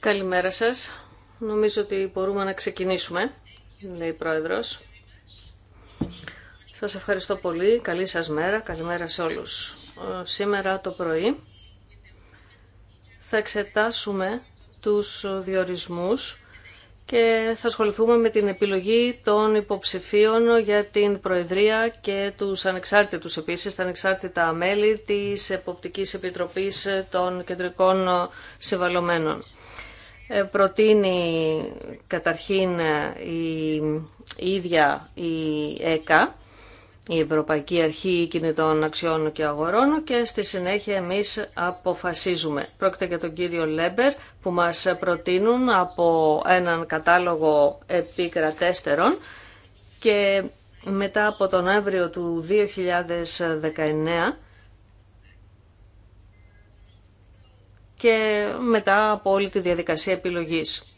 Καλημέρα σας. Νομίζω ότι μπορούμε να ξεκινήσουμε, λέει η Πρόεδρος. Σας ευχαριστώ πολύ. Καλή σας μέρα. Καλημέρα σε όλους. Ε, σήμερα το πρωί θα εξετάσουμε τους διορισμούς και θα ασχοληθούμε με την επιλογή των υποψηφίων για την Προεδρία και τους ανεξάρτητους επίσης, τα ανεξάρτητα μέλη της Εποπτικής Επιτροπής των Κεντρικών Συμβαλωμένων. Ε, προτείνει καταρχήν η, ε, η ίδια η ΕΚΑ η Ευρωπαϊκή Αρχή Κινητών Αξιών και Αγορών και στη συνέχεια εμείς αποφασίζουμε. Πρόκειται για τον κύριο Λέμπερ που μας προτείνουν από έναν κατάλογο επικρατέστερων και μετά από τον αύριο του 2019 και μετά από όλη τη διαδικασία επιλογής.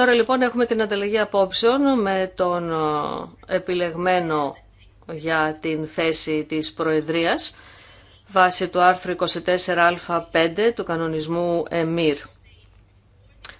Τώρα λοιπόν έχουμε την ανταλλαγή απόψεων με τον ε, επιλεγμένο για την θέση της Προεδρίας βάσει του άρθρου 24α5 του κανονισμού ΕΜΙΡ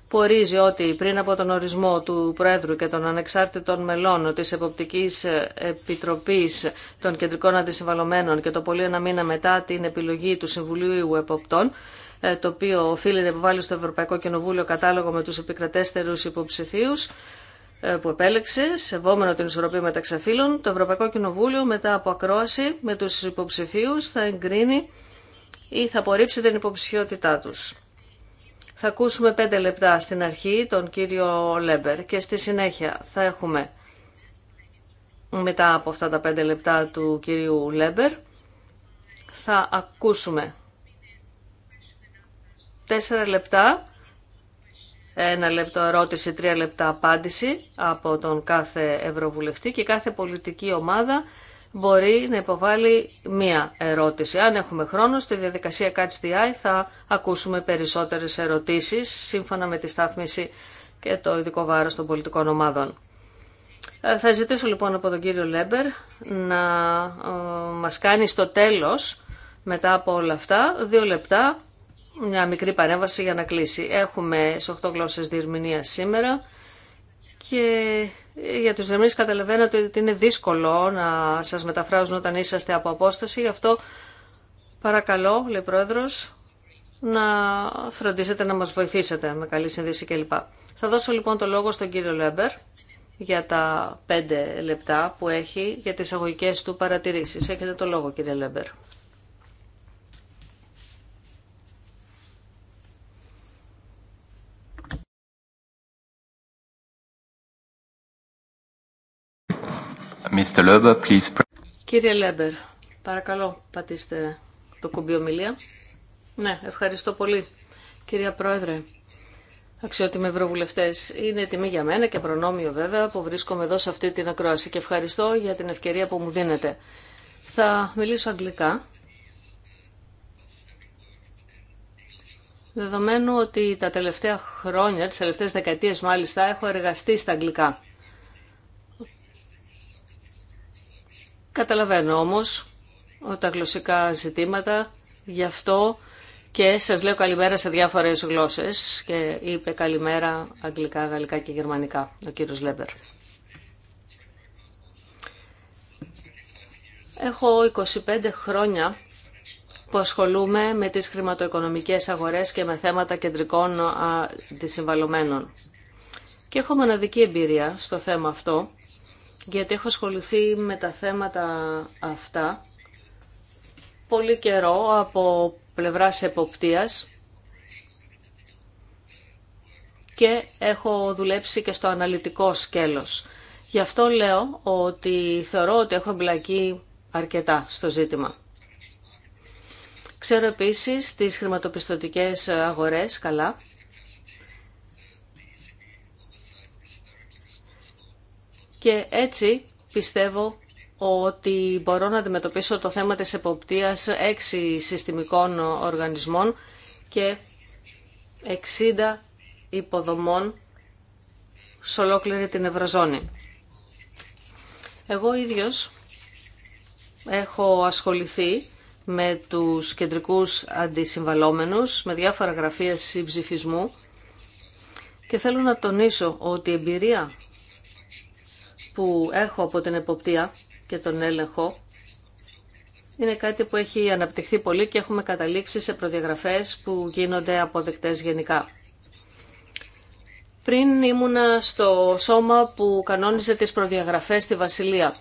που ορίζει ότι πριν από τον ορισμό του Προέδρου και των ανεξάρτητων μελών της Εποπτικής Επιτροπής των Κεντρικών Αντισυμβαλωμένων και το πολύ ένα μήνα μετά την επιλογή του Συμβουλίου Εποπτών, ε, το οποίο οφείλει να υποβάλει στο Ευρωπαϊκό Κοινοβούλιο κατάλογο με τους επικρατέστερους υποψηφίους ε, που επέλεξε, σεβόμενο την ισορροπία μεταξύ φύλων, το Ευρωπαϊκό Κοινοβούλιο μετά από ακρόαση με τους υποψηφίους θα εγκρίνει ή θα απορρίψει την υποψηφιότητά τους. Θα ακούσουμε πέντε λεπτά στην αρχή τον κύριο Λέμπερ και στη συνέχεια θα έχουμε μετά από αυτά τα πέντε λεπτά του κυρίου Λέμπερ θα ακούσουμε τέσσερα λεπτά, ένα λεπτό ερώτηση, τρία λεπτά απάντηση από τον κάθε Ευρωβουλευτή και κάθε πολιτική ομάδα μπορεί να υποβάλει μία ερώτηση. Αν έχουμε χρόνο, στη διαδικασία Catch the θα ακούσουμε περισσότερες ερωτήσεις σύμφωνα με τη στάθμιση και το ειδικό βάρος των πολιτικών ομάδων. Ε, θα ζητήσω λοιπόν από τον κύριο Λέμπερ να ε, μας κάνει στο τέλος μετά από όλα αυτά δύο λεπτά μια μικρή παρέμβαση για να κλείσει. Έχουμε σε 8 γλώσσες διερμηνία σήμερα και για τους διερμηνείς καταλαβαίνετε ότι είναι δύσκολο να σας μεταφράζουν όταν είσαστε από απόσταση. Γι' αυτό παρακαλώ, λέει Πρόεδρος, να φροντίσετε να μας βοηθήσετε με καλή συνδύση κλπ. Θα δώσω λοιπόν το λόγο στον κύριο Λέμπερ για τα πέντε λεπτά που έχει για τις αγωγικές του παρατηρήσεις. Έχετε το λόγο κύριε Λέμπερ. Κύριε Λέμπερ, παρακαλώ πατήστε το κουμπί ομιλία. Ναι, ευχαριστώ πολύ. Κυρία Πρόεδρε, αξιότιμοι ευρωβουλευτέ, είναι τιμή για μένα και προνόμιο βέβαια που βρίσκομαι εδώ σε αυτή την ακρόαση και ευχαριστώ για την ευκαιρία που μου δίνετε. Θα μιλήσω αγγλικά. Δεδομένου ότι τα τελευταία χρόνια, τις τελευταίες δεκαετίες μάλιστα, έχω εργαστεί στα αγγλικά. Καταλαβαίνω όμως τα γλωσσικά ζητήματα, γι' αυτό και σας λέω καλημέρα σε διάφορες γλώσσες και είπε καλημέρα αγγλικά, γαλλικά και γερμανικά ο κύριος Λέμπερ. Έχω 25 χρόνια που ασχολούμαι με τις χρηματοοικονομικές αγορές και με θέματα κεντρικών αντισυμβαλωμένων. Και έχω μοναδική εμπειρία στο θέμα αυτό, γιατί έχω ασχοληθεί με τα θέματα αυτά πολύ καιρό από πλευράς εποπτείας και έχω δουλέψει και στο αναλυτικό σκέλος. Γι' αυτό λέω ότι θεωρώ ότι έχω εμπλακεί αρκετά στο ζήτημα. Ξέρω επίσης τις χρηματοπιστωτικές αγορές καλά και έτσι πιστεύω ότι μπορώ να αντιμετωπίσω το θέμα της εποπτείας έξι συστημικών οργανισμών και 60 υποδομών σε ολόκληρη την Ευρωζώνη. Εγώ ίδιος έχω ασχοληθεί με τους κεντρικούς αντισυμβαλόμενους, με διάφορα γραφεία συμψηφισμού και θέλω να τονίσω ότι η εμπειρία που έχω από την εποπτεία και τον έλεγχο είναι κάτι που έχει αναπτυχθεί πολύ και έχουμε καταλήξει σε προδιαγραφές που γίνονται αποδεκτές γενικά. Πριν ήμουνα στο σώμα που κανόνιζε τις προδιαγραφές στη Βασιλεία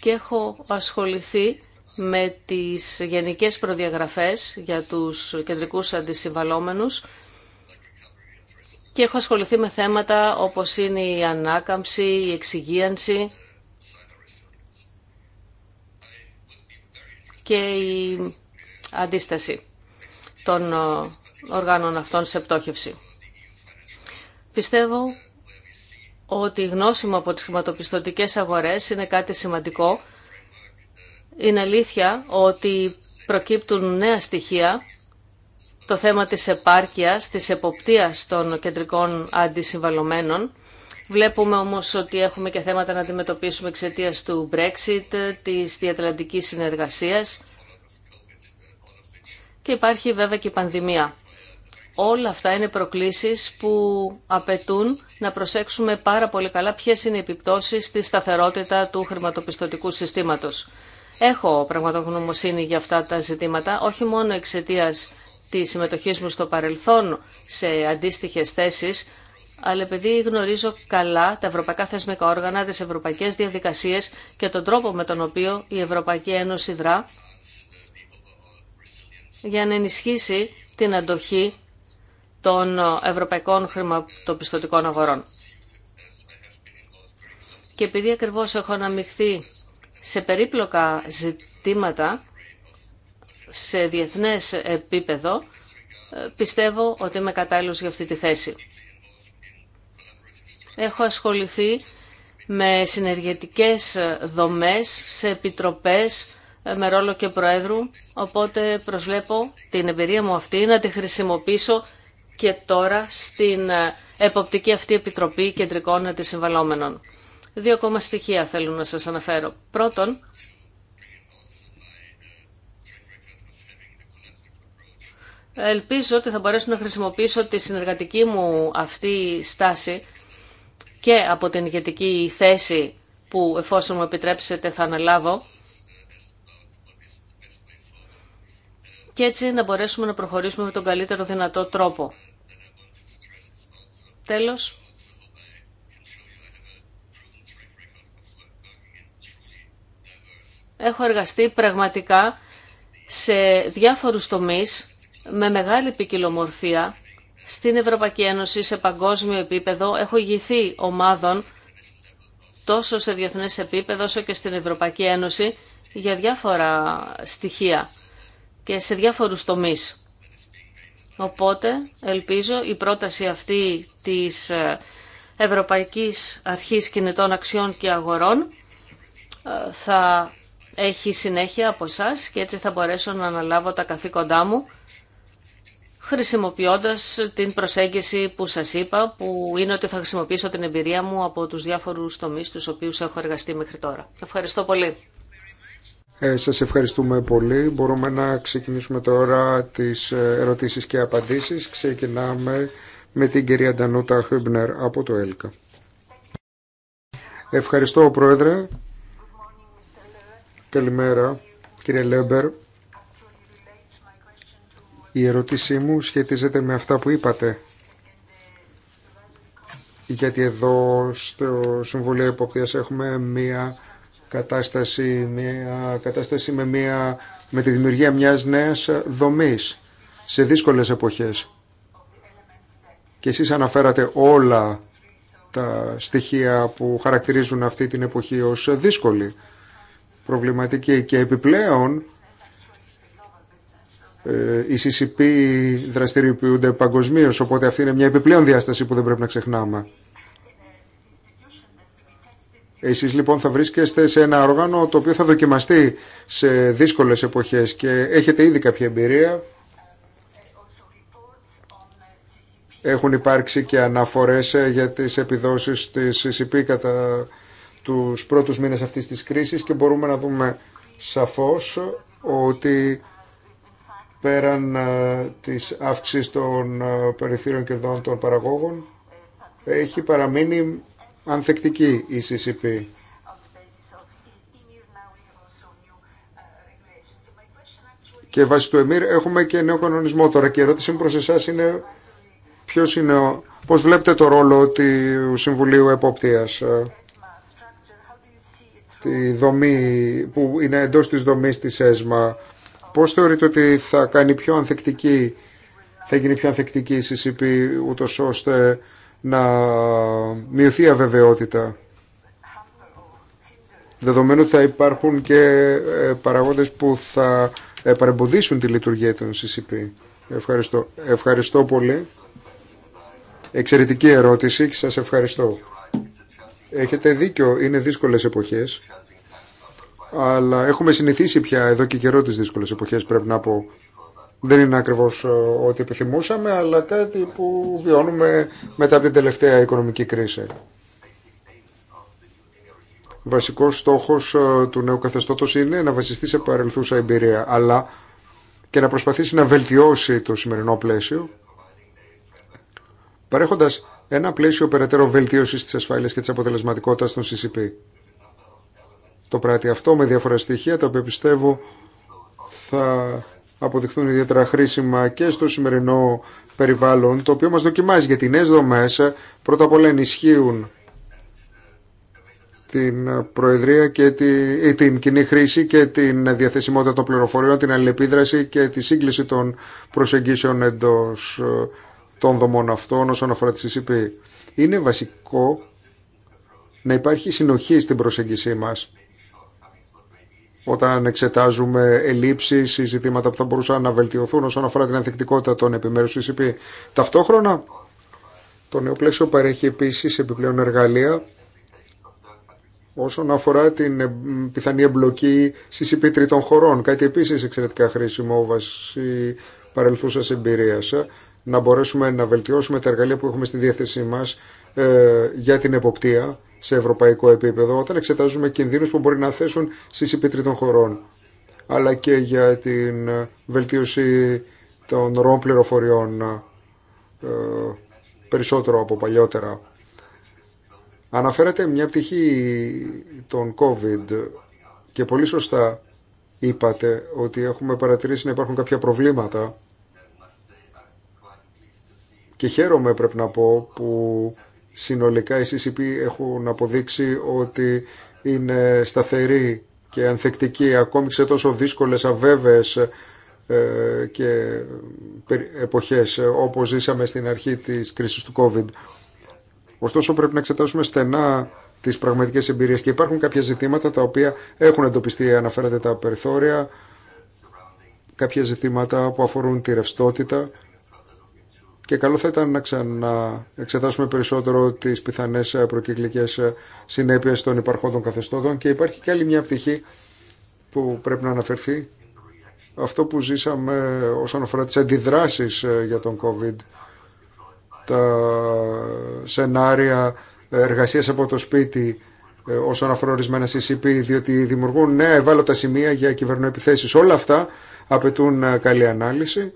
και έχω ασχοληθεί με τις γενικές προδιαγραφές για τους κεντρικούς αντισυμβαλόμενους και έχω ασχοληθεί με θέματα όπως είναι η ανάκαμψη, η εξυγίανση και η αντίσταση των ε, οργάνων αυτών σε πτώχευση. Πιστεύω ότι η γνώση μου από τις χρηματοπιστωτικές αγορές είναι κάτι σημαντικό. Είναι αλήθεια ότι προκύπτουν νέα στοιχεία το θέμα της επάρκειας, της εποπτείας των κεντρικών αντισυμβαλωμένων. Βλέπουμε όμως ότι έχουμε και θέματα να αντιμετωπίσουμε εξαιτία του Brexit, της διατλαντικής συνεργασίας και υπάρχει βέβαια και η πανδημία. Όλα αυτά είναι προκλήσεις που απαιτούν να προσέξουμε πάρα πολύ καλά ποιες είναι οι επιπτώσεις στη σταθερότητα του χρηματοπιστωτικού συστήματος. Έχω πραγματογνωμοσύνη για αυτά τα ζητήματα, όχι μόνο εξαιτία τη συμμετοχή μου στο παρελθόν σε αντίστοιχε θέσεις, αλλά επειδή γνωρίζω καλά τα ευρωπαϊκά θεσμικά όργανα, τι ευρωπαϊκέ διαδικασίες και τον τρόπο με τον οποίο η Ευρωπαϊκή Ένωση δρά για να ενισχύσει την αντοχή των ευρωπαϊκών χρηματοπιστωτικών αγορών. Και επειδή ακριβώς έχω αναμειχθεί σε περίπλοκα ζητήματα, σε διεθνές επίπεδο, ε, πιστεύω ότι είμαι κατάλληλος για αυτή τη θέση. Έχω ασχοληθεί με συνεργετικές δομές, σε επιτροπές, ε, με ρόλο και προέδρου, οπότε προσβλέπω την εμπειρία μου αυτή να τη χρησιμοποιήσω και τώρα στην ε, εποπτική αυτή επιτροπή κεντρικών αντισυμβαλόμενων. Δύο ακόμα στοιχεία θέλω να σας αναφέρω. Πρώτον, Ελπίζω ότι θα μπορέσω να χρησιμοποιήσω τη συνεργατική μου αυτή στάση και από την ηγετική θέση που εφόσον μου επιτρέψετε θα αναλάβω και έτσι να μπορέσουμε να προχωρήσουμε με τον καλύτερο δυνατό τρόπο. Τέλος. Έχω εργαστεί πραγματικά σε διάφορους τομείς με μεγάλη ποικιλομορφία στην Ευρωπαϊκή Ένωση σε παγκόσμιο επίπεδο. Έχω ηγηθεί ομάδων τόσο σε διεθνές επίπεδο όσο και στην Ευρωπαϊκή Ένωση για διάφορα στοιχεία και σε διάφορους τομείς. Οπότε ελπίζω η πρόταση αυτή της ε, Ευρωπαϊκής Αρχής Κινητών Αξιών και Αγορών ε, θα έχει συνέχεια από εσά και έτσι θα μπορέσω να αναλάβω τα καθήκοντά μου χρησιμοποιώντας την προσέγγιση που σας είπα, που είναι ότι θα χρησιμοποιήσω την εμπειρία μου από τους διάφορους τομείς τους οποίους έχω εργαστεί μέχρι τώρα. Ευχαριστώ πολύ. Ε, σας ευχαριστούμε πολύ. Μπορούμε να ξεκινήσουμε τώρα τις ε, ερωτήσεις και απαντήσεις. Ξεκινάμε με την κυρία Ντανούτα Χούμπνερ από το ΕΛΚΑ. Ευχαριστώ, Πρόεδρε. Καλημέρα, κύριε Λέμπερ. Η ερώτησή μου σχετίζεται με αυτά που είπατε. Γιατί εδώ στο Συμβουλίο Εποπτείας έχουμε μία κατάσταση, μια κατάσταση με, μια, με τη δημιουργία μιας νέας δομής σε δύσκολες εποχές. Και εσείς αναφέρατε όλα τα στοιχεία που χαρακτηρίζουν αυτή την εποχή ως δύσκολη, προβληματική και επιπλέον ε, οι CCP δραστηριοποιούνται παγκοσμίω, οπότε αυτή είναι μια επιπλέον διάσταση που δεν πρέπει να ξεχνάμε. Εσείς λοιπόν θα βρίσκεστε σε ένα όργανο το οποίο θα δοκιμαστεί σε δύσκολες εποχές και έχετε ήδη κάποια εμπειρία. Έχουν υπάρξει και αναφορές ε, για τις επιδόσεις της CCP κατά τους πρώτους μήνες αυτής της κρίσης και μπορούμε να δούμε σαφώς ότι πέραν ε, της αύξησης των ε, περιθύρων κερδών των παραγόγων έχει παραμείνει ανθεκτική η CCP. Και βάσει του ΕΜΗΡ έχουμε και νέο κανονισμό τώρα και η ερώτηση μου προς εσάς είναι ποιος είναι ο, πώς βλέπετε το ρόλο του Συμβουλίου Εποπτείας ε, τη δομή που είναι εντός της δομής της ΕΣΜΑ Πώς θεωρείτε ότι θα κάνει πιο ανθεκτική, θα γίνει πιο ανθεκτική η CCP ούτως ώστε να μειωθεί η αβεβαιότητα δεδομένου ότι θα υπάρχουν και ε, παραγόντες που θα ε, παρεμποδίσουν τη λειτουργία των CCP. Ευχαριστώ. Ευχαριστώ πολύ. Εξαιρετική ερώτηση και σας ευχαριστώ. Έχετε δίκιο, είναι δύσκολες εποχές αλλά έχουμε συνηθίσει πια εδώ και καιρό τις δύσκολες εποχές πρέπει να πω. Δεν είναι ακριβώς ε, ό,τι επιθυμούσαμε, αλλά κάτι που βιώνουμε μετά από την τελευταία οικονομική κρίση. Βασικός στόχος ε, του νέου καθεστώτος είναι να βασιστεί σε παρελθούσα εμπειρία, αλλά και να προσπαθήσει να βελτιώσει το σημερινό πλαίσιο, παρέχοντας ένα πλαίσιο περαιτέρω βελτίωσης τη ασφάλεια και τη αποτελεσματικότητα των CCP το πράττει αυτό με διάφορα στοιχεία τα οποία πιστεύω θα αποδειχθούν ιδιαίτερα χρήσιμα και στο σημερινό περιβάλλον το οποίο μας δοκιμάζει γιατί οι νέες δομές πρώτα απ' όλα ενισχύουν την Προεδρία και την, την κοινή χρήση και την διαθεσιμότητα των πληροφοριών, την αλληλεπίδραση και τη σύγκληση των προσεγγίσεων εντός ε, των δομών αυτών όσον αφορά τη CCP. Είναι βασικό να υπάρχει συνοχή στην προσέγγισή μας όταν εξετάζουμε ελλείψει ή ζητήματα που θα μπορούσαν να βελτιωθούν όσον αφορά την ανθεκτικότητα των επιμέρους CCP. Ταυτόχρονα, το νέο πλαίσιο παρέχει επίση επιπλέον εργαλεία όσον αφορά την πιθανή εμπλοκή CCP τρίτων χωρών. Κάτι επίση εξαιρετικά χρήσιμο βάσει παρελθούσα εμπειρία Να μπορέσουμε να βελτιώσουμε τα εργαλεία που έχουμε στη διάθεσή μας ε, για την εποπτεία σε ευρωπαϊκό επίπεδο όταν εξετάζουμε κινδύνους που μπορεί να θέσουν στις των χωρών αλλά και για την ε, βελτίωση των ροών πληροφοριών ε, περισσότερο από παλιότερα. Αναφέρατε μια πτυχή των COVID και πολύ σωστά είπατε ότι έχουμε παρατηρήσει να υπάρχουν κάποια προβλήματα και χαίρομαι πρέπει να πω που Συνολικά οι CCP έχουν αποδείξει ότι είναι σταθερή και ανθεκτική, ακόμη και σε τόσο δύσκολες, αβέβαιες ε, και εποχές ε, όπως ζήσαμε στην αρχή της κρίσης του COVID. Ωστόσο πρέπει να εξετάσουμε στενά τις πραγματικές εμπειρίες και υπάρχουν κάποια ζητήματα τα οποία έχουν εντοπιστεί, αναφέρατε τα περιθώρια, κάποια ζητήματα που αφορούν τη ρευστότητα, και καλό θα ήταν να ξαναεξετάσουμε περισσότερο τι πιθανέ ε, προκυκλικέ ε, συνέπειε των υπαρχόντων καθεστώτων και υπάρχει και άλλη μια πτυχή που πρέπει να αναφερθεί αυτό που ζήσαμε ε, όσον αφορά τι αντιδράσεις για τον COVID τα σενάρια εργασίας από το σπίτι όσον αφορά ορισμένα CCP διότι δημιουργούν νέα ευάλωτα σημεία για κυβερνοεπιθέσεις όλα αυτά απαιτούν καλή ανάλυση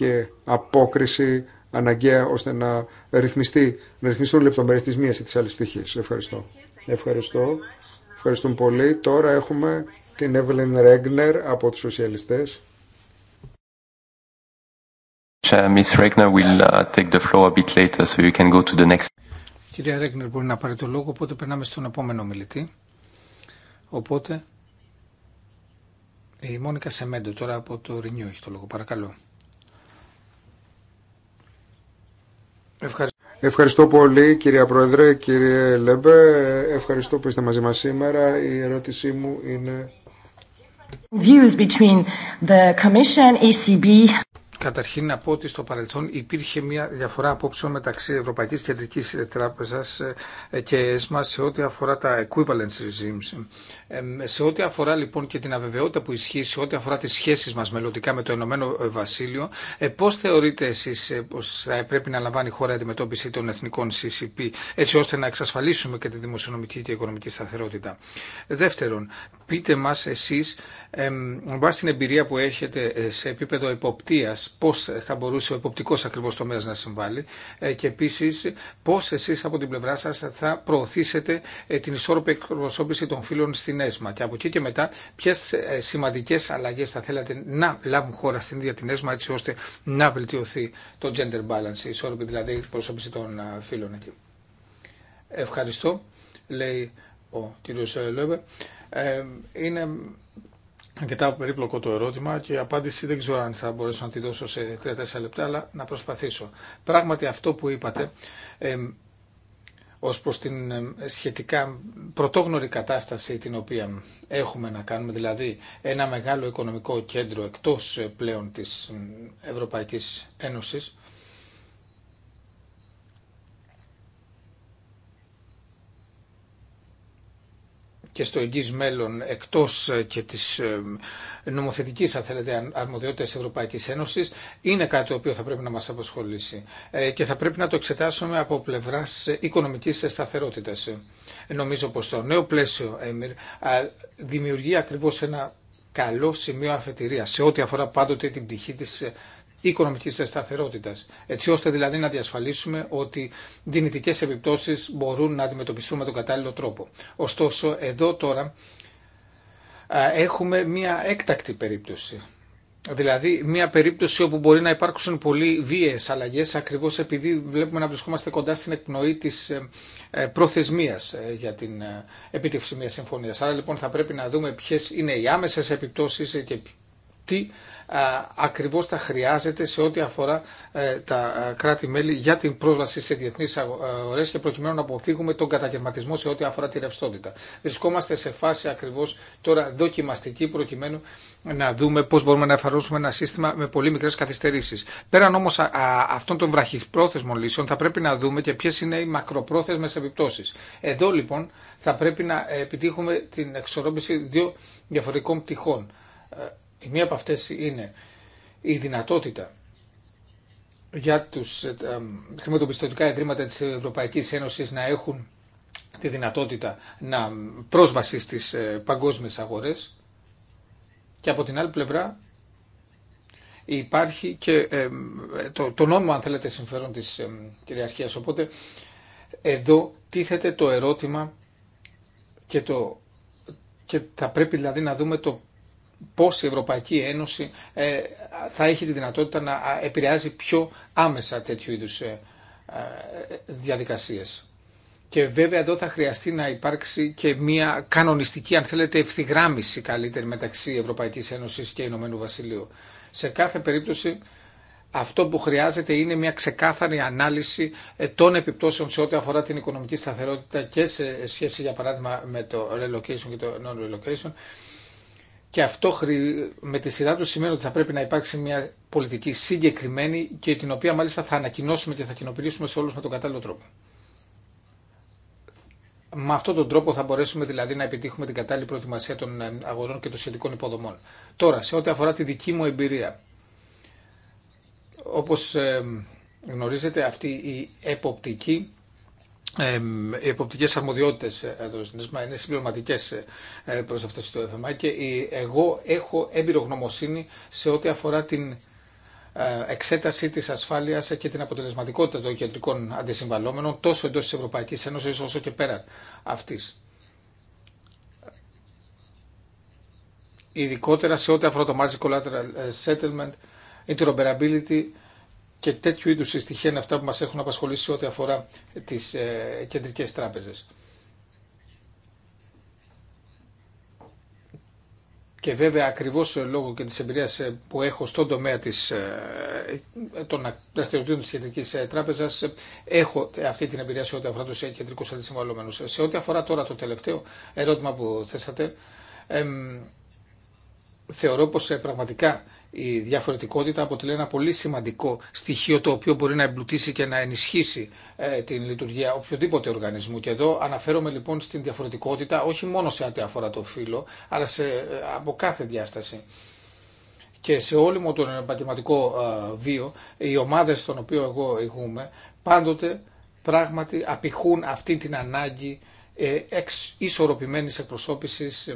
και απόκριση αναγκαία ώστε να, ρυθμιστεί, να ρυθμιστούν λεπτομέρειε τη μία ή τη άλλη πτυχή. Ευχαριστώ. Ευχαριστώ. Ευχαριστούμε πολύ. Τώρα έχουμε την Evelyn Regner από τους σοσιαλιστές. Ε, Miss Regner will uh, take the floor a bit later, so you can go to the next. Κυρία Ρέγνερ μπορεί να πάρει το λόγο, οπότε περνάμε στον επόμενο μιλητή. Οπότε, η Μόνικα Σεμέντο τώρα από το Ρινιού έχει το λόγο. Παρακαλώ. Ευχαριστώ. πολύ κυρία Πρόεδρε, κύριε Λεμπέ. Ευχαριστώ που είστε μαζί μας σήμερα. Η ερώτησή μου είναι... Views between the ECB. Καταρχήν να πω ότι στο παρελθόν υπήρχε μια διαφορά απόψεων μεταξύ Ευρωπαϊκή Κεντρική Τράπεζα ε, και ΕΣΜΑ σε ό,τι αφορά τα equivalence regimes. Σε ό,τι αφορά λοιπόν και την αβεβαιότητα που ισχύει, σε ό,τι αφορά τις σχέσεις μας μελλοντικά με το Ηνωμένο ε, Βασίλειο, ε, πώ θεωρείτε εσείς πω θα πρέπει να λαμβάνει η χώρα η αντιμετώπιση των εθνικών CCP έτσι ώστε να εξασφαλίσουμε και τη δημοσιονομική και οικονομική σταθερότητα. Δεύτερον, πείτε μας εσείς βάσει την εμπειρία που έχετε ε, σε επίπεδο εποπτείας πώς θα μπορούσε ο εποπτικός ακριβώς τομέας να συμβάλλει ε, και επίσης πώς εσείς από την πλευρά σας θα προωθήσετε ε, την ισόρροπη εκπροσώπηση των φίλων στην ΕΣΜΑ και από εκεί και μετά ποιες σημαντικές αλλαγές θα θέλατε να λάβουν χώρα στην ίδια την ΕΣΜΑ έτσι ώστε να βελτιωθεί το gender balance, η ισόρροπη δηλαδή εκπροσώπηση των φίλων εκεί. Ευχαριστώ, λέει ο κύριος Λόβε. Ε, είναι αρκετά περίπλοκο το ερώτημα και η απάντηση δεν ξέρω αν θα μπορέσω να τη δώσω σε 3-4 λεπτά, αλλά να προσπαθήσω. Πράγματι αυτό που είπατε ε, ως προς την ε, σχετικά πρωτόγνωρη κατάσταση την οποία έχουμε να κάνουμε, δηλαδή ένα μεγάλο οικονομικό κέντρο εκτός πλέον της Ευρωπαϊκής Ένωσης, και στο εγγύς μέλλον εκτός ε, και της ε, νομοθετικής αν θέλετε αρμοδιότητας Ευρωπαϊκής Ένωσης είναι κάτι το οποίο θα πρέπει να μας απασχολήσει ε, και θα πρέπει να το εξετάσουμε από πλευράς οικονομικής σταθερότητας. Νομίζω πως το νέο πλαίσιο ΕΜΙΡ δημιουργεί ακριβώς ένα καλό σημείο αφετηρία σε ό,τι αφορά πάντοτε την πτυχή της οικονομικής σταθερότητας, έτσι ώστε δηλαδή να διασφαλίσουμε ότι δυνητικές επιπτώσεις μπορούν να αντιμετωπιστούν με τον κατάλληλο τρόπο. Ωστόσο, εδώ τώρα έχουμε μία έκτακτη περίπτωση. Δηλαδή, μία περίπτωση όπου μπορεί να υπάρξουν πολύ βίαιες αλλαγές, ακριβώς επειδή βλέπουμε να βρισκόμαστε κοντά στην εκπνοή της ε, ε, προθεσμίας ε, για την επίτευξη μιας συμφωνίας. Άρα, λοιπόν, θα πρέπει να δούμε ποιες είναι οι άμεσες επιπτώσεις και τι ακριβώς θα χρειάζεται σε ό,τι αφορά ε, τα ε, κράτη-μέλη για την πρόσβαση σε διεθνείς ε, αγορές και προκειμένου να αποφύγουμε τον καταγερματισμό σε ό,τι αφορά τη ρευστότητα. Βρισκόμαστε σε φάση ακριβώς τώρα δοκιμαστική προκειμένου να δούμε πώς μπορούμε να εφαρμόσουμε ένα σύστημα με πολύ μικρές καθυστερήσεις. Πέραν όμως αυτών των βραχυπρόθεσμων λύσεων θα πρέπει να δούμε και ποιες είναι οι μακροπρόθεσμες επιπτώσεις. Εδώ λοιπόν θα πρέπει να επιτύχουμε την εξορρόπηση δύο διαφορετικών πτυχών. Η μία από αυτές είναι η δυνατότητα για τους ε, χρηματοπιστωτικά ιδρύματα της Ευρωπαϊκής Ένωσης να έχουν τη δυνατότητα να πρόσβαση στις ε, παγκόσμιες αγορές και από την άλλη πλευρά υπάρχει και ε, το, το νόμο αν θέλετε συμφέρον της κυριαρχίας οπότε εδώ τίθεται το ερώτημα και, το, και θα πρέπει δηλαδή να δούμε το πώς η Ευρωπαϊκή Ένωση ε, θα έχει τη δυνατότητα να επηρεάζει πιο άμεσα τέτοιου είδους ε, ε, διαδικασίες. Και βέβαια εδώ θα χρειαστεί να υπάρξει και μια κανονιστική, αν θέλετε, ευθυγράμμιση καλύτερη μεταξύ Ευρωπαϊκής Ένωσης και Ηνωμένου Βασιλείου. Σε κάθε περίπτωση αυτό που χρειάζεται είναι μια ξεκάθαρη ανάλυση των επιπτώσεων σε ό,τι αφορά την οικονομική σταθερότητα και σε σχέση, για παράδειγμα, με το relocation και το non-relocation και αυτό με τη σειρά του σημαίνει ότι θα πρέπει να υπάρξει μια πολιτική συγκεκριμένη και την οποία μάλιστα θα ανακοινώσουμε και θα κοινοποιήσουμε σε όλους με τον κατάλληλο τρόπο. Με αυτόν τον τρόπο θα μπορέσουμε δηλαδή να επιτύχουμε την κατάλληλη προετοιμασία των ε, αγορών και των σχετικών υποδομών. Τώρα, σε ό,τι αφορά τη δική μου εμπειρία, όπως ε, γνωρίζετε αυτή η εποπτική οι εποπτικές αρμοδιότητες ε, εδώ στην ΕΣΜΑ είναι συμπληρωματικέ ε, ε, προς αυτό το θέμα και εγώ έχω γνωμοσύνη σε ό,τι αφορά την εξέταση της ασφάλειας και την αποτελεσματικότητα των κεντρικών αντισυμβαλόμενων τόσο εντός της Ευρωπαϊκής Ένωσης όσο και πέρα αυτής. Ειδικότερα σε ό,τι αφορά το Margin Collateral Settlement, Interoperability και τέτοιου είδους στοιχεία είναι αυτά που μας έχουν απασχολήσει ό,τι αφορά τις ε, κεντρικές τράπεζες. Και βέβαια ακριβώς ε, λόγω και της εμπειρίας ε, που έχω στον τομέα της, των δραστηριοτήτων της Κεντρικής Τράπεζας έχω αυτή την εμπειρία σε ό,τι αφορά τους κεντρικούς αντισυμβαλλόμενους. Σε ό,τι αφορά τώρα το τελευταίο ερώτημα που θέσατε, θεωρώ πως πραγματικά η διαφορετικότητα αποτελεί ένα πολύ σημαντικό στοιχείο το οποίο μπορεί να εμπλουτίσει και να ενισχύσει ε, την λειτουργία οποιοδήποτε οργανισμού. Και εδώ αναφέρομαι λοιπόν στην διαφορετικότητα όχι μόνο σε ό,τι αφορά το φύλλο, αλλά σε, ε, από κάθε διάσταση. Και σε όλη μου τον επαγγελματικό ε, βίο, οι ομάδε στον οποίο εγώ ηγούμε, πάντοτε πράγματι απηχούν αυτή την ανάγκη εξ ισορροπημένης εκπροσώπησης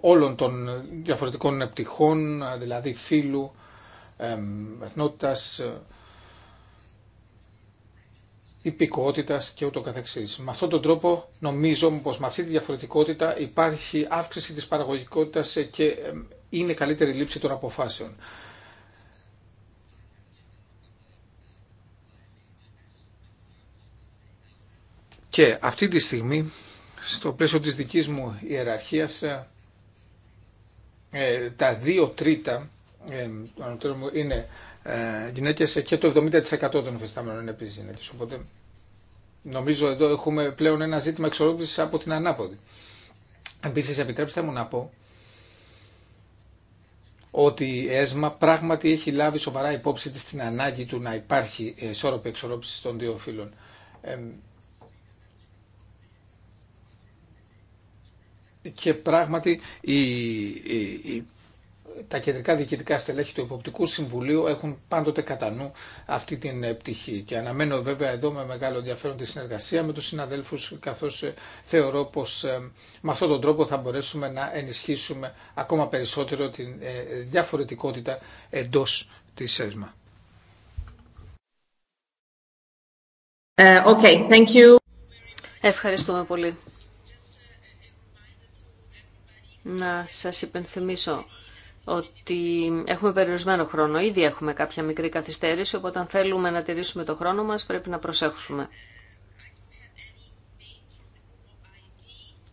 όλων των διαφορετικών πτυχών, δηλαδή φύλου, εθνότητας, υπηκότητας και ούτω καθεξής. Με αυτόν τον τρόπο νομίζω πως με αυτή τη διαφορετικότητα υπάρχει αύξηση της παραγωγικότητας και είναι καλύτερη λήψη των αποφάσεων. Και αυτή τη στιγμή στο πλαίσιο της δικής μου ιεραρχίας ε, ε, τα δύο τρίτα ε, είναι γυναίκες και το 70% των εφεσταμένων είναι επίσης γυναίκες. Οπότε νομίζω εδώ έχουμε πλέον ένα ζήτημα εξορρόπησης από την ανάποδη. Επίσης επιτρέψτε μου να πω ότι η ΕΣΜΑ πράγματι έχει λάβει σοβαρά υπόψη της την ανάγκη του να υπάρχει ισόρροπη εξορρόπηση των δύο φύλων. και πράγματι η, η, τα κεντρικά διοικητικά στελέχη του Υποπτικού Συμβουλίου έχουν πάντοτε κατά νου αυτή την ε, πτυχή. Και αναμένω βέβαια εδώ με μεγάλο ενδιαφέρον τη συνεργασία με τους συναδέλφους, καθώς ε, θεωρώ πως ε, με αυτόν τον τρόπο θα μπορέσουμε να ενισχύσουμε ακόμα περισσότερο την διαφορετικότητα εντός της ΕΣΜΑ. Ευχαριστούμε πολύ να σας υπενθυμίσω ότι έχουμε περιορισμένο χρόνο. Ήδη έχουμε κάποια μικρή καθυστέρηση, οπότε αν θέλουμε να τηρήσουμε το χρόνο μας πρέπει να προσέχουμε.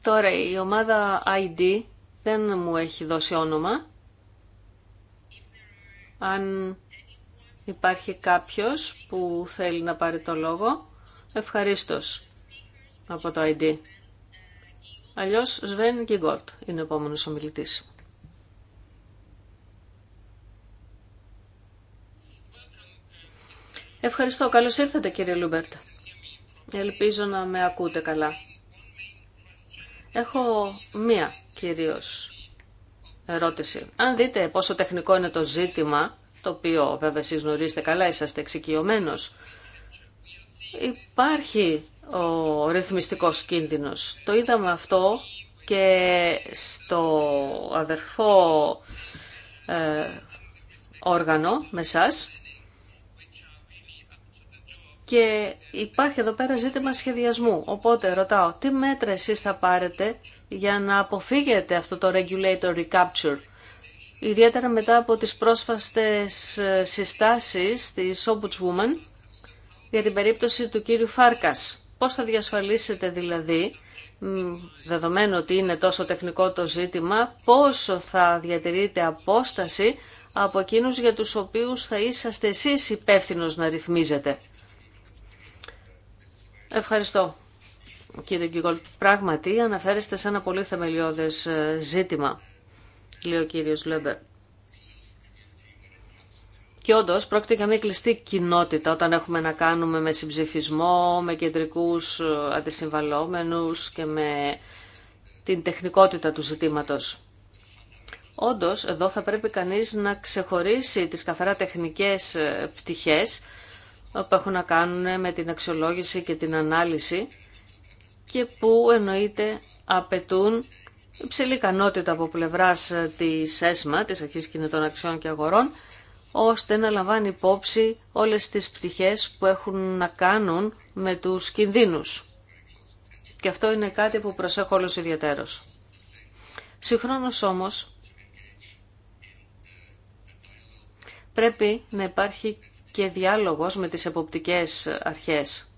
Τώρα η ομάδα ID δεν μου έχει δώσει όνομα. Αν υπάρχει κάποιος που θέλει να πάρει το λόγο, ευχαρίστως από το ID. Αλλιώς Σβέν Γκίγκορτ είναι ο επόμενος ομιλητής. Ευχαριστώ. Καλώς ήρθατε κύριε Λούμπερτ. Ελπίζω να με ακούτε καλά. Έχω μία κυρίως ερώτηση. Αν δείτε πόσο τεχνικό είναι το ζήτημα, το οποίο βέβαια εσείς γνωρίζετε καλά, είσαστε εξοικειωμένος, υπάρχει ο ρυθμιστικός κίνδυνος. Το είδαμε αυτό και στο αδερφό ε, όργανο με σας. Και υπάρχει εδώ πέρα ζήτημα σχεδιασμού. Οπότε ρωτάω, τι μέτρα εσείς θα πάρετε για να αποφύγετε αυτό το regulatory capture, ιδιαίτερα μετά από τις πρόσφαστες ε, συστάσεις της Ombudswoman για την περίπτωση του κύριου Φάρκας Πώς θα διασφαλίσετε δηλαδή, δεδομένου ότι είναι τόσο τεχνικό το ζήτημα, πόσο θα διατηρείτε απόσταση από εκείνους για τους οποίους θα είσαστε εσείς υπεύθυνο να ρυθμίζετε. Ευχαριστώ. Κύριε Γκυγόλ, πράγματι αναφέρεστε σε ένα πολύ θεμελιώδες ε, ζήτημα, λέει ο κύριος Λέμπερ. Και όντω πρόκειται για μια κλειστή κοινότητα όταν έχουμε να κάνουμε με συμψηφισμό, με κεντρικούς ε, αντισυμβαλόμενου και με την τεχνικότητα του ζητήματος. Όντως, εδώ θα πρέπει κανείς να ξεχωρίσει τις καθαρά τεχνικέ ε, πτυχές ε, που έχουν να κάνουν με την αξιολόγηση και την ανάλυση και που εννοείται απαιτούν υψηλή ικανότητα από πλευράς της ΕΣΜΑ, της Αρχής Κινητών Αξιών και Αγορών, ώστε να λαμβάνει υπόψη όλες τις πτυχές που έχουν να κάνουν με τους κινδύνους. Και αυτό είναι κάτι που προσέχω όλος ιδιαίτερος. Συγχρόνως όμως, πρέπει να υπάρχει και διάλογος με τις εποπτικές αρχές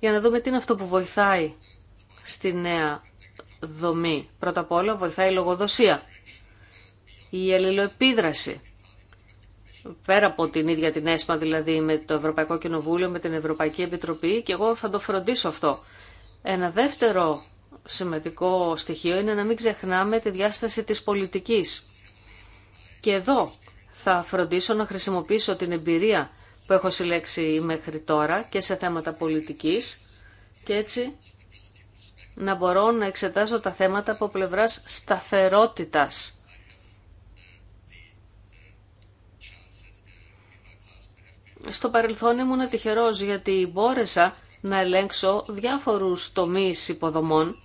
για να δούμε τι είναι αυτό που βοηθάει στη νέα δομή. Πρώτα απ' όλα βοηθάει η λογοδοσία, η αλληλοεπίδραση πέρα από την ίδια την ΕΣΠΑ, δηλαδή με το Ευρωπαϊκό Κοινοβούλιο, με την Ευρωπαϊκή Επιτροπή και εγώ θα το φροντίσω αυτό. Ένα δεύτερο σημαντικό στοιχείο είναι να μην ξεχνάμε τη διάσταση της πολιτικής. Και εδώ θα φροντίσω να χρησιμοποιήσω την εμπειρία που έχω συλλέξει μέχρι τώρα και σε θέματα πολιτικής και έτσι να μπορώ να εξετάζω τα θέματα από πλευράς σταθερότητας Στο παρελθόν ήμουν τυχερός γιατί μπόρεσα να ελέγξω διάφορους τομείς υποδομών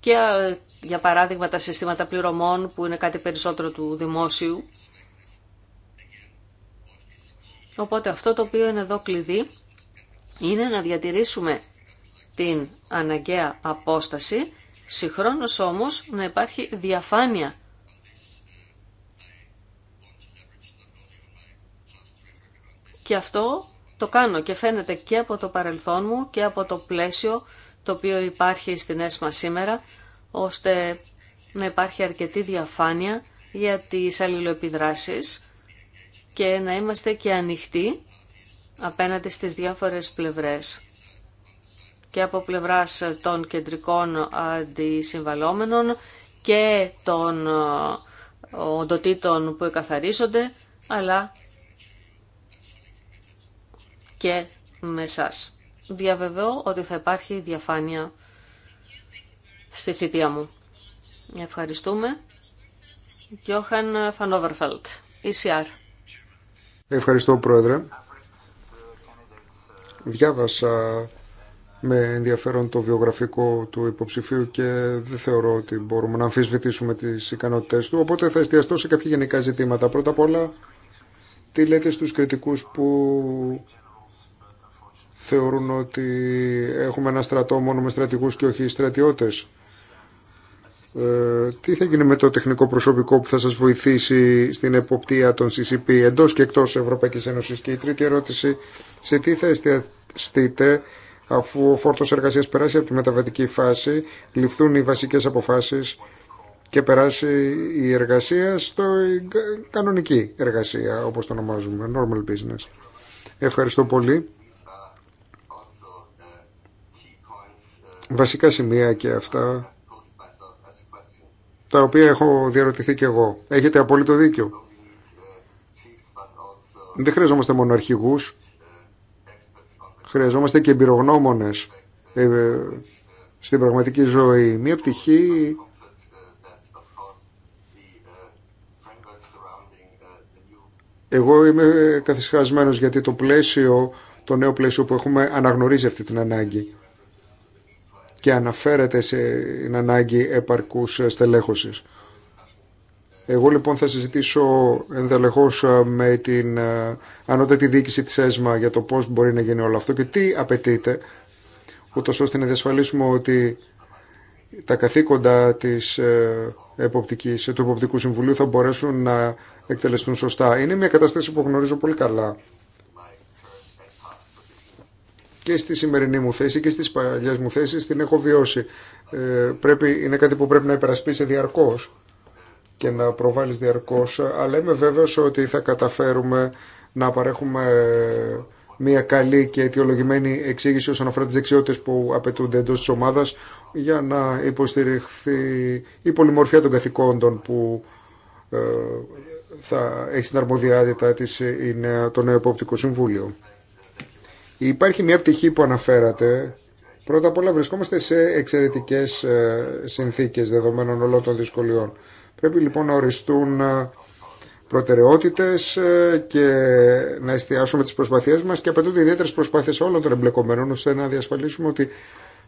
και για παράδειγμα τα συστήματα πληρωμών που είναι κάτι περισσότερο του δημόσιου. Οπότε αυτό το οποίο είναι εδώ κλειδί είναι να διατηρήσουμε την αναγκαία απόσταση, συγχρόνως όμως να υπάρχει διαφάνεια Και αυτό το κάνω και φαίνεται και από το παρελθόν μου και από το πλαίσιο το οποίο υπάρχει στην ΕΣΜΑ σήμερα, ώστε να υπάρχει αρκετή διαφάνεια για τις αλληλοεπιδράσεις και να είμαστε και ανοιχτοί απέναντι στις διάφορες πλευρές και από πλευράς των κεντρικών αντισυμβαλόμενων και των ε, οντοτήτων που εκαθαρίζονται, αλλά και με εσά. Διαβεβαιώ ότι θα υπάρχει διαφάνεια στη θητεία μου. Ευχαριστούμε. Γιώχαν Φανόβερφελτ, ECR. Ευχαριστώ, Πρόεδρε. Διάβασα με ενδιαφέρον το βιογραφικό του υποψηφίου και δεν θεωρώ ότι μπορούμε να αμφισβητήσουμε τις ικανότητές του, οπότε θα εστιαστώ σε κάποια γενικά ζητήματα. Πρώτα απ' όλα, τι λέτε στους κριτικούς που θεωρούν ότι έχουμε ένα στρατό μόνο με στρατηγούς και όχι στρατιώτες. Ε, τι θα γίνει με το τεχνικό προσωπικό που θα σας βοηθήσει στην εποπτεία των CCP εντός και εκτός Ευρωπαϊκής Ένωσης. Και η τρίτη ερώτηση, σε τι θα εστιαστείτε αφού ο φόρτος εργασίας περάσει από τη μεταβατική φάση, ληφθούν οι βασικές αποφάσεις και περάσει η εργασία στο κανονική εργασία, όπως το ονομάζουμε, normal business. Ευχαριστώ πολύ. βασικά σημεία και αυτά τα οποία έχω διαρωτηθεί και εγώ. Έχετε απόλυτο δίκιο. Δεν χρειαζόμαστε μόνο αρχηγούς, χρειαζόμαστε και εμπειρογνώμονες ε, στην πραγματική ζωή. Μία πτυχή Εγώ είμαι καθισχασμένος γιατί το πλαίσιο, το νέο πλαίσιο που έχουμε αναγνωρίζει αυτή την ανάγκη και αναφέρεται στην ανάγκη επαρκούς ε, στελέχωσης. Εγώ λοιπόν θα συζητήσω ενδελεχώς ε, με την ε, ανώτατη διοίκηση της ΕΣΜΑ για το πώς μπορεί να γίνει όλο αυτό και τι απαιτείται, ούτως ώστε να διασφαλίσουμε ότι τα καθήκοντα της εποπτικής, του Εποπτικού Συμβουλίου θα μπορέσουν να εκτελεστούν σωστά. Είναι μια κατάσταση που γνωρίζω πολύ καλά και στη σημερινή μου θέση και στις παλιές μου θέσεις την έχω βιώσει. Ε, πρέπει, είναι κάτι που πρέπει να υπερασπίσει διαρκώς και να προβάλλεις διαρκώς, αλλά είμαι βέβαιος ότι θα καταφέρουμε να παρέχουμε μια καλή και αιτιολογημένη εξήγηση όσον αφορά τις δεξιότητες που απαιτούνται εντός της ομάδας για να υποστηριχθεί η πολυμορφία των καθηκόντων που ε, θα έχει στην αρμοδιότητα της είναι το νέο υπόπτικο συμβούλιο. Υπάρχει μια πτυχή που αναφέρατε. Πρώτα απ' όλα βρισκόμαστε σε εξαιρετικές ε, συνθήκες δεδομένων όλων των δυσκολιών. Πρέπει λοιπόν να οριστούν ε, προτεραιότητες ε, και να εστιάσουμε τις προσπαθίες μας και απαιτούνται ιδιαίτερες προσπάθειες όλων των εμπλεκομένων ώστε να διασφαλίσουμε ότι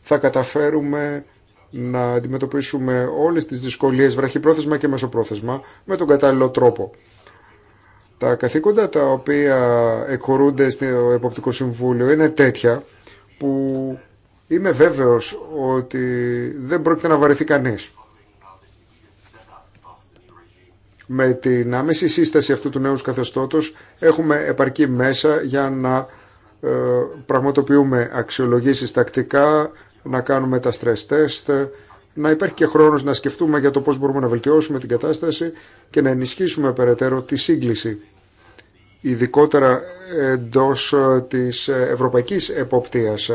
θα καταφέρουμε να αντιμετωπίσουμε όλες τις δυσκολίες βραχυπρόθεσμα και μεσοπρόθεσμα με τον κατάλληλο τρόπο. Τα καθήκοντα τα οποία εκχωρούνται στο Εποπτικό Συμβούλιο είναι τέτοια που είμαι βέβαιος ότι δεν πρόκειται να βαρεθεί κανείς. Με την άμεση σύσταση αυτού του νέου καθεστώτος έχουμε επαρκή μέσα για να ε, πραγματοποιούμε αξιολογήσεις τακτικά, να κάνουμε τα stress test, να υπάρχει και χρόνος να σκεφτούμε για το πώς μπορούμε να βελτιώσουμε την κατάσταση και να ενισχύσουμε περαιτέρω τη σύγκληση ειδικότερα ε, ε, εντός της ευρωπαϊκής εποπτείας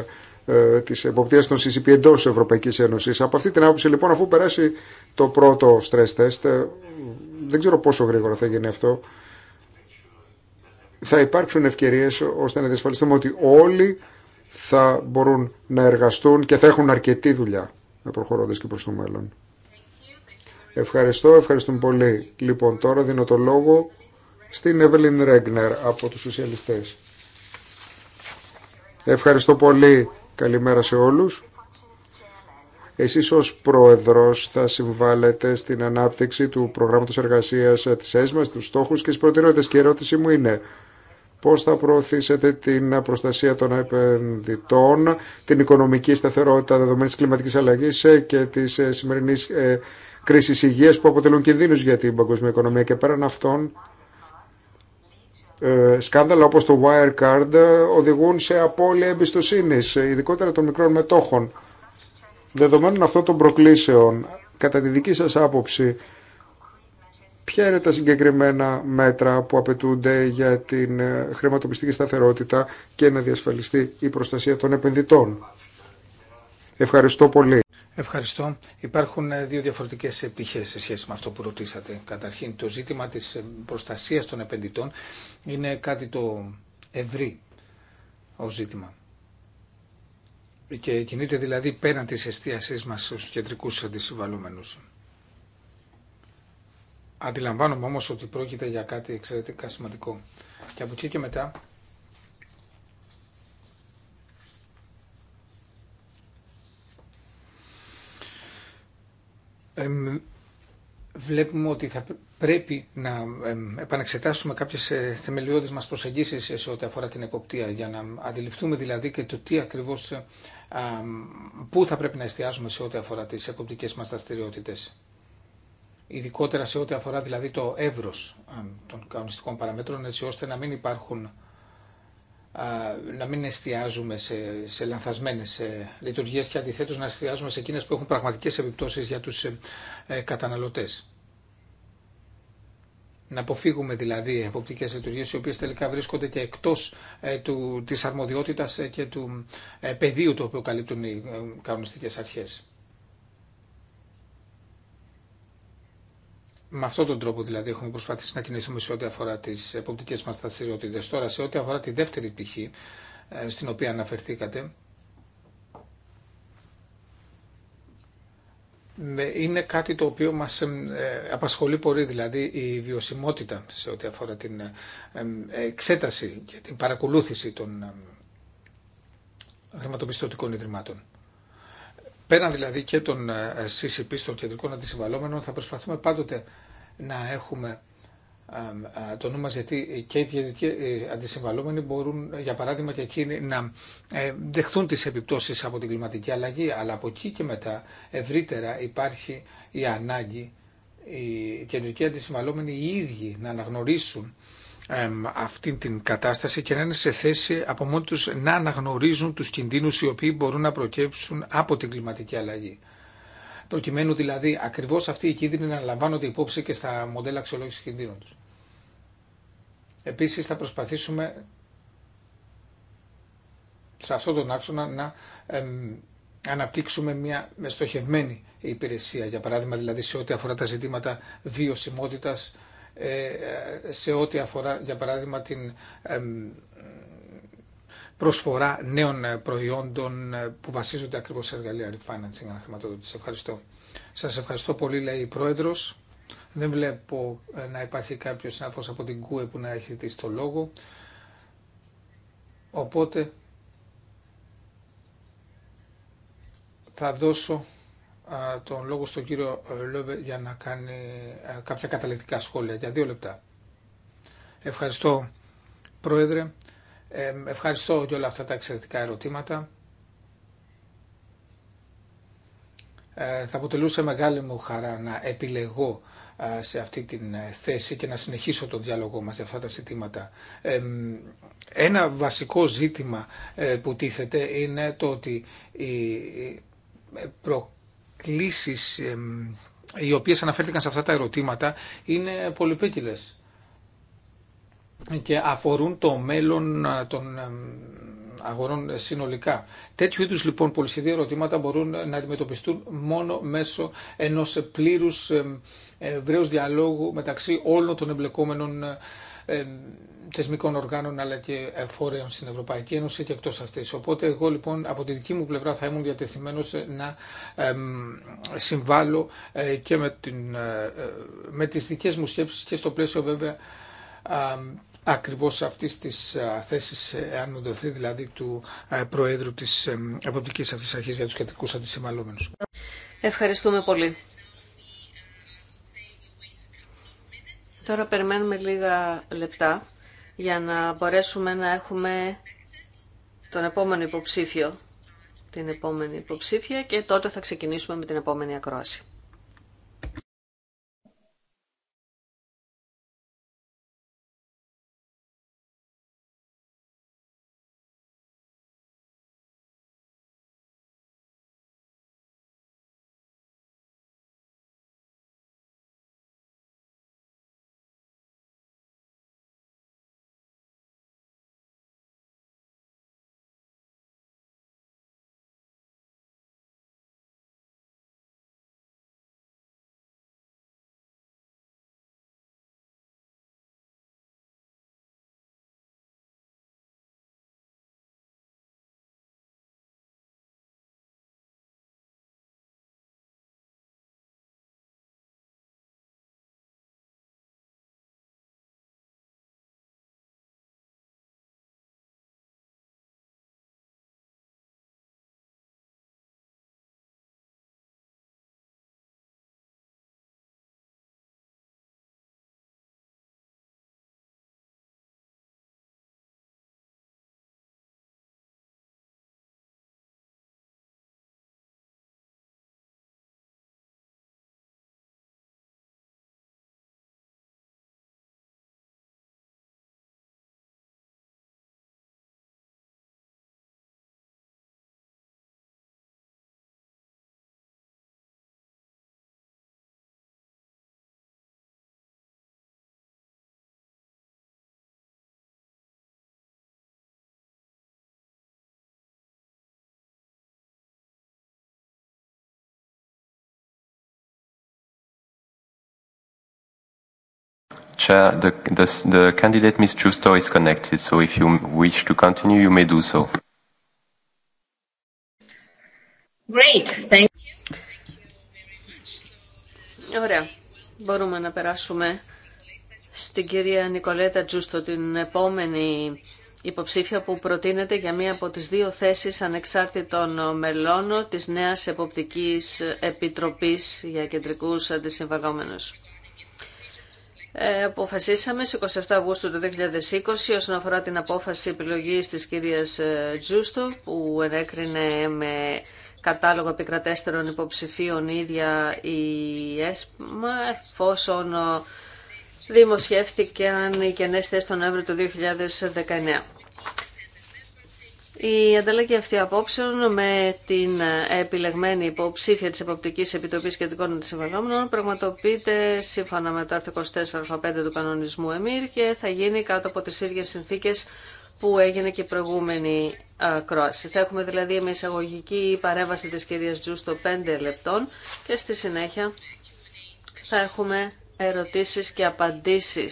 τη εποπτείας των CCP εντό Ευρωπαϊκή Ένωση. Από αυτή την άποψη, λοιπόν, αφού περάσει το πρώτο stress test, ε, δεν ξέρω πόσο γρήγορα θα γίνει αυτό, θα υπάρξουν ευκαιρίε ώστε να διασφαλιστούμε ότι όλοι θα μπορούν να εργαστούν και θα έχουν αρκετή δουλειά προχωρώντα και προ το μέλλον. Ευχαριστώ, ευχαριστούμε πολύ. Λοιπόν, τώρα δίνω το λόγο στην Εβελίν Ρέγνερ από τους Σοσιαλιστές. Ευχαριστώ πολύ. Καλημέρα σε όλους. Εσείς ως πρόεδρος θα συμβάλλετε στην ανάπτυξη του προγράμματος εργασίας της ΕΣΜΑ, στους στόχους και στις προτεραιότητες. Και η ερώτησή μου είναι πώς θα προωθήσετε την προστασία των επενδυτών, την οικονομική σταθερότητα δεδομένης της κλιματικής αλλαγής και της σημερινής ε, κρίσης υγείας που αποτελούν κινδύνους για την παγκοσμία οικονομία και πέραν αυτών ε, σκάνδαλα όπως το Wirecard οδηγούν σε απώλεια εμπιστοσύνη, ειδικότερα των μικρών μετόχων. Δεδομένων αυτών των προκλήσεων, κατά τη δική σας άποψη, ποια είναι τα συγκεκριμένα μέτρα που απαιτούνται για την ε, χρηματοπιστική σταθερότητα και να διασφαλιστεί η προστασία των επενδυτών. Ευχαριστώ πολύ. Ευχαριστώ. Υπάρχουν ε, δύο διαφορετικέ ε, πτυχέ σε σχέση με αυτό που ρωτήσατε. Καταρχήν, το ζήτημα τη ε, προστασία των επενδυτών είναι κάτι το ευρύ ω ζήτημα. Και κινείται δηλαδή πέραν τη εστίασή μα στου κεντρικού αντισυμβαλούμενου. Αντιλαμβάνομαι όμω ότι πρόκειται για κάτι εξαιρετικά σημαντικό. Και από εκεί και μετά βλέπουμε ότι θα πρέπει να επανεξετάσουμε κάποιες ε, θεμελιώδεις μας προσεγγίσεις σε ό,τι αφορά την εποπτεία για να αντιληφθούμε δηλαδή και το τι ακριβώς ε, πού θα πρέπει να εστιάζουμε σε ό,τι αφορά τις εποπτικές μας δραστηριότητε. Ειδικότερα σε ό,τι αφορά δηλαδή το εύρος των κανονιστικών παραμέτρων έτσι ώστε να μην υπάρχουν να μην εστιάζουμε σε, σε λανθασμένες ε, λειτουργίες και αντιθέτως να εστιάζουμε σε εκείνες που έχουν πραγματικές επιπτώσεις για τους ε, ε, καταναλωτές. Να αποφύγουμε δηλαδή εποπτικές λειτουργίες οι οποίες τελικά βρίσκονται και εκτός του, της αρμοδιότητας και του πεδίου το οποίο καλύπτουν οι κανονιστικές αρχές. με αυτόν τον τρόπο δηλαδή έχουμε προσπαθήσει να κινηθούμε σε ό,τι αφορά τις εποπτικέ μας δραστηριότητε. Τώρα σε ό,τι αφορά τη δεύτερη πτυχή ε, στην οποία αναφερθήκατε, είναι κάτι το οποίο μας ε, απασχολεί πολύ, δηλαδή η βιωσιμότητα σε ό,τι αφορά την ε, εξέταση και την παρακολούθηση των χρηματοπιστωτικών ιδρυμάτων. Πέραν δηλαδή και των ε, CCP των κεντρικών αντισυμβαλόμενων θα προσπαθούμε πάντοτε να έχουμε ε, το νου μας γιατί και οι ε, αντισυμβαλόμενοι μπορούν για παράδειγμα και εκείνοι να δεχθούν τις επιπτώσεις από την κλιματική αλλαγή αλλά από εκεί και μετά ευρύτερα υπάρχει η ανάγκη οι κεντρικοί αντισυμβαλόμενοι οι ίδιοι να αναγνωρίσουν αυτή την κατάσταση και να είναι σε θέση από μόνο τους να αναγνωρίζουν τους κινδύνους οι οποίοι μπορούν να προκύψουν από την κλιματική αλλαγή. Προκειμένου δηλαδή ακριβώς αυτή οι κίνδυνοι να λαμβάνονται υπόψη και στα μοντέλα αξιολόγησης κινδύνων τους. Επίσης θα προσπαθήσουμε σε αυτόν τον άξονα να αναπτύξουμε μια στοχευμένη υπηρεσία, για παράδειγμα δηλαδή σε ό,τι αφορά τα ζητήματα βιωσιμότητας ε, σε ό,τι αφορά για παράδειγμα την προσφορά νέων προϊόντων που βασίζονται ακριβώς σε εργαλεία refinancing αναχρηματοδότηση. Ευχαριστώ. Σας ευχαριστώ πολύ λέει η Πρόεδρος. Δεν βλέπω ε, να υπάρχει κάποιος συνάδελφος από την ΚΟΕ που να έχει δει στο λόγο. Οπότε θα δώσω τον λόγο στον κύριο ε, Λόβε για να κάνει ε, κάποια καταληκτικά σχόλια. Για δύο λεπτά. Ευχαριστώ, Πρόεδρε. Ευχαριστώ για όλα αυτά τα εξαιρετικά ερωτήματα. Ε, θα αποτελούσε μεγάλη μου χαρά να επιλεγώ σε αυτή την θέση και να συνεχίσω τον διάλογό μας για αυτά τα ζητήματα. Ένα βασικό ζήτημα που τίθεται είναι το ότι η προ κλήσεις οι οποίες αναφέρθηκαν σε αυτά τα ερωτήματα είναι πολυπίκυλες και αφορούν το μέλλον των αγορών συνολικά. Τέτοιου είδους λοιπόν πολυσχεδία ερωτήματα μπορούν να αντιμετωπιστούν μόνο μέσω ενός πλήρους ευρέως διαλόγου μεταξύ όλων των εμπλεκόμενων ε, θεσμικών οργάνων αλλά και φορέων στην Ευρωπαϊκή Ένωση και εκτός αυτής. Οπότε εγώ λοιπόν από τη δική μου πλευρά θα ήμουν διατεθειμένος ε, να συμβάλλω ε, και με, την, με τις δικές μου σκέψεις και στο πλαίσιο βέβαια ακριβώς αυτής της θέσης, αν μου δοθεί δηλαδή, του Προέδρου της Αποπτικής αυτής αρχής για τους Κεντρικούς αντισυμβαλόμενους. Ευχαριστούμε πολύ. Τώρα περιμένουμε λίγα λεπτά για να μπορέσουμε να έχουμε τον επόμενο υποψήφιο, την επόμενη υποψήφια και τότε θα ξεκινήσουμε με την επόμενη ακρόαση. Chair, the, the, the candidate, Ms. is connected, so Ωραία. Μπορούμε να περάσουμε στην κυρία Νικολέτα Τζούστο, την επόμενη υποψήφια που προτείνεται για μία από τις δύο θέσεις ανεξάρτητων μελών της νέας Εποπτικής Επιτροπής για Κεντρικούς Αντισυμβαγόμενους. Ε, αποφασίσαμε στις 27 Αυγούστου του 2020 όσον αφορά την απόφαση επιλογής της κυρίας ε, Τζούστο που ενέκρινε με κατάλογο επικρατέστερων υποψηφίων ίδια η ΕΣΜΑ εφόσον ε, δημοσιεύτηκαν οι κενές θέσεις τον Νοέμβριο του 2019. Η ανταλλαγή αυτή απόψεων με την επιλεγμένη υποψήφια της Εποπτική Επιτροπής Κεντρικών Συμβαλόμενων πραγματοποιείται σύμφωνα με το άρθρο 5 του κανονισμού ΕΜΗΡ και θα γίνει κάτω από τι ίδιε συνθήκε που έγινε και η προηγούμενη ακρόαση. Θα έχουμε δηλαδή μια εισαγωγική παρέμβαση τη κυρία Τζου στο 5 λεπτών και στη συνέχεια θα έχουμε ερωτήσει και απαντήσει.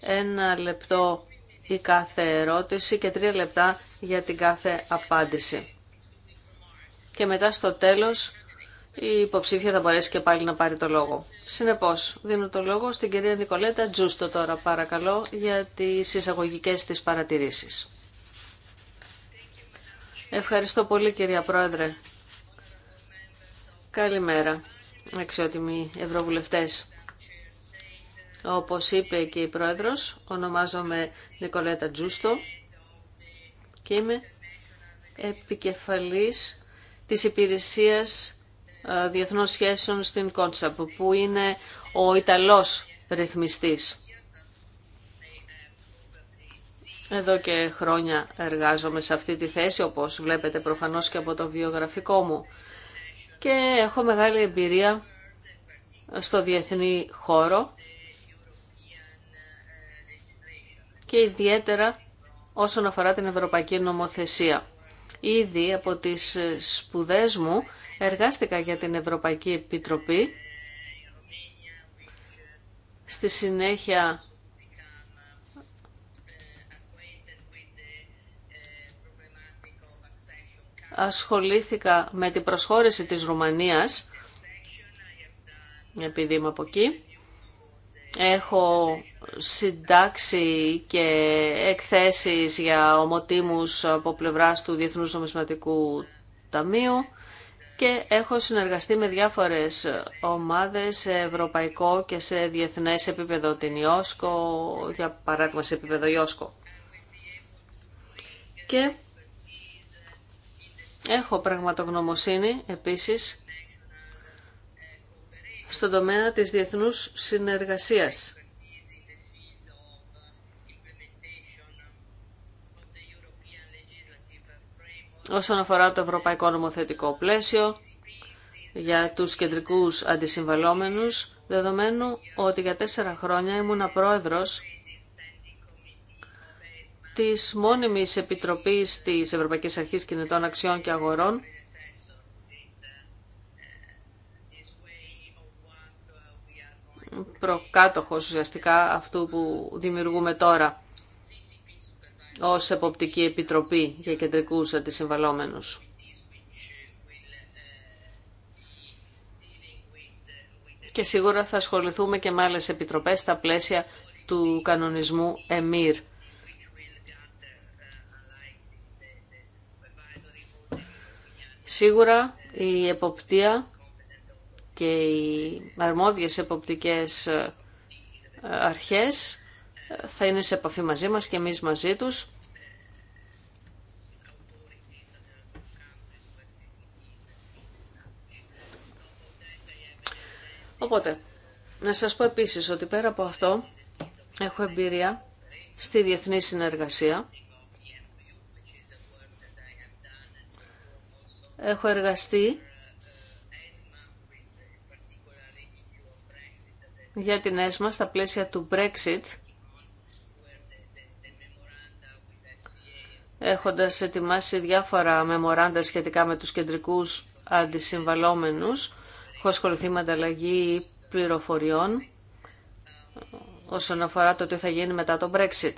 Ένα λεπτό η κάθε ερώτηση και τρία λεπτά για την κάθε απάντηση. Και μετά στο τέλος η υποψήφια θα μπορέσει και πάλι να πάρει το λόγο. Συνεπώς, δίνω το λόγο στην κυρία Νικολέτα Τζούστο τώρα παρακαλώ για τις εισαγωγικέ της παρατηρήσεις. Ευχαριστώ πολύ κυρία Πρόεδρε. Καλημέρα, αξιότιμοι ευρωβουλευτές. Όπως είπε και η Πρόεδρος, ονομάζομαι Νικολέτα Τζούστο και είμαι επικεφαλής της υπηρεσίας ε, διεθνών σχέσεων στην Κόντσαπ, που είναι ο Ιταλός ρυθμιστής. Εδώ και χρόνια εργάζομαι σε αυτή τη θέση, όπως βλέπετε προφανώς και από το βιογραφικό μου. Και έχω μεγάλη εμπειρία στο διεθνή χώρο και ιδιαίτερα όσον αφορά την Ευρωπαϊκή Νομοθεσία. Ήδη από τις σπουδές μου εργάστηκα για την Ευρωπαϊκή Επιτροπή. Στη συνέχεια ασχολήθηκα με την προσχώρηση της Ρουμανίας, επειδή είμαι από εκεί. Έχω συντάξει και εκθέσεις για ομοτήμους από πλευράς του Διεθνούς Νομισματικού Ταμείου και έχω συνεργαστεί με διάφορες ομάδες σε ευρωπαϊκό και σε διεθνές επίπεδο, την Ιόσκο, για παράδειγμα σε επίπεδο Ιόσκο. Και έχω πραγματογνωμοσύνη επίσης στον τομέα της διεθνούς συνεργασίας. Όσον αφορά το ευρωπαϊκό νομοθετικό πλαίσιο για τους κεντρικούς αντισυμβαλόμενους, δεδομένου ότι για τέσσερα χρόνια ήμουν πρόεδρος της μόνιμης Επιτροπής της Ευρωπαϊκής Αρχής Κινητών Αξιών και Αγορών προκάτοχος ουσιαστικά αυτού που δημιουργούμε τώρα ως Εποπτική Επιτροπή για Κεντρικούς Αντισυμβαλόμενους. Και σίγουρα θα ασχοληθούμε και με επιτροπές στα πλαίσια του κανονισμού ΕΜΙΡ. Σίγουρα η εποπτεία και οι αρμόδιες εποπτικές ε, αρχές ε, θα είναι σε επαφή μαζί μας και εμείς μαζί τους. Οπότε, να σας πω επίσης ότι πέρα από αυτό έχω εμπειρία στη διεθνή συνεργασία. Έχω εργαστεί για την ΕΣΜΑ στα πλαίσια του Brexit, έχοντας ετοιμάσει διάφορα μεμοράντα σχετικά με τους κεντρικούς αντισυμβαλόμενους, έχω ασχοληθεί με ανταλλαγή πληροφοριών ε, όσον αφορά το τι θα γίνει μετά το Brexit.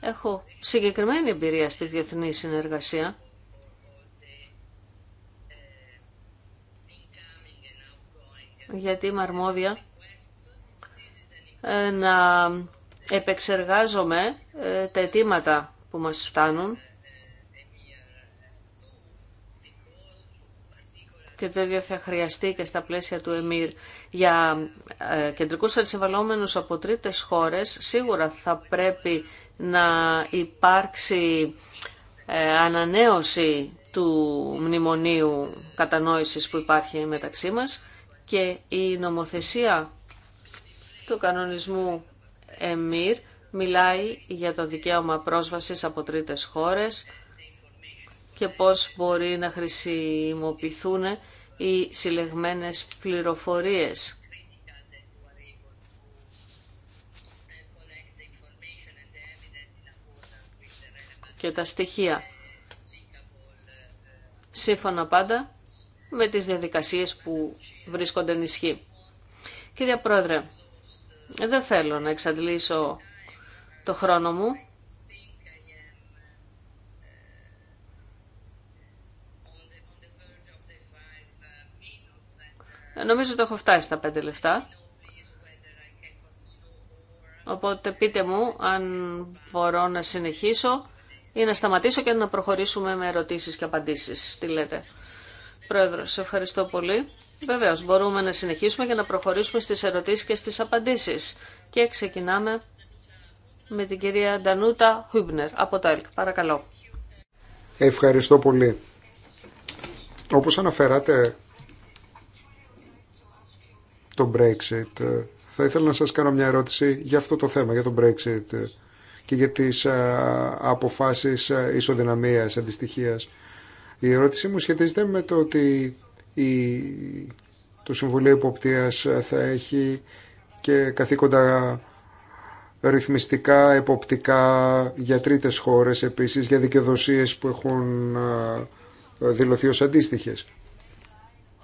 Έχω συγκεκριμένη εμπειρία στη διεθνή συνεργασία. γιατί είμαι αρμόδια να επεξεργάζομαι ε, τα αιτήματα που μας φτάνουν και το ίδιο θα χρειαστεί και στα πλαίσια του ΕΜΙΡ. Για ε, κεντρικούς αντισυμβαλόμενους από τρίτες χώρες σίγουρα θα πρέπει να υπάρξει ε, ανανέωση του μνημονίου κατανόησης που υπάρχει μεταξύ μας και η νομοθεσία του κανονισμού ΕΜΙΡ μιλάει για το δικαίωμα πρόσβασης από τρίτες χώρες και πώς μπορεί να χρησιμοποιηθούν οι συλλεγμένες πληροφορίες. και τα στοιχεία. Σύμφωνα πάντα με τις διαδικασίες που βρίσκονται ενισχύ. Κύριε Πρόεδρε, δεν θέλω να εξαντλήσω το χρόνο μου. Νομίζω ότι έχω φτάσει στα πέντε λεφτά. Οπότε πείτε μου αν μπορώ να συνεχίσω ή να σταματήσω και να προχωρήσουμε με ερωτήσεις και απαντήσεις. Τι λέτε. Πρόεδρο, σε ευχαριστώ πολύ. Βεβαίως, μπορούμε να συνεχίσουμε και να προχωρήσουμε στις ερωτήσεις και στις απαντήσεις. Και ξεκινάμε με την κυρία Ντανούτα Χούμπνερ από το ΕΛΚ. Παρακαλώ. Ευχαριστώ πολύ. Όπως αναφέρατε το Brexit, θα ήθελα να σας κάνω μια ερώτηση για αυτό το θέμα, για το Brexit και για τις αποφάσεις ισοδυναμίας, αντιστοιχίας. Η ερώτησή μου σχετίζεται με το ότι η, το Συμβουλίο Υποπτίας θα έχει και καθήκοντα ρυθμιστικά, εποπτικά για τρίτες χώρες επίσης, για δικαιοδοσίες που έχουν δηλωθεί ως αντίστοιχες.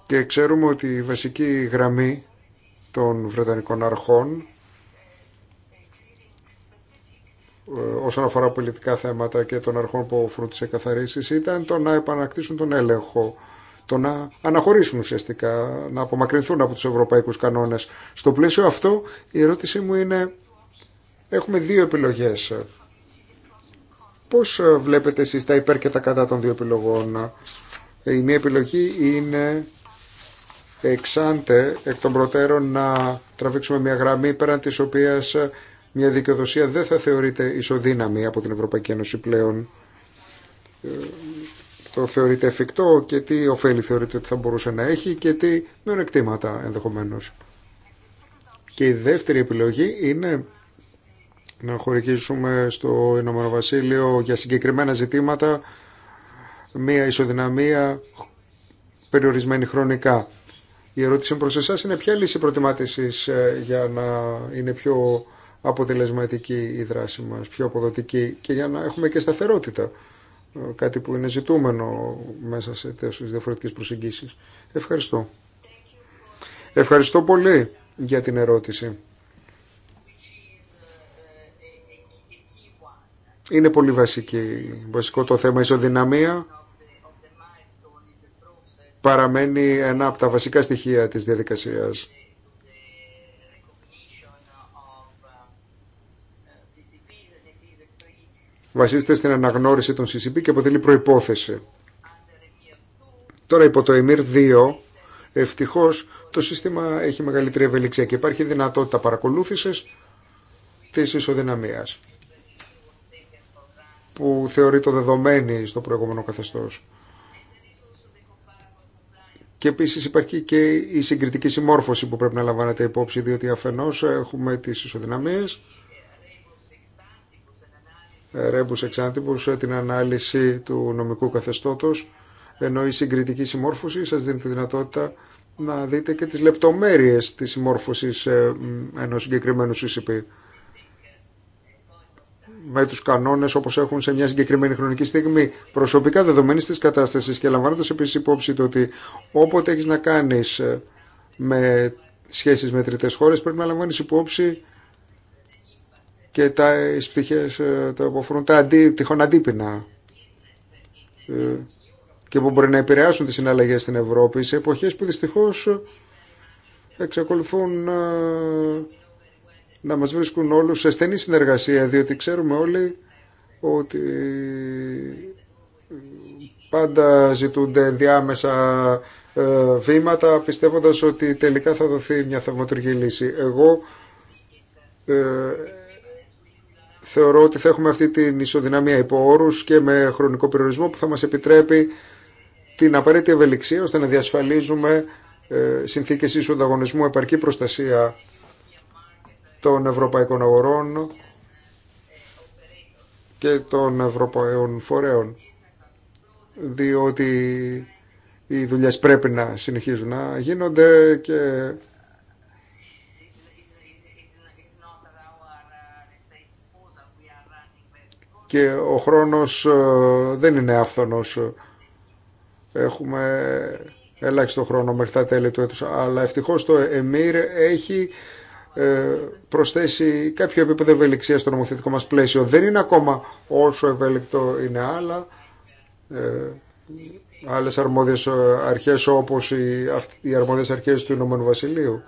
Και ξέρουμε ότι η βασική γραμμή των Βρετανικών αρχών ε, όσον αφορά πολιτικά θέματα και των αρχών που αφορούν τις εκαθαρίσεις ήταν το να επανακτήσουν τον έλεγχο το να αναχωρήσουν ουσιαστικά, να απομακρυνθούν από τους ευρωπαϊκούς κανόνες. Στο πλαίσιο αυτό η ερώτησή μου είναι, έχουμε δύο επιλογές. Πώς ε, βλέπετε εσείς τα υπέρ και τα κατά των δύο επιλογών. Ε, η μία επιλογή είναι εξάντε εκ των προτέρων να τραβήξουμε μια γραμμή πέραν της οποίας ε, μια δικαιοδοσία δεν θα θεωρείται ισοδύναμη από την Ευρωπαϊκή Ένωση πλέον το θεωρείτε εφικτό και τι ωφέλη θεωρείται ότι θα μπορούσε να έχει και τι μειονεκτήματα ενδεχομένως. Και η δεύτερη επιλογή είναι να χορηγήσουμε στο Ηνωμένο Βασίλειο για συγκεκριμένα ζητήματα μία ισοδυναμία περιορισμένη χρονικά. Η ερώτηση προς εσάς είναι ποια λύση προτιμάτε για να είναι πιο αποτελεσματική η δράση μας, πιο αποδοτική και για να έχουμε και σταθερότητα κάτι που είναι ζητούμενο μέσα σε τέτοιες διαφορετικές προσεγγίσεις. Ευχαριστώ. Ευχαριστώ πολύ για την ερώτηση. Είναι πολύ βασική. Βασικό το θέμα ισοδυναμία παραμένει ένα από τα βασικά στοιχεία της διαδικασίας. βασίζεται στην αναγνώριση των CCP και αποτελεί προϋπόθεση. Τώρα υπό το EMIR 2, ευτυχώς, το σύστημα έχει μεγαλύτερη ευελιξία και υπάρχει δυνατότητα παρακολούθησης της ισοδυναμίας που θεωρεί το δεδομένη στο προηγούμενο καθεστώς. Και επίσης υπάρχει και η συγκριτική συμμόρφωση που πρέπει να λαμβάνεται υπόψη, διότι αφενός έχουμε τις ισοδυναμίες ρέμπους εξάντυπους ε, την ανάλυση του νομικού καθεστώτος ενώ η συγκριτική συμμόρφωση σας δίνει τη δυνατότητα να δείτε και τις λεπτομέρειες της συμμόρφωσης ε, ενός συγκεκριμένου CCP με τους κανόνες όπως έχουν σε μια συγκεκριμένη χρονική στιγμή προσωπικά δεδομένη της κατάστασης και λαμβάνοντας επίσης υπόψη το ότι όποτε έχεις να κάνεις ε, με σχέσεις με τριτές χώρες πρέπει να λαμβάνεις υπόψη και τα πτυχές ε, τα που τα αντί, τυχόν αντίπεινα ε, και που μπορεί να επηρεάσουν τις συναλλαγές στην Ευρώπη σε εποχές που δυστυχώς εξακολουθούν ε, να μας βρίσκουν όλους σε στενή συνεργασία διότι ξέρουμε όλοι ότι πάντα ζητούνται διάμεσα βήματα πιστεύοντας ότι τελικά θα δοθεί μια θαυματουργή λύση. Εγώ θεωρώ ότι θα έχουμε αυτή την ισοδυναμία υπό όρους και με χρονικό περιορισμό που θα μας επιτρέπει την απαραίτητη ευελιξία ώστε να διασφαλίζουμε ε, συνθήκες ίσου ανταγωνισμού, επαρκή προστασία των ευρωπαϊκών αγορών και των ευρωπαϊκών φορέων διότι οι δουλειές πρέπει να συνεχίζουν να γίνονται και και ο χρόνος ε, δεν είναι άφθονος. Έχουμε ελάχιστο χρόνο μέχρι τα τέλη του έτους, αλλά ευτυχώς το ΕΜΗΡ έχει ε, προσθέσει κάποιο επίπεδο ευελιξία στο νομοθετικό μας πλαίσιο. Δεν είναι ακόμα όσο ευέλικτο είναι άλλα, ε, άλλες αρμόδιες αρχές όπως οι, οι αρμόδιες αρχές του Ηνωμένου Βασιλείου.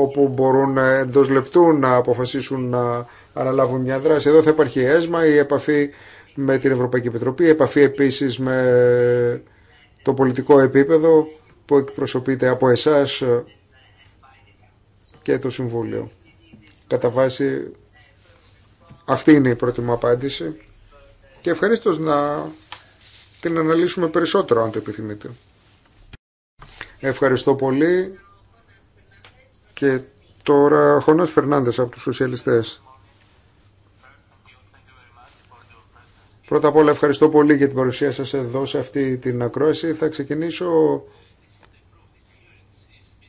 όπου μπορούν εντό λεπτού να αποφασίσουν να αναλάβουν μια δράση. Εδώ θα υπάρχει έσμα, η επαφή με την Ευρωπαϊκή Επιτροπή, η επαφή επίσης με το πολιτικό επίπεδο που εκπροσωπείται από εσάς και το Συμβούλιο. Κατά βάση αυτή είναι η πρώτη μου απάντηση και ευχαρίστω να την αναλύσουμε περισσότερο αν το επιθυμείτε. Ευχαριστώ πολύ. Και τώρα Χωνός Φερνάντες από τους Σοσιαλιστές. Πρώτα απ' όλα ευχαριστώ πολύ για την παρουσία σας εδώ σε αυτή την ακρόαση. Θα ξεκινήσω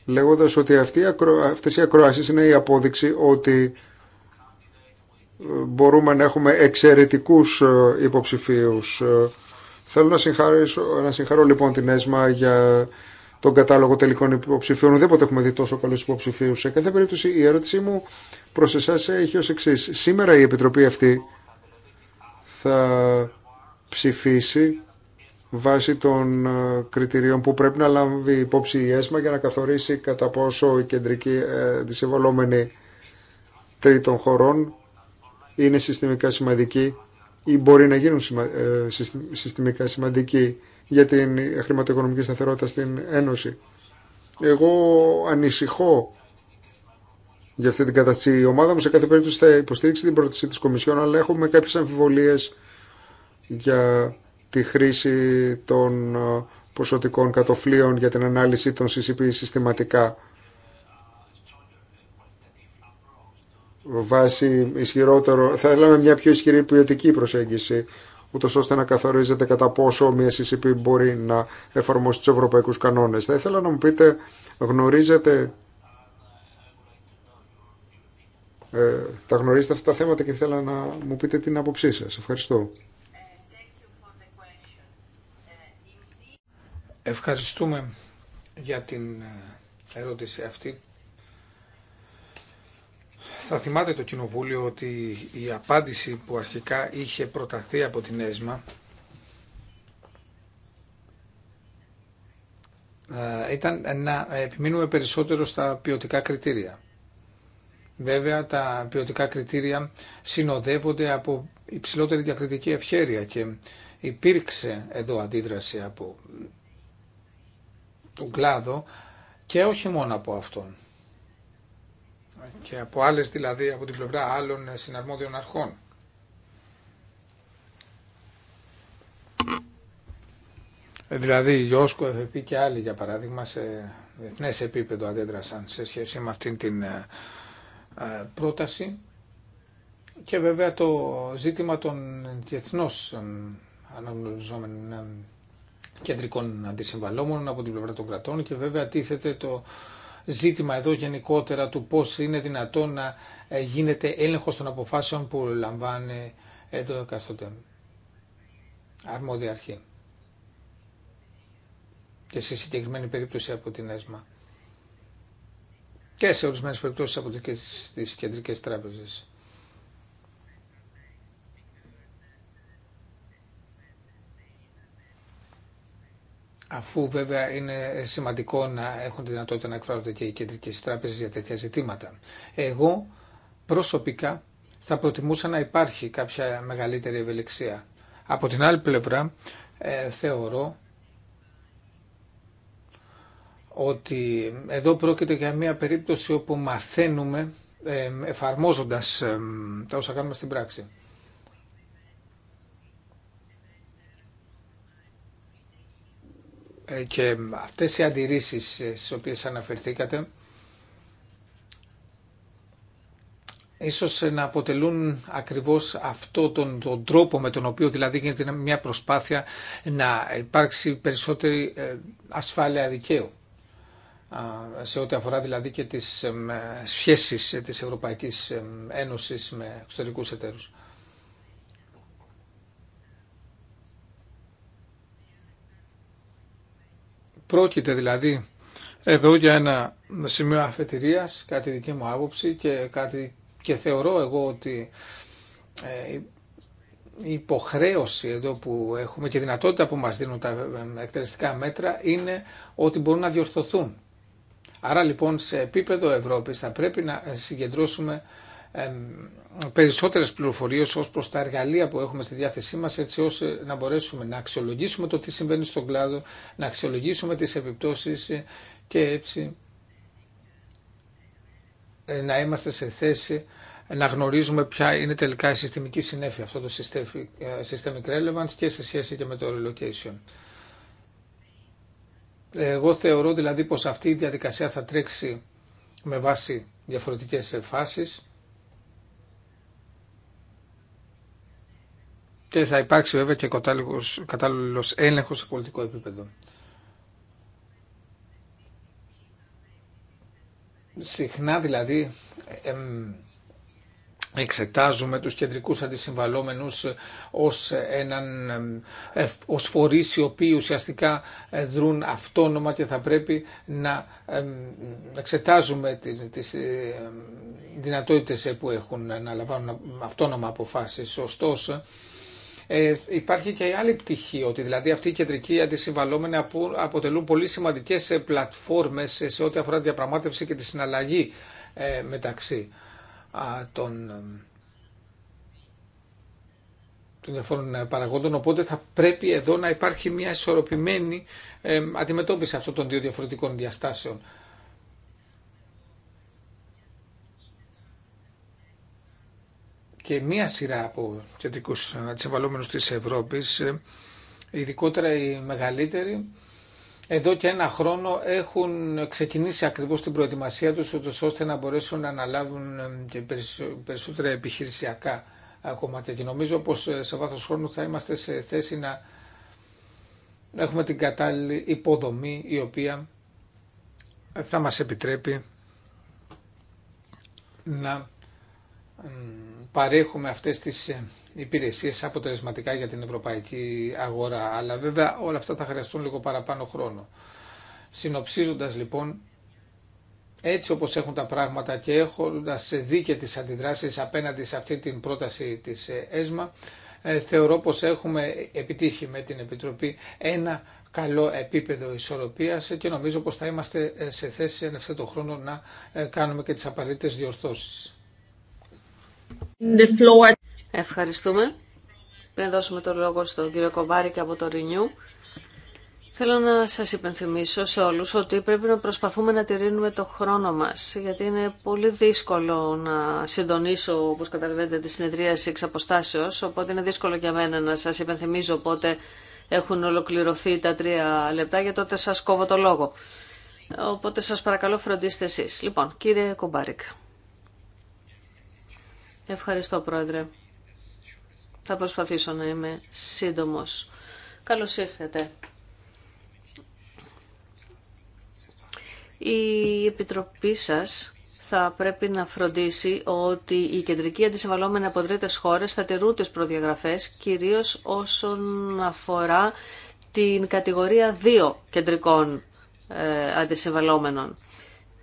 λέγοντας ότι αυτή, αυτές οι ακροάσεις είναι η απόδειξη ότι ε, μπορούμε να έχουμε εξαιρετικούς ε, υποψηφίους. Ε, θέλω να συγχαρώ, να συγχαρώ λοιπόν την ΕΣΜΑ για τον κατάλογο τελικών υποψηφίων. Ουδέποτε έχουμε δει τόσο καλού υποψηφίου. Σε κάθε περίπτωση, η ερώτησή μου προ εσά έχει ω εξή. Σήμερα η Επιτροπή αυτή θα ψηφίσει βάσει των ε, κριτηρίων που πρέπει να λάβει υπόψη η ΕΣΜΑ για να καθορίσει κατά πόσο η κεντρική αντισυμβολόμενη ε, τρίτων χωρών είναι συστημικά σημαντική ή μπορεί να γίνουν ε, συστημικά σημαντικοί για την χρηματοοικονομική σταθερότητα στην Ένωση. Εγώ ανησυχώ για αυτή την κατάσταση. Η ομάδα μου σε κάθε περίπτωση θα υποστήριξει την πρόταση της Κομισιόν, αλλά έχουμε κάποιες αμφιβολίες για τη χρήση των ε, ποσοτικών κατοφλίων για την ανάλυση των CCP συστηματικά ισχυρότερο, θα έλαμε μια πιο ισχυρή ποιοτική προσέγγιση ούτως ώστε να καθορίζεται κατά πόσο μια e CCP μπορεί να εφαρμόσει του ευρωπαϊκούς κανόνες. Θα ήθελα να μου πείτε, γνωρίζετε ε, τα γνωρίζετε αυτά τα θέματα και θέλω να μου πείτε την άποψή σας. Ευχαριστώ. Ευχαριστούμε για την ε, ερώτηση αυτή θα θυμάται το Κοινοβούλιο ότι η απάντηση που αρχικά είχε προταθεί από την ΕΣΜΑ ε, ήταν να επιμείνουμε περισσότερο στα ποιοτικά κριτήρια. Βέβαια τα ποιοτικά κριτήρια συνοδεύονται από υψηλότερη διακριτική ευχέρεια και υπήρξε εδώ αντίδραση από τον κλάδο και όχι μόνο από αυτόν και από άλλες δηλαδή από την πλευρά άλλων συναρμόδιων αρχών. Ε, δηλαδή η Ιώσκο, και άλλοι για παράδειγμα σε διεθνέ επίπεδο αντέδρασαν σε σχέση με αυτήν την ε, ε, πρόταση και βέβαια το ζήτημα των διεθνώς αναγνωριζόμενων κεντρικών αντισυμβαλόμενων από την πλευρά των κρατών και βέβαια τίθεται το ζήτημα εδώ γενικότερα του πώς είναι δυνατόν να ε, γίνεται έλεγχος των αποφάσεων που λαμβάνει εδώ εκαστοτε αρμόδια αρχή και σε συγκεκριμένη περίπτωση από την ΕΣΜΑ και σε ορισμένες περιπτώσεις από τις κεντρικές τράπεζες. αφού βέβαια είναι σημαντικό να έχουν τη δυνατότητα να εκφράζονται και οι κεντρικέ τράπεζε για τέτοια ζητήματα. Εγώ προσωπικά θα προτιμούσα να υπάρχει κάποια μεγαλύτερη ευελιξία. Από την άλλη πλευρά ε, θεωρώ ότι εδώ πρόκειται για μια περίπτωση όπου μαθαίνουμε ε, εφαρμόζοντας ε, τα όσα κάνουμε στην πράξη. Ε, και αυτές οι αντιρρήσεις ε, στις οποίες αναφερθήκατε ίσως ε, να αποτελούν ακριβώς αυτό τον, τον τρόπο με τον οποίο δηλαδή γίνεται μια προσπάθεια να υπάρξει περισσότερη ασφάλεια δικαίου σε ό,τι αφορά δηλαδή και τις σχέσεις της Ευρωπαϊκής Ένωσης με εξωτερικούς εταίρους. Πρόκειται δηλαδή εδώ για ένα σημείο αφετηρίας, κάτι δική μου άποψη και, κάτι, και θεωρώ εγώ ότι ε, η υποχρέωση εδώ που έχουμε και η δυνατότητα που μας δίνουν τα ε, εκτελεστικά μέτρα είναι ότι μπορούν να διορθωθούν. Άρα λοιπόν σε επίπεδο Ευρώπης θα πρέπει να συγκεντρώσουμε περισσότερες πληροφορίες ως προς τα εργαλεία που έχουμε στη διάθεσή μας έτσι ώστε να μπορέσουμε να αξιολογήσουμε το τι συμβαίνει στον κλάδο, να αξιολογήσουμε τις επιπτώσεις και έτσι ε, να είμαστε σε θέση να γνωρίζουμε ποια είναι τελικά η συστημική συνέφεια αυτό το ε, systemic relevance και σε σχέση και με το relocation. Εγώ θεωρώ δηλαδή πως αυτή η διαδικασία θα τρέξει με βάση διαφορετικές φάσεις και θα υπάρξει βέβαια και κατάλληλος, έλεγχο έλεγχος σε πολιτικό επίπεδο. Συχνά δηλαδή εξετάζουμε τους κεντρικούς αντισυμβαλόμενους ως, έναν, ως φορείς οι οποίοι ουσιαστικά ε, δρούν αυτόνομα και θα πρέπει να εξετάζουμε τις ε, δυνατότητες που έχουν να λαμβάνουν αυτόνομα αποφάσεις. Ωστόσο, ε, υπάρχει και η άλλη πτυχή, ότι δηλαδή αυτοί οι κεντρικοί αντισυμβαλόμενοι αποτελούν πολύ σημαντικέ ε, πλατφόρμες ε, σε ό,τι αφορά τη διαπραγμάτευση και τη συναλλαγή ε, μεταξύ α, των, ε, των διαφόρων παραγόντων, οπότε θα πρέπει εδώ να υπάρχει μια ισορροπημένη αντιμετώπιση αυτών των δύο διαφορετικών διαστάσεων. και μία σειρά από κεντρικούς αντισυμβαλόμενους της Ευρώπης, ε, ειδικότερα οι μεγαλύτεροι, εδώ και ένα χρόνο έχουν ξεκινήσει ακριβώς την προετοιμασία τους ώστε να μπορέσουν να αναλάβουν ε, και περισσότερα επιχειρησιακά κομμάτια και νομίζω πως ε, σε βάθος χρόνου θα είμαστε σε θέση να έχουμε την κατάλληλη υποδομή η οποία θα μας επιτρέπει να παρέχουμε αυτές τις ε, υπηρεσίες αποτελεσματικά για την ευρωπαϊκή αγορά. Αλλά βέβαια όλα αυτά θα χρειαστούν λίγο παραπάνω χρόνο. Συνοψίζοντας λοιπόν, έτσι όπως έχουν τα πράγματα και έχοντας σε και τις αντιδράσεις απέναντι σε αυτή την πρόταση της ε, ΕΣΜΑ, ε, θεωρώ πως έχουμε επιτύχει με την Επιτροπή ένα καλό επίπεδο ισορροπίας και νομίζω πως θα είμαστε σε θέση αυτό το χρόνο να κάνουμε και τις απαραίτητες διορθώσεις. Ευχαριστούμε. Πριν δώσουμε το λόγο στον κύριο Κομπάρη και από το Ρινιού, θέλω να σας υπενθυμίσω σε όλους ότι πρέπει να προσπαθούμε να τηρύνουμε το χρόνο μας, γιατί είναι πολύ δύσκολο να συντονίσω, όπως καταλαβαίνετε, τη συνεδρίαση εξ αποστάσεως, οπότε είναι δύσκολο για μένα να σας υπενθυμίζω πότε έχουν ολοκληρωθεί τα τρία λεπτά, γιατί τότε σας κόβω το λόγο. Οπότε σας παρακαλώ φροντίστε εσείς. Λοιπόν, κύριε Κομπάρικ. Ευχαριστώ, Πρόεδρε. Θα προσπαθήσω να είμαι σύντομος. Καλώς ήρθατε. Η Επιτροπή σας θα πρέπει να φροντίσει ότι οι κεντρικοί αντισυμβαλόμενοι από τρίτε χώρες θα τηρούν τις προδιαγραφές, κυρίως όσον αφορά την κατηγορία 2 κεντρικών ε, αντισυμβαλόμενων.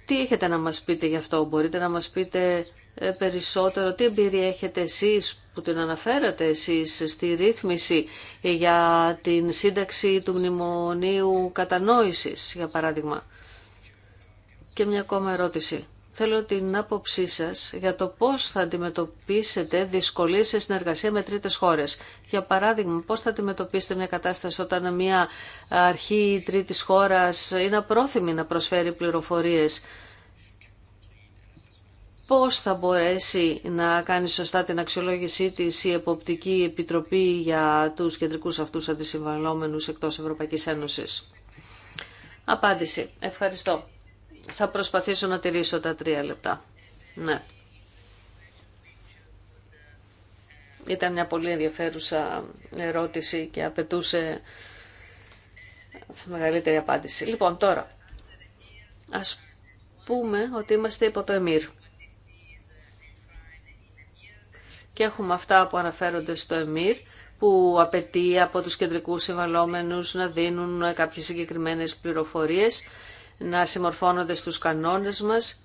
Τι έχετε να μας πείτε γι' αυτό, μπορείτε να μας πείτε ε, περισσότερο, τι εμπειρία έχετε εσείς που την αναφέρατε εσείς στη ρύθμιση για την σύνταξη του μνημονίου κατανόησης, για παράδειγμα. Και μια ακόμα ερώτηση. Θέλω την άποψή σας για το πώς θα αντιμετωπίσετε δυσκολίες σε συνεργασία με τρίτες χώρες. Για παράδειγμα, πώς θα αντιμετωπίσετε μια κατάσταση όταν μια αρχή τρίτης χώρας είναι απρόθυμη να προσφέρει πληροφορίες πώς θα μπορέσει να κάνει σωστά την αξιολόγησή της η Εποπτική Επιτροπή για τους κεντρικούς αυτούς αντισυμβαλόμενους εκτός Ευρωπαϊκής Ένωσης. Απάντηση. Ευχαριστώ. Θα προσπαθήσω να τηρήσω τα τρία λεπτά. Ναι. Ήταν μια πολύ ενδιαφέρουσα ερώτηση και απαιτούσε μεγαλύτερη απάντηση. Λοιπόν, τώρα, ας πούμε ότι είμαστε υπό το και έχουμε αυτά που αναφέρονται στο ΕΜΙΡ που απαιτεί από τους κεντρικούς συμβαλόμενους να δίνουν κάποιες συγκεκριμένες πληροφορίες, να συμμορφώνονται στους κανόνες μας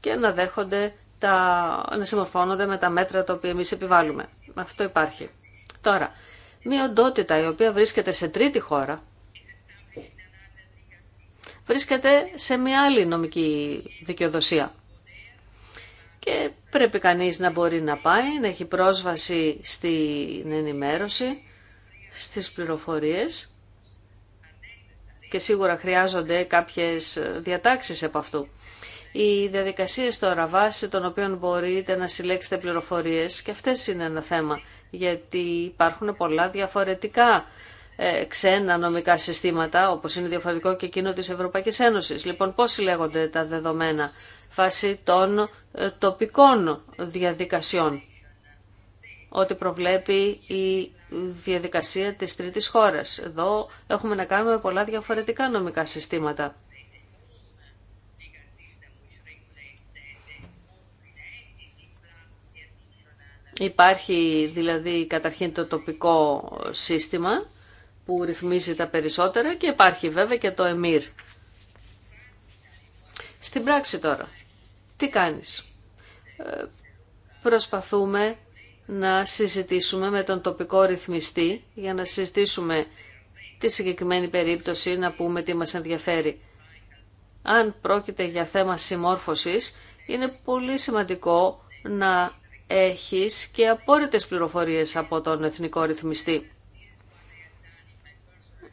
και να, δέχονται τα, να συμμορφώνονται με τα μέτρα τα οποία εμείς επιβάλλουμε. Αυτό υπάρχει. Τώρα, μια οντότητα η οποία βρίσκεται σε τρίτη χώρα, βρίσκεται σε μια άλλη νομική δικαιοδοσία και πρέπει κανείς να μπορεί να πάει, να έχει πρόσβαση στην ενημέρωση, στις πληροφορίες και σίγουρα χρειάζονται κάποιες διατάξεις από αυτού. Οι διαδικασίες τώρα βάσει των οποίων μπορείτε να συλλέξετε πληροφορίες και αυτές είναι ένα θέμα γιατί υπάρχουν πολλά διαφορετικά ε, ξένα νομικά συστήματα όπως είναι διαφορετικό και εκείνο της Ευρωπαϊκής Ένωσης. Λοιπόν πώς συλλέγονται τα δεδομένα φάση των ε, τοπικών διαδικασιών. Ό,τι προβλέπει η διαδικασία της τρίτης χώρας. Εδώ έχουμε να κάνουμε πολλά διαφορετικά νομικά συστήματα. Υπάρχει δηλαδή καταρχήν το τοπικό σύστημα που ρυθμίζει τα περισσότερα και υπάρχει βέβαια και το ΕΜΙΡ. Στην πράξη τώρα τι κάνεις. Ε, προσπαθούμε να συζητήσουμε με τον τοπικό ρυθμιστή για να συζητήσουμε τη συγκεκριμένη περίπτωση, να πούμε τι μας ενδιαφέρει. Αν πρόκειται για θέμα συμμόρφωσης, είναι πολύ σημαντικό να έχεις και απόρριτες πληροφορίες από τον εθνικό ρυθμιστή.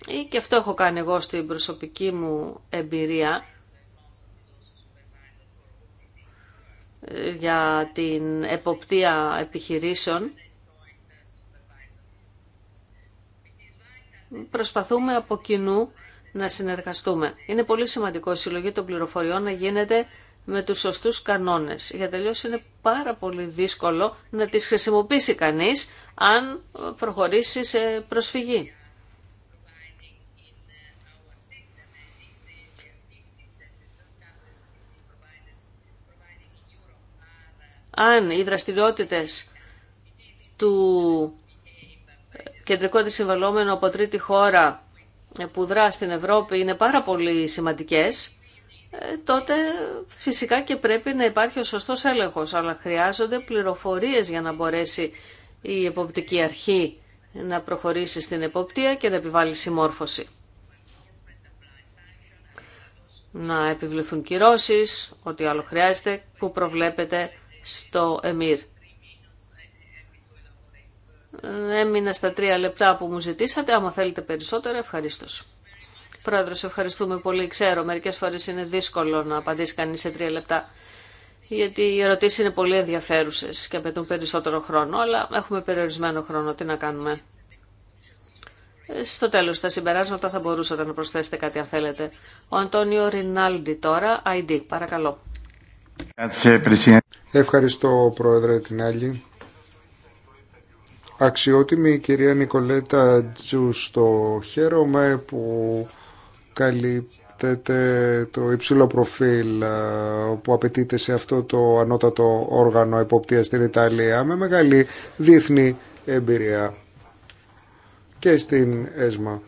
Ή και αυτό έχω κάνει εγώ στην προσωπική μου εμπειρία για την εποπτεία επιχειρήσεων. Προσπαθούμε από κοινού να συνεργαστούμε. Είναι πολύ σημαντικό η συλλογή των πληροφοριών να γίνεται με τους σωστούς κανόνες. Για τελείως είναι πάρα πολύ δύσκολο να τις χρησιμοποιήσει κανείς αν προχωρήσει σε προσφυγή. αν οι δραστηριότητες του κεντρικού αντισυμβαλόμενου από τρίτη χώρα που δρά στην Ευρώπη είναι πάρα πολύ σημαντικές, ε, τότε φυσικά και πρέπει να υπάρχει ο σωστός έλεγχος, αλλά χρειάζονται πληροφορίες για να μπορέσει η εποπτική αρχή να προχωρήσει στην εποπτεία και να επιβάλλει συμμόρφωση. Να επιβληθούν κυρώσεις, ό,τι άλλο χρειάζεται, που προβλέπεται στο ΕΜΙΡ. Έμεινα στα τρία λεπτά που μου ζητήσατε. Άμα θέλετε περισσότερα, ευχαρίστω. Πρόεδρο, ευχαριστούμε πολύ. Ξέρω, μερικέ φορέ είναι δύσκολο να απαντήσει κανεί σε τρία λεπτά. Γιατί οι ερωτήσει είναι πολύ ενδιαφέρουσε και απαιτούν περισσότερο χρόνο, αλλά έχουμε περιορισμένο χρόνο. Τι να κάνουμε. Στο τέλο, στα συμπεράσματα θα μπορούσατε να προσθέσετε κάτι αν θέλετε. Ο Αντώνιο Ρινάλντι τώρα, ID. Παρακαλώ. Ευχαριστώ Πρόεδρε την άλλη. Αξιότιμη κυρία Νικολέτα Τζούστο, χαίρομαι που καλύπτεται το υψηλό προφίλ ε, που απαιτείται σε αυτό το ανώτατο όργανο εποπτείας στην Ιταλία με μεγάλη διεθνή εμπειρία και στην ΕΣΜΑ.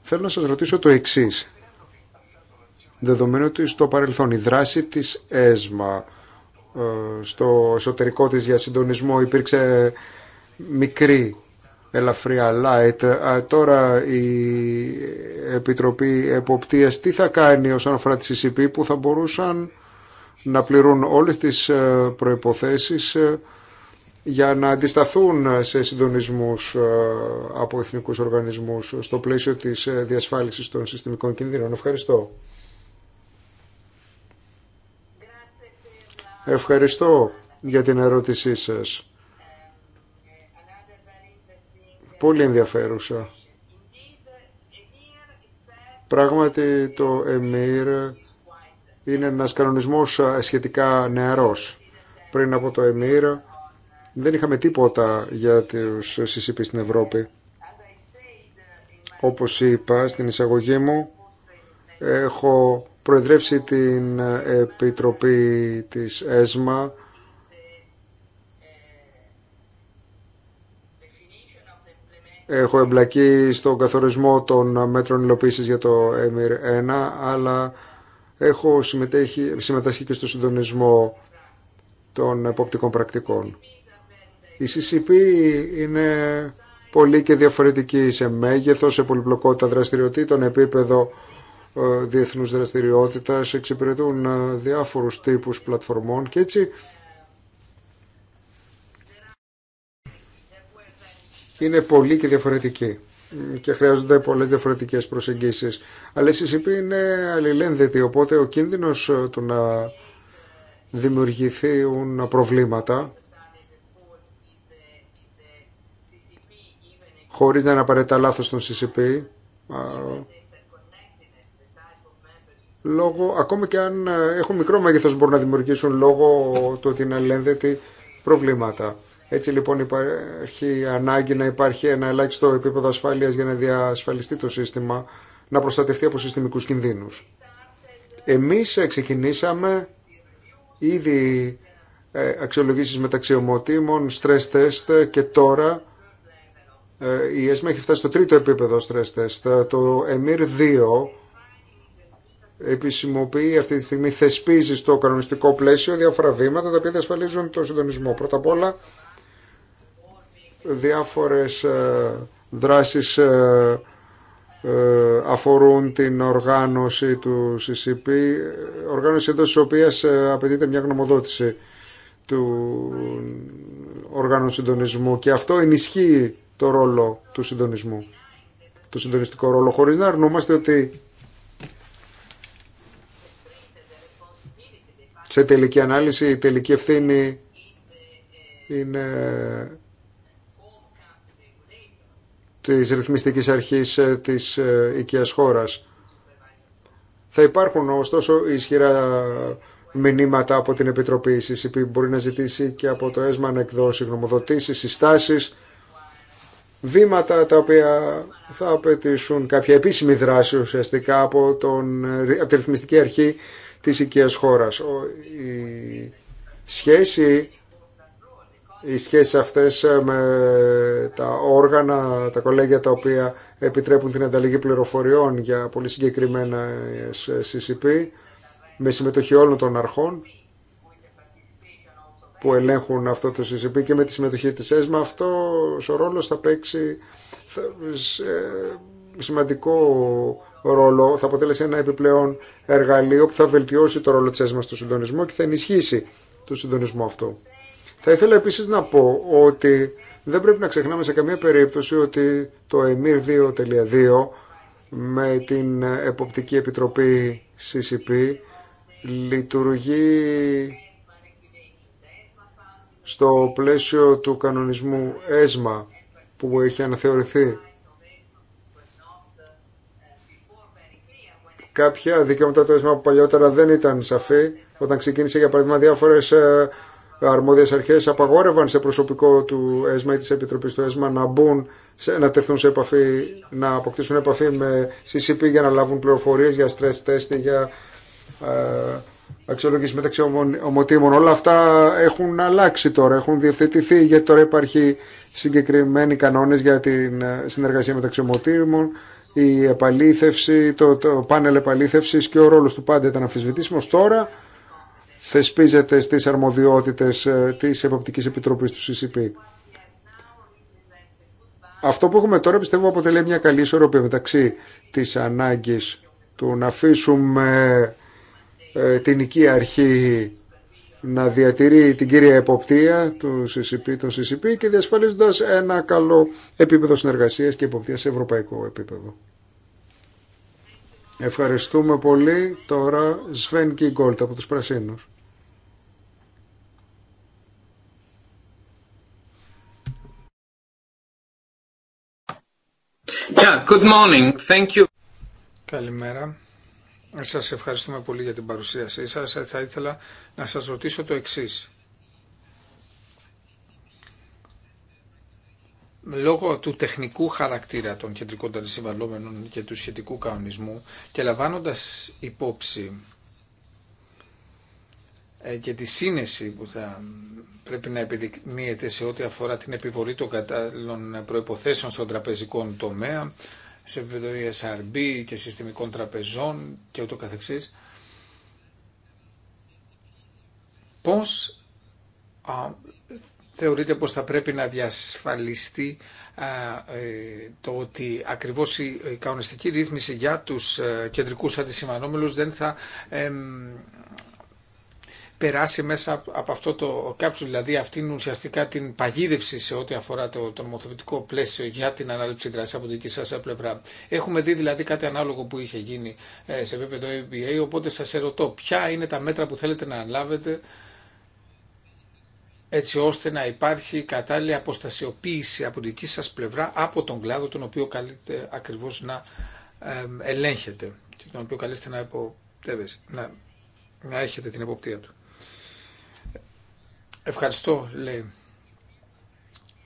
Θέλω να σας ρωτήσω το εξής. Δεδομένου ότι στο παρελθόν η δράση της ΕΣΜΑ ε, στο εσωτερικό της για συντονισμό υπήρξε μικρή ελαφριά light. Τώρα η Επιτροπή Εποπτείας τι θα κάνει όσον αφορά τη CCP που θα μπορούσαν να πληρούν όλες τις ε, προϋποθέσεις ε, για να αντισταθούν σε συντονισμούς από εθνικούς οργανισμούς στο πλαίσιο της διασφάλισης των συστημικών κινδύνων. Ευχαριστώ. Ευχαριστώ για την ερώτησή σας. Πολύ ενδιαφέρουσα. Πράγματι το ΕΜΙΡ είναι ένας κανονισμός σχετικά νεαρός. Πριν από το ΕΜΙΡ δεν είχαμε τίποτα για τους CCP στην Ευρώπη. Όπως είπα στην εισαγωγή μου, έχω προεδρεύσει την ε, Επιτροπή της ΕΣΜΑ Έχω εμπλακεί στον καθορισμό των μέτρων υλοποίηση για το ΕΜΙΡ 1, αλλά έχω συμμετάσχει και στο συντονισμό των εποπτικών πρακτικών. Η CCP είναι πολύ και διαφορετική σε μέγεθος, σε πολυπλοκότητα δραστηριοτήτων, επίπεδο ε, διεθνούς δραστηριότητας, εξυπηρετούν ε, διάφορους τύπους πλατφορμών και έτσι είναι πολλοί και διαφορετικοί και χρειάζονται πολλές διαφορετικές προσεγγίσεις. Αλλά η CCP είναι αλληλένδετη, οπότε ο κίνδυνος ε, του να δημιουργηθούν προβλήματα χωρίς να είναι απαραίτητα λάθος των CCP λόγω, ακόμα και αν ε, έχουν μικρό μέγεθος μπορούν να δημιουργήσουν λόγω του ότι είναι αλληλένδετοι προβλήματα. Έτσι λοιπόν υπάρχει ανάγκη να υπάρχει ένα ελάχιστο επίπεδο ασφάλειας για να διασφαλιστεί το σύστημα, να προστατευτεί από συστημικούς κινδύνους. Εμείς ε, ξεκινήσαμε ήδη ε, αξιολογήσεις μεταξύ ομοτήμων, stress test και τώρα η ΕΣΜΑ έχει φτάσει στο τρίτο επίπεδο stress test, το EMIR 2, επισημοποιεί αυτή τη στιγμή, θεσπίζει στο κανονιστικό πλαίσιο διάφορα βήματα τα οποία διασφαλίζουν το συντονισμό. Πρώτα απ' όλα διάφορες ε, δράσεις ε, ε, αφορούν την οργάνωση του CCP, οργάνωση εντός της οποία απαιτείται μια γνωμοδότηση του οργάνων συντονισμού και αυτό ενισχύει το ρόλο του συντονισμού, το συντονιστικό ρόλο, χωρίς να αρνούμαστε ότι Σε τελική ανάλυση η τελική ευθύνη είναι της ρυθμιστικής αρχής ε, της ε, οικίας χώρας. Θα υπάρχουν ωστόσο ισχυρά μηνύματα από την Επιτροπή η μπορεί να ζητήσει και από το ΕΣΜΑ να εκδώσει γνωμοδοτήσεις, συστάσεις, βήματα τα οποία θα απαιτήσουν κάποια επίσημη δράση ουσιαστικά από, τον, ε, από τη ρυθμιστική αρχή της οικίας χώρας. Η σχέση, οι σχέση αυτές ε, με τα όργανα, τα κολέγια τα οποία επιτρέπουν την ανταλλαγή πληροφοριών για πολύ συγκεκριμένα CCP, ε, με συμμετοχή όλων των αρχών που ελέγχουν αυτό το CCP και με τη συμμετοχή της ΕΣΜΑ, αυτό ο ρόλος θα παίξει ε, σημαντικό ρόλο, θα αποτέλεσε ένα επιπλέον εργαλείο που θα βελτιώσει το ρόλο τη ΕΣΜΑ στο συντονισμό και θα ενισχύσει το συντονισμό αυτό. Θα ήθελα επίση να πω ότι δεν πρέπει να ξεχνάμε σε καμία περίπτωση ότι το EMIR 2.2 με την Εποπτική Επιτροπή CCP λειτουργεί στο πλαίσιο του κανονισμού ΕΣΜΑ που έχει αναθεωρηθεί κάποια δικαιώματα του ΕΣΜΑ που παλιότερα δεν ήταν σαφή. Όταν ξεκίνησε, για παράδειγμα, διάφορε ε, αρμόδιες αρχές απαγόρευαν σε προσωπικό του ΕΣΜΑ ή της Επιτροπής του ΕΣΜΑ να μπουν, να τεθούν σε επαφή, να αποκτήσουν επαφή με CCP για να λάβουν πληροφορίες για stress test, για ε, αξιολόγηση μεταξύ ομοτήμων. Όλα αυτά έχουν αλλάξει τώρα, έχουν διευθετηθεί γιατί τώρα υπάρχει συγκεκριμένοι κανόνες για την ε, συνεργασία μεταξύ ομοτήμων η επαλήθευση, το, το πάνελ επαλήθευσης και ο ρόλος του πάντα ήταν αμφισβητήσιμο. Τώρα θεσπίζεται στις αρμοδιότητες ε, της Εποπτική Επιτροπής του CCP. Αυτό που έχουμε τώρα πιστεύω αποτελεί μια καλή ισορροπία μεταξύ της ανάγκη του να αφήσουμε ε, την οικία αρχή να διατηρεί την κύρια εποπτεία του CCP, CCP και διασφαλίζοντας ένα καλό επίπεδο συνεργασίας και εποπτείας σε ευρωπαϊκό επίπεδο. Ευχαριστούμε πολύ. Τώρα Σβέν Κιγκόλτ από τους Πρασίνους. Yeah, good morning. Thank you. Καλημέρα. Σας ευχαριστούμε πολύ για την παρουσίασή σας. Θα ήθελα να σας ρωτήσω το εξής. λόγω του τεχνικού χαρακτήρα των κεντρικών των και του σχετικού κανονισμού και λαμβάνοντας υπόψη ε, και τη σύνεση που θα πρέπει να επιδεικνύεται σε ό,τι αφορά την επιβολή των κατάλληλων προϋποθέσεων στον τραπεζικό τομέα, σε επίπεδο ESRB και συστημικών τραπεζών και ούτω καθεξής. Πώς α, θεωρείτε πως θα πρέπει να διασφαλιστεί ε, το ότι ακριβώς η, η κανονιστική ρύθμιση για τους ε, κεντρικούς αντισημανόμελους δεν θα περάσει μέσα από αυτό το κάψουλ, δηλαδή αυτήν ουσιαστικά την παγίδευση σε ό,τι αφορά το, το νομοθετικό πλαίσιο για την ανάληψη δράση από την δική σα πλευρά. Έχουμε δει δηλαδή κάτι ανάλογο που είχε γίνει ε, σε επίπεδο EBA, οπότε σας ερωτώ ποια είναι τα μέτρα που θέλετε να αναλάβετε έτσι ώστε να υπάρχει κατάλληλη αποστασιοποίηση από την δική σας πλευρά από τον κλάδο τον οποίο καλείτε ακριβώς να ελέγχετε και τον οποίο καλείστε να, να έχετε την εποπτεία του. Ευχαριστώ, λέει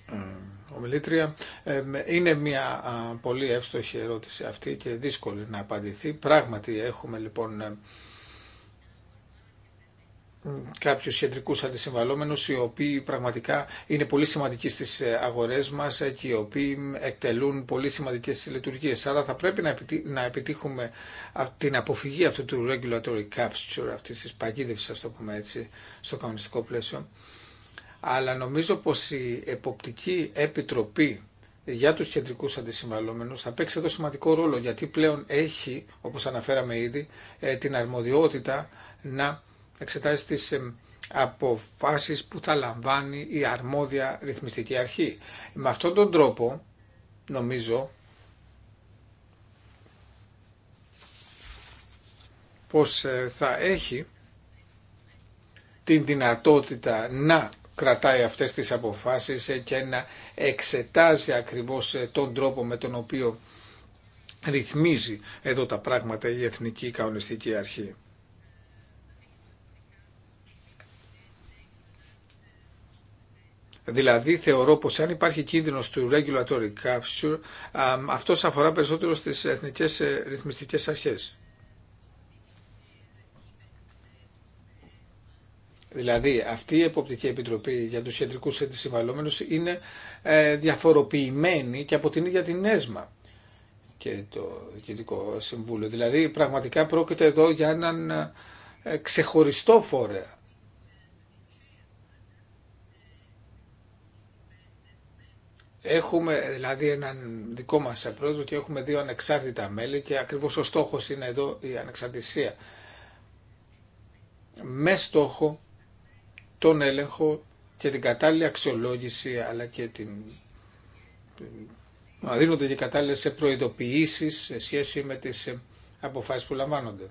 ο ε, ομιλήτρια. Ε, είναι μια πολύ εύστοχη ερώτηση αυτή και δύσκολη να απαντηθεί. Πράγματι έχουμε λοιπόν ε, κάποιους κεντρικούς αντισυμβαλόμενους οι οποίοι πραγματικά είναι πολύ σημαντικοί στις ε, αγορές μας ε, και οι οποίοι εκτελούν πολύ σημαντικές λειτουργίες. Άρα θα πρέπει να επιτύχουμε την αποφυγή αυτού του regulatory capture, αυτής της παγίδευσης, ας το πούμε έτσι, στο κανονιστικό πλαίσιο. Αλλά νομίζω πως η Εποπτική Επιτροπή για τους κεντρικούς αντισυμβαλόμενους θα παίξει εδώ σημαντικό ρόλο γιατί πλέον έχει, όπως αναφέραμε ήδη, ε, την αρμοδιότητα να εξετάσει τις αποφάσεις που θα λαμβάνει η αρμόδια ρυθμιστική αρχή. Με αυτόν τον τρόπο, νομίζω, πως ε, θα έχει την δυνατότητα να κρατάει αυτές τις αποφάσεις ε, και να εξετάζει ακριβώς ε, τον τρόπο με τον οποίο ρυθμίζει εδώ τα πράγματα η Εθνική Καονιστική Αρχή. Δηλαδή θεωρώ πως αν υπάρχει κίνδυνος του regulatory capture, αυτός αφορά περισσότερο στις εθνικές ε, ρυθμιστικές αρχές. Δηλαδή αυτή η Εποπτική Επιτροπή για τους ιατρικούς Συμβαλλόμενους είναι ε, διαφοροποιημένη και από την ίδια την ΕΣΜΑ και το Διοικητικό Συμβούλιο. Δηλαδή πραγματικά πρόκειται εδώ για έναν ε, ξεχωριστό φορέα Έχουμε δηλαδή έναν δικό μα πρόεδρο και έχουμε δύο ανεξάρτητα μέλη και ακριβώς ο στόχος είναι εδώ η ανεξαρτησία. Με στόχο τον έλεγχο και την κατάλληλη αξιολόγηση αλλά και την... να δίνονται και κατάλληλε προειδοποιήσει σε σχέση με τι αποφάσει που λαμβάνονται.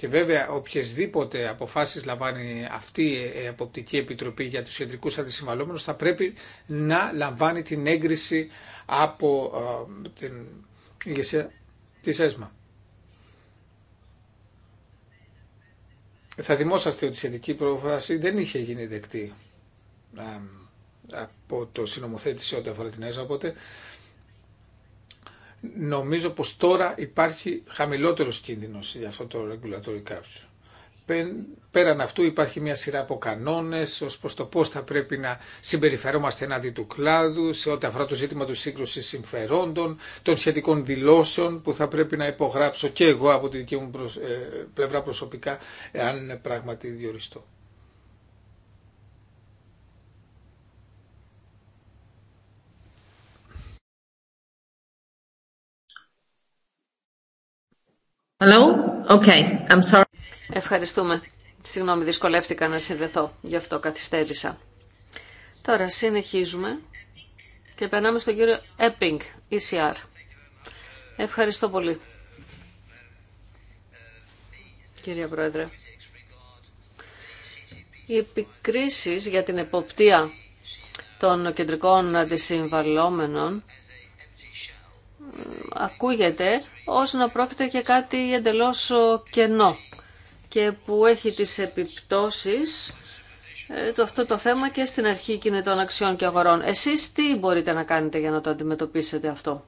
Και βέβαια οποιασδήποτε αποφάσεις λαμβάνει αυτή η Αποπτική Επιτροπή για τους ιατρικούς αντισυμβαλόμενους θα πρέπει να λαμβάνει την έγκριση από ε, την ηγεσία της ΕΣΜΑ. Θα δημόσαστε ότι η σχετική πρόφαση δεν είχε γίνει δεκτή ε, από το συνομοθέτηση ό,τι αφορά την ΕΣΜΑ, οπότε νομίζω πως τώρα υπάρχει χαμηλότερος κίνδυνος για αυτό το regulatory capture. Πέραν αυτού υπάρχει μια σειρά από κανόνες ως προς το πώς θα πρέπει να συμπεριφερόμαστε εναντί του κλάδου σε ό,τι αφορά το ζήτημα του σύγκρουσης συμφερόντων, των σχετικών δηλώσεων που θα πρέπει να υπογράψω και εγώ από τη δική μου ε, πλευρά προσωπικά εάν πράγματι διοριστώ. Hello? Okay. I'm sorry. Ευχαριστούμε. Συγγνώμη, δυσκολεύτηκα να συνδεθώ. Γι' αυτό καθυστέρησα. Τώρα συνεχίζουμε και περνάμε στον κύριο Έπινγκ, ECR. Ευχαριστώ πολύ. Κύριε Πρόεδρε. Οι επικρίσεις για την εποπτεία των κεντρικών αντισυμβαλλόμενων ακούγεται ως να πρόκειται για κάτι εντελώς ε, κενό και που έχει τις επιπτώσεις ε, το αυτό το θέμα και στην αρχή κινητών αξιών και αγορών. Εσείς τι μπορείτε να κάνετε για να το αντιμετωπίσετε αυτό.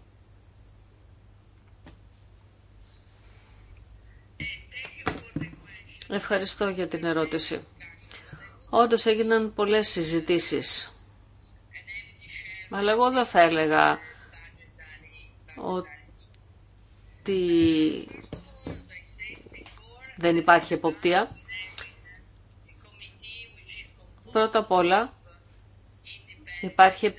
Ευχαριστώ για την ερώτηση. Όντω έγιναν πολλές συζητήσεις. Αλλά εγώ δεν θα έλεγα ότι δεν υπάρχει εποπτεία. Πρώτα απ' όλα υπάρχει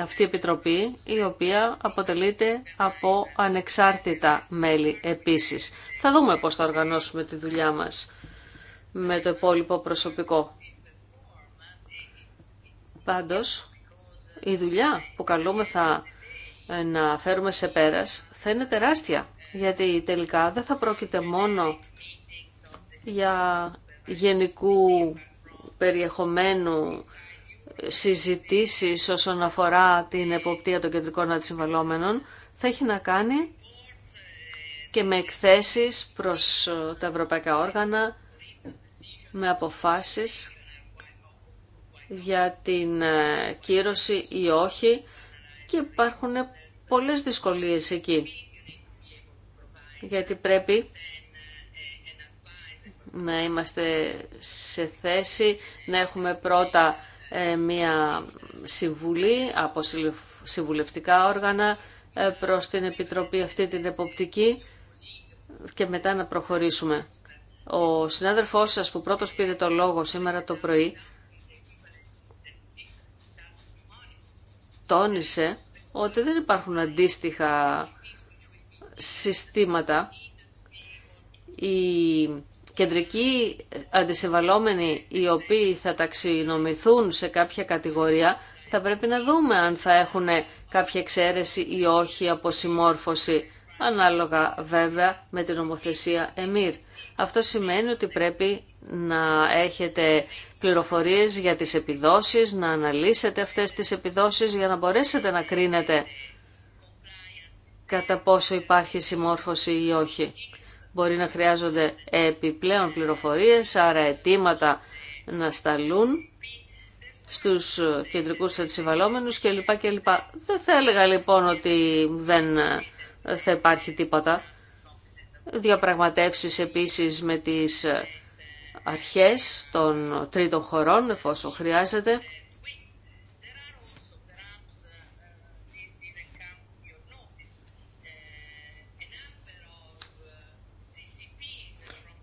αυτή η Επιτροπή η οποία αποτελείται από ανεξάρτητα μέλη επίσης. Θα δούμε πώς θα οργανώσουμε τη δουλειά μας με το υπόλοιπο προσωπικό. Πάντως, η δουλειά που θα να φέρουμε σε πέρας θα είναι τεράστια, γιατί τελικά δεν θα πρόκειται μόνο για γενικού περιεχομένου συζητήσεις όσον αφορά την εποπτεία των κεντρικών αντισυμβαλόμενων, θα έχει να κάνει και με εκθέσεις προς τα ευρωπαϊκά όργανα, με αποφάσεις για την ε, κύρωση ή όχι και υπάρχουν πολλές δυσκολίες εκεί. Γιατί πρέπει να είμαστε σε θέση να έχουμε πρώτα ε, μία συμβουλή από συμβουλευτικά όργανα ε, προς την Επιτροπή αυτή την εποπτική και μετά να προχωρήσουμε. Ο συνάδελφός σας που πρώτος πήρε το λόγο σήμερα το πρωί τόνισε ότι δεν υπάρχουν αντίστοιχα συστήματα. Οι κεντρικοί αντισυμβαλόμενοι οι οποίοι θα ταξινομηθούν σε κάποια κατηγορία θα πρέπει να δούμε αν θα έχουν κάποια εξαίρεση ή όχι από συμμόρφωση, ανάλογα βέβαια με την ομοθεσία ΕΜΙΡ. Αυτό σημαίνει ότι πρέπει να έχετε πληροφορίες για τις επιδόσεις, να αναλύσετε αυτές τις επιδόσεις για να μπορέσετε να κρίνετε κατά πόσο υπάρχει συμμόρφωση ή όχι. Μπορεί να χρειάζονται επιπλέον πληροφορίες, άρα αιτήματα να σταλούν στους κεντρικούς θετσιβαλόμενους κλπ. κλπ. Δεν θα έλεγα λοιπόν ότι δεν θα υπάρχει τίποτα. Διαπραγματεύσεις επίσης με τις αρχές των τρίτων χωρών εφόσον χρειάζεται.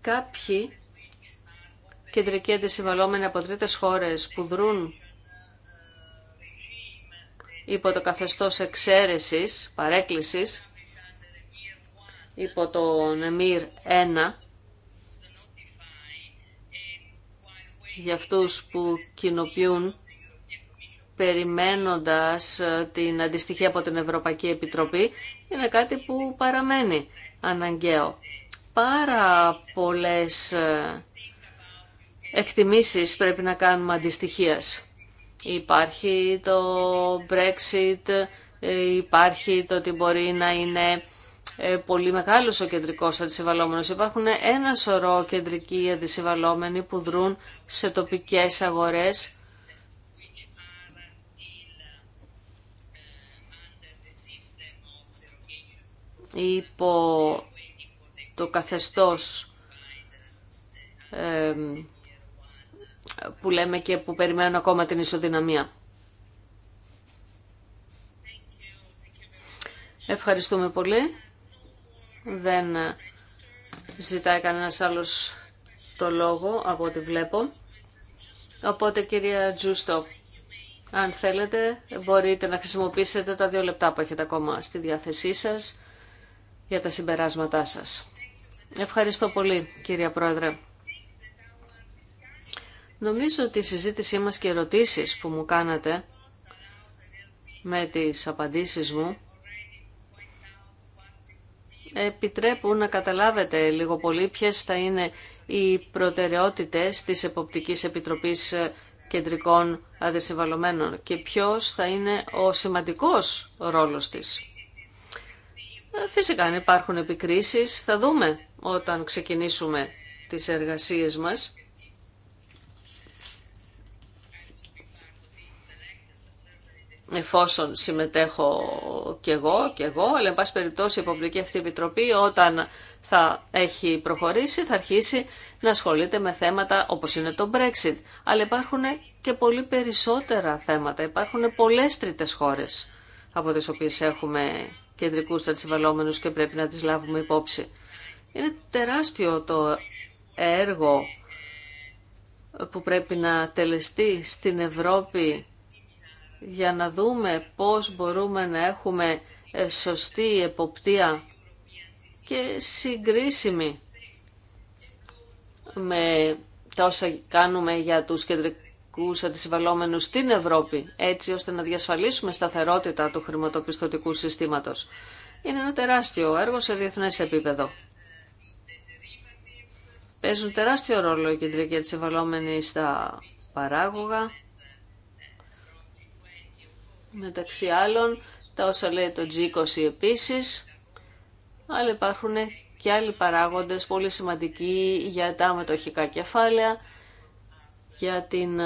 Κάποιοι κεντρικοί αντισυμβαλόμενοι από τρίτες χώρες που δρούν υπό το καθεστώς εξαίρεσης, παρέκκλησης, υπό τον ΕΜΙΡ 1, για αυτούς που κοινοποιούν περιμένοντας ε, την αντιστοιχία από την Ευρωπαϊκή Επιτροπή είναι κάτι που παραμένει αναγκαίο. Πάρα πολλές ε, εκτιμήσεις πρέπει να κάνουμε αντιστοιχίας. Υπάρχει το Brexit, ε, υπάρχει το ότι μπορεί να είναι ε, πολύ μεγάλος ο κεντρικός αντισυμβαλόμενος. Υπάρχουν ένα σωρό κεντρικοί αντισυμβαλόμενοι που δρούν σε τοπικές αγορές υπό το καθεστώς που λέμε και που περιμένουν ακόμα την ισοδυναμία. Ευχαριστούμε πολύ. Δεν ζητάει κανένας άλλος το λόγο από ό,τι βλέπω. Οπότε κυρία Τζούστο, αν θέλετε μπορείτε να χρησιμοποιήσετε τα δύο λεπτά που έχετε ακόμα στη διάθεσή σας για τα συμπεράσματά σας. Ευχαριστώ πολύ κυρία Πρόεδρε. Νομίζω ότι η συζήτησή μας και οι ερωτήσεις που μου κάνατε με τις απαντήσεις μου επιτρέπουν να καταλάβετε λίγο πολύ ποιες θα είναι οι προτεραιότητες της Εποπτικής Επιτροπής Κεντρικών Αδεσυμβαλωμένων και ποιος θα είναι ο σημαντικός ρόλος της. Ε, φυσικά αν υπάρχουν επικρίσεις θα δούμε όταν ξεκινήσουμε τις εργασίες μας εφόσον συμμετέχω κι εγώ και εγώ, αλλά εν πάση περιπτώσει η Υποπτική αυτή Επιτροπή όταν θα έχει προχωρήσει θα αρχίσει να ασχολείται με θέματα όπως είναι το Brexit. Αλλά υπάρχουν και πολύ περισσότερα θέματα, υπάρχουν πολλές τρίτες χώρες από τις οποίες έχουμε κεντρικούς τατσιβαλόμενους και πρέπει να τις λάβουμε υπόψη. Είναι τεράστιο το έργο που πρέπει να τελεστεί στην Ευρώπη για να δούμε πώς μπορούμε να έχουμε ε, σωστή εποπτεία και συγκρίσιμη με τα όσα κάνουμε για τους κεντρικούς αντισυμβαλόμενους στην Ευρώπη, έτσι ώστε να διασφαλίσουμε σταθερότητα του χρηματοπιστωτικού συστήματος. Είναι ένα τεράστιο έργο σε διεθνές επίπεδο. Παίζουν τεράστιο ρόλο οι κεντρικοί αντισυμβαλόμενοι στα παράγωγα, μεταξύ άλλων τα όσα λέει το G20 επίσης, αλλά υπάρχουν και άλλοι παράγοντες πολύ σημαντικοί για τα μετοχικά κεφάλαια, για την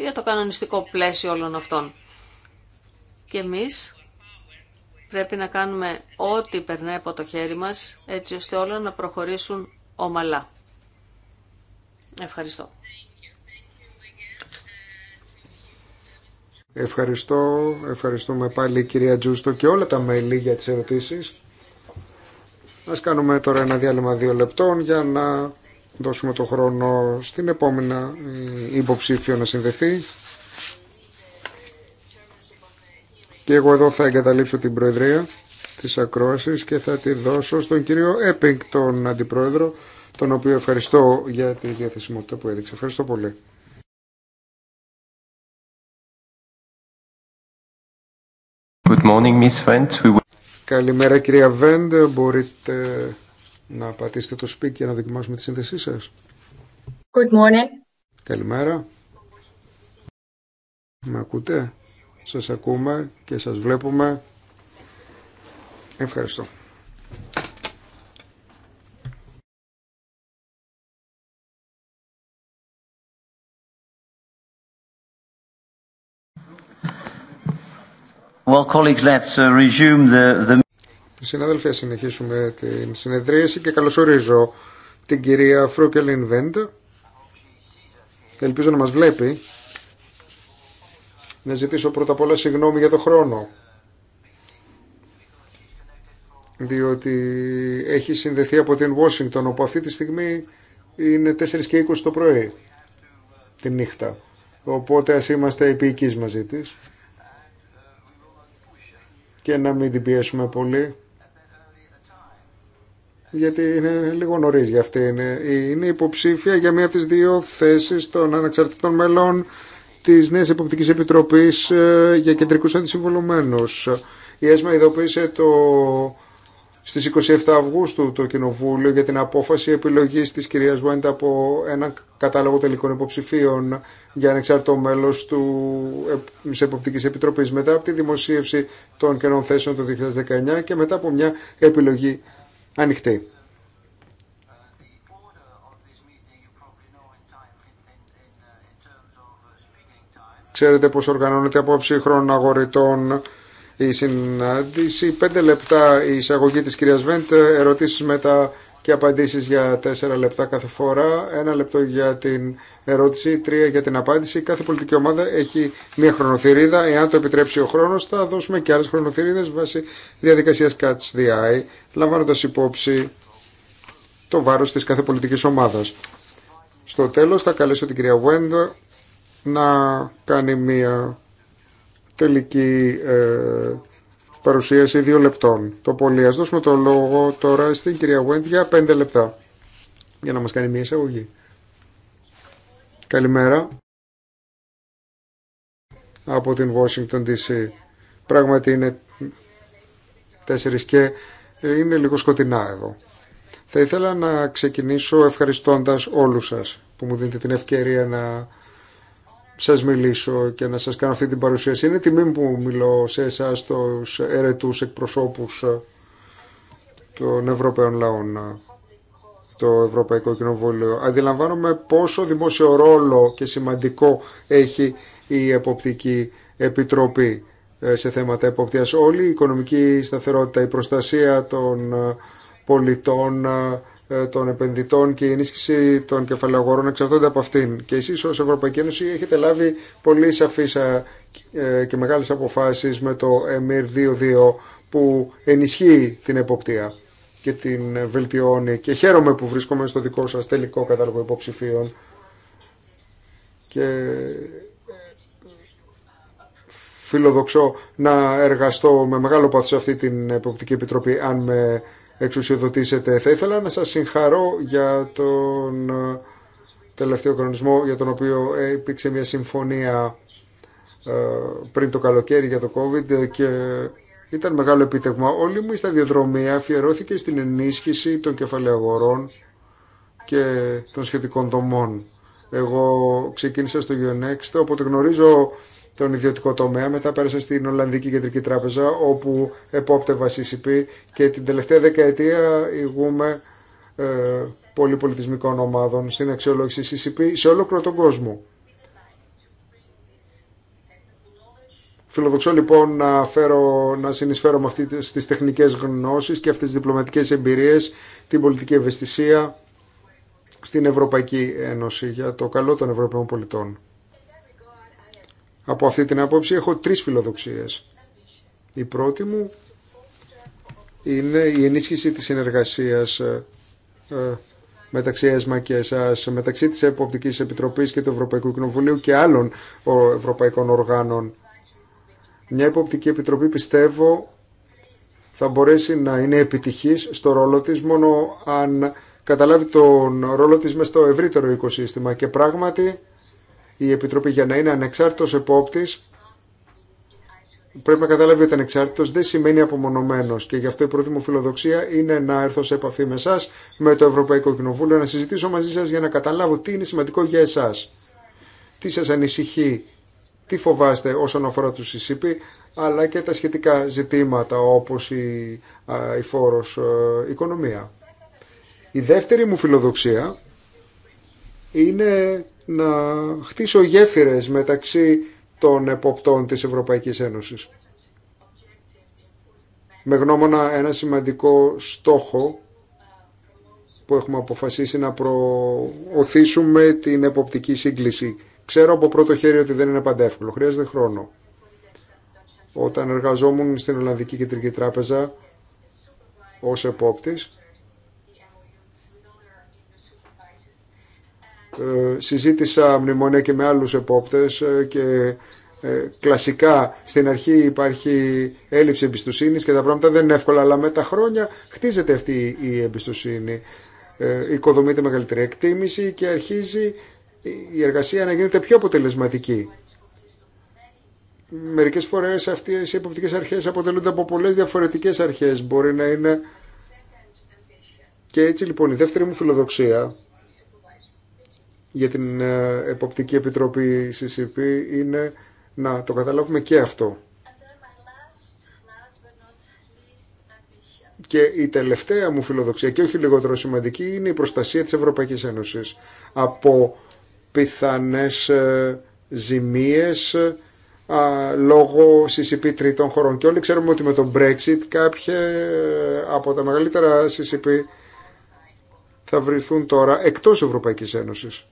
για το κανονιστικό πλαίσιο όλων αυτών. Και εμείς πρέπει να κάνουμε ό,τι περνάει από το χέρι μας, έτσι ώστε όλα να προχωρήσουν ομαλά. Ευχαριστώ. Ευχαριστώ. Ευχαριστούμε πάλι κυρία Τζούστο και όλα τα μέλη για τις ερωτήσεις. Ας κάνουμε τώρα ένα διάλειμμα δύο λεπτών για να δώσουμε το χρόνο στην επόμενα υποψήφιο να συνδεθεί. Και εγώ εδώ θα εγκαταλείψω την Προεδρία της Ακρόασης και θα τη δώσω στον κύριο Έπινγκ, τον Αντιπρόεδρο, τον οποίο ευχαριστώ για τη διαθεσιμότητα που έδειξε. Ευχαριστώ πολύ. morning, Miss Vent. We... Καλημέρα κυρία Βέντ, μπορείτε να πατήσετε το speak για να δοκιμάσουμε τη σύνθεσή σας. Good morning. Καλημέρα. Με ακούτε, σας ακούμε και σας βλέπουμε. Ευχαριστώ. Well, colleagues, let's uh, resume the, the... συνεχίσουμε την συνεδρίαση και καλωσορίζω την κυρία Φρούκελιν Βέντ. Ελπίζω να μας βλέπει. Να ζητήσω πρώτα απ' όλα συγγνώμη για το χρόνο. Διότι έχει συνδεθεί από την Washington, όπου αυτή τη στιγμή είναι 4 και 20 το πρωί, τη νύχτα. Οπότε ας είμαστε επίοικείς μαζί της και να μην την πιέσουμε πολύ. Γιατί είναι λίγο νωρί για αυτή. Είναι, είναι υποψήφια για μία από τι δύο θέσει των αναξαρτητών μελών τη Νέα Εποπτική Επιτροπή ε, για κεντρικού αντισυμβολωμένου. Η ΕΣΜΑ ειδοποίησε το στις 27 Αυγούστου το Κοινοβούλιο για την απόφαση επιλογής της κυρίας Βουέντα από έναν κατάλογο τελικών υποψηφίων για ανεξάρτητο μέλος του της Εποπτικής Επιτροπής μετά από τη δημοσίευση των κενών θέσεων το 2019 και μετά από μια επιλογή ανοιχτή. Ξέρετε πώς οργανώνεται απόψη χρόνων αγορητών η συνάντηση. Πέντε λεπτά η εισαγωγή της κυρίας Βέντ, ερωτήσεις μετά και απαντήσεις για τέσσερα λεπτά κάθε φορά, ένα λεπτό για την ερώτηση, τρία για την απάντηση. Κάθε πολιτική ομάδα έχει μία χρονοθυρίδα. Εάν το επιτρέψει ο χρόνος θα δώσουμε και άλλες χρονοθυρίδες βάσει διαδικασίας Catch the Eye, λαμβάνοντας υπόψη το βάρος της κάθε πολιτικής ομάδας. Στο τέλος θα καλέσω την κυρία Βέντ να κάνει μία τελική ε, παρουσίαση δύο λεπτών. Το πολύ. Ας δώσουμε το λόγο τώρα στην κυρία Γουέντ για πέντε λεπτά για να μας κάνει μια εισαγωγή. Καλημέρα από την Washington DC. Πράγματι είναι τέσσερις και είναι λίγο σκοτεινά εδώ. Θα ήθελα να ξεκινήσω ευχαριστώντας όλους σας που μου δίνετε την ευκαιρία να σας μιλήσω και να σας κάνω αυτή την παρουσίαση. Είναι τιμή που μιλώ σε εσάς τους αιρετούς εκπροσώπους ε, των Ευρωπαίων λαών ε, το Ευρωπαϊκό Κοινοβούλιο. Αντιλαμβάνομαι πόσο δημόσιο ρόλο και σημαντικό έχει η Εποπτική Επιτροπή ε, σε θέματα εποπτείας. Όλη η οικονομική σταθερότητα, η προστασία των πολιτών, ε, των επενδυτών και η ενίσχυση των κεφαλαγορών εξαρτώνται από αυτήν. Και εσείς ως Ευρωπαϊκή Ένωση έχετε λάβει πολύ σαφή ε, ε, και μεγάλες αποφάσεις με το ΕΜΕΡ 22 που ενισχύει την εποπτεία και την βελτιώνει και χαίρομαι που βρίσκομαι στο δικό σα τελικό κατάλογο υποψηφίων και φιλοδοξώ να εργαστώ με μεγάλο πάθος αυτή την Εποπτική Επιτροπή αν με εξουσιοδοτήσετε. Θα ήθελα να σας συγχαρώ για τον ε, τελευταίο κανονισμό για τον οποίο ε, υπήρξε μια συμφωνία ε, πριν το καλοκαίρι για το COVID και ήταν μεγάλο επίτευγμα. Όλη μου η σταδιοδρομία αφιερώθηκε στην ενίσχυση των κεφαλαίων και των σχετικών δομών. Εγώ ξεκίνησα στο Γιονέξτο, οπότε γνωρίζω τον ιδιωτικό τομέα. Μετά πέρασε στην Ολλανδική Κεντρική Τράπεζα όπου επόπτευα CCP και την τελευταία δεκαετία ηγούμε ε, πολυπολιτισμικών ομάδων στην αξιολόγηση CCP σε ολόκληρο τον κόσμο. Φιλοδοξώ λοιπόν να, φέρω, να συνεισφέρω με αυτές τις τεχνικές γνώσεις και αυτές τις διπλωματικές εμπειρίες, την πολιτική ευαισθησία στην Ευρωπαϊκή Ένωση για το καλό των Ευρωπαίων πολιτών. Από αυτή την άποψη έχω τρεις φιλοδοξίες. Η πρώτη μου είναι η ενίσχυση της συνεργασίας ε, ε, μεταξύ ΕΣΜΑ και εσάς, μεταξύ της Εποπτικής Επιτροπής και του Ευρωπαϊκού Κοινοβουλίου και άλλων ευρωπαϊκών οργάνων. Μια Εποπτική Επιτροπή πιστεύω θα μπορέσει να είναι επιτυχής στο ρόλο της μόνο αν καταλάβει τον ρόλο της μες στο ευρύτερο οικοσύστημα και πράγματι η Επιτροπή για να είναι ανεξάρτητος επόπτης πρέπει να καταλάβει ότι ανεξάρτητος δεν σημαίνει απομονωμένος Και γι' αυτό η πρώτη μου φιλοδοξία είναι να έρθω σε επαφή με εσά, με το Ευρωπαϊκό Κοινοβούλιο, να συζητήσω μαζί σας για να καταλάβω τι είναι σημαντικό για εσάς, Τι σας ανησυχεί, τι φοβάστε όσον αφορά τους CCP, αλλά και τα σχετικά ζητήματα όπως η, η φόρο ε, οικονομία. Η δεύτερη μου φιλοδοξία είναι να χτίσω γέφυρες μεταξύ των εποπτών της Ευρωπαϊκής Ένωσης. Με γνώμονα ένα σημαντικό στόχο που έχουμε αποφασίσει να προωθήσουμε την εποπτική σύγκληση. Ξέρω από πρώτο χέρι ότι δεν είναι πάντα εύκολο, χρειάζεται χρόνο. Όταν εργαζόμουν στην Ολλανδική Κεντρική Τράπεζα ως επόπτης, Ε, συζήτησα μνημονία και με άλλους επόπτες ε, και ε, κλασικά στην αρχή υπάρχει έλλειψη εμπιστοσύνης και τα πράγματα δεν είναι εύκολα αλλά με τα χρόνια χτίζεται αυτή η εμπιστοσύνη οικοδομείται μεγαλύτερη εκτίμηση και αρχίζει η εργασία να γίνεται πιο αποτελεσματική μερικές φορές αυτές οι εποπτικές αρχές αποτελούνται από πολλές διαφορετικές αρχές μπορεί να είναι και έτσι λοιπόν η δεύτερη μου φιλοδοξία για την ε, Εποπτική Επιτροπή CCP είναι να το καταλάβουμε και αυτό. Και η τελευταία μου φιλοδοξία και όχι λιγότερο σημαντική είναι η προστασία της Ευρωπαϊκής Ένωσης από πιθανές ε, ζημίες λόγω CCP τρίτων χωρών. Και όλοι ξέρουμε ότι με τον Brexit κάποια ε, από τα μεγαλύτερα CCP θα βρεθούν τώρα εκτός Ευρωπαϊκής Ένωσης.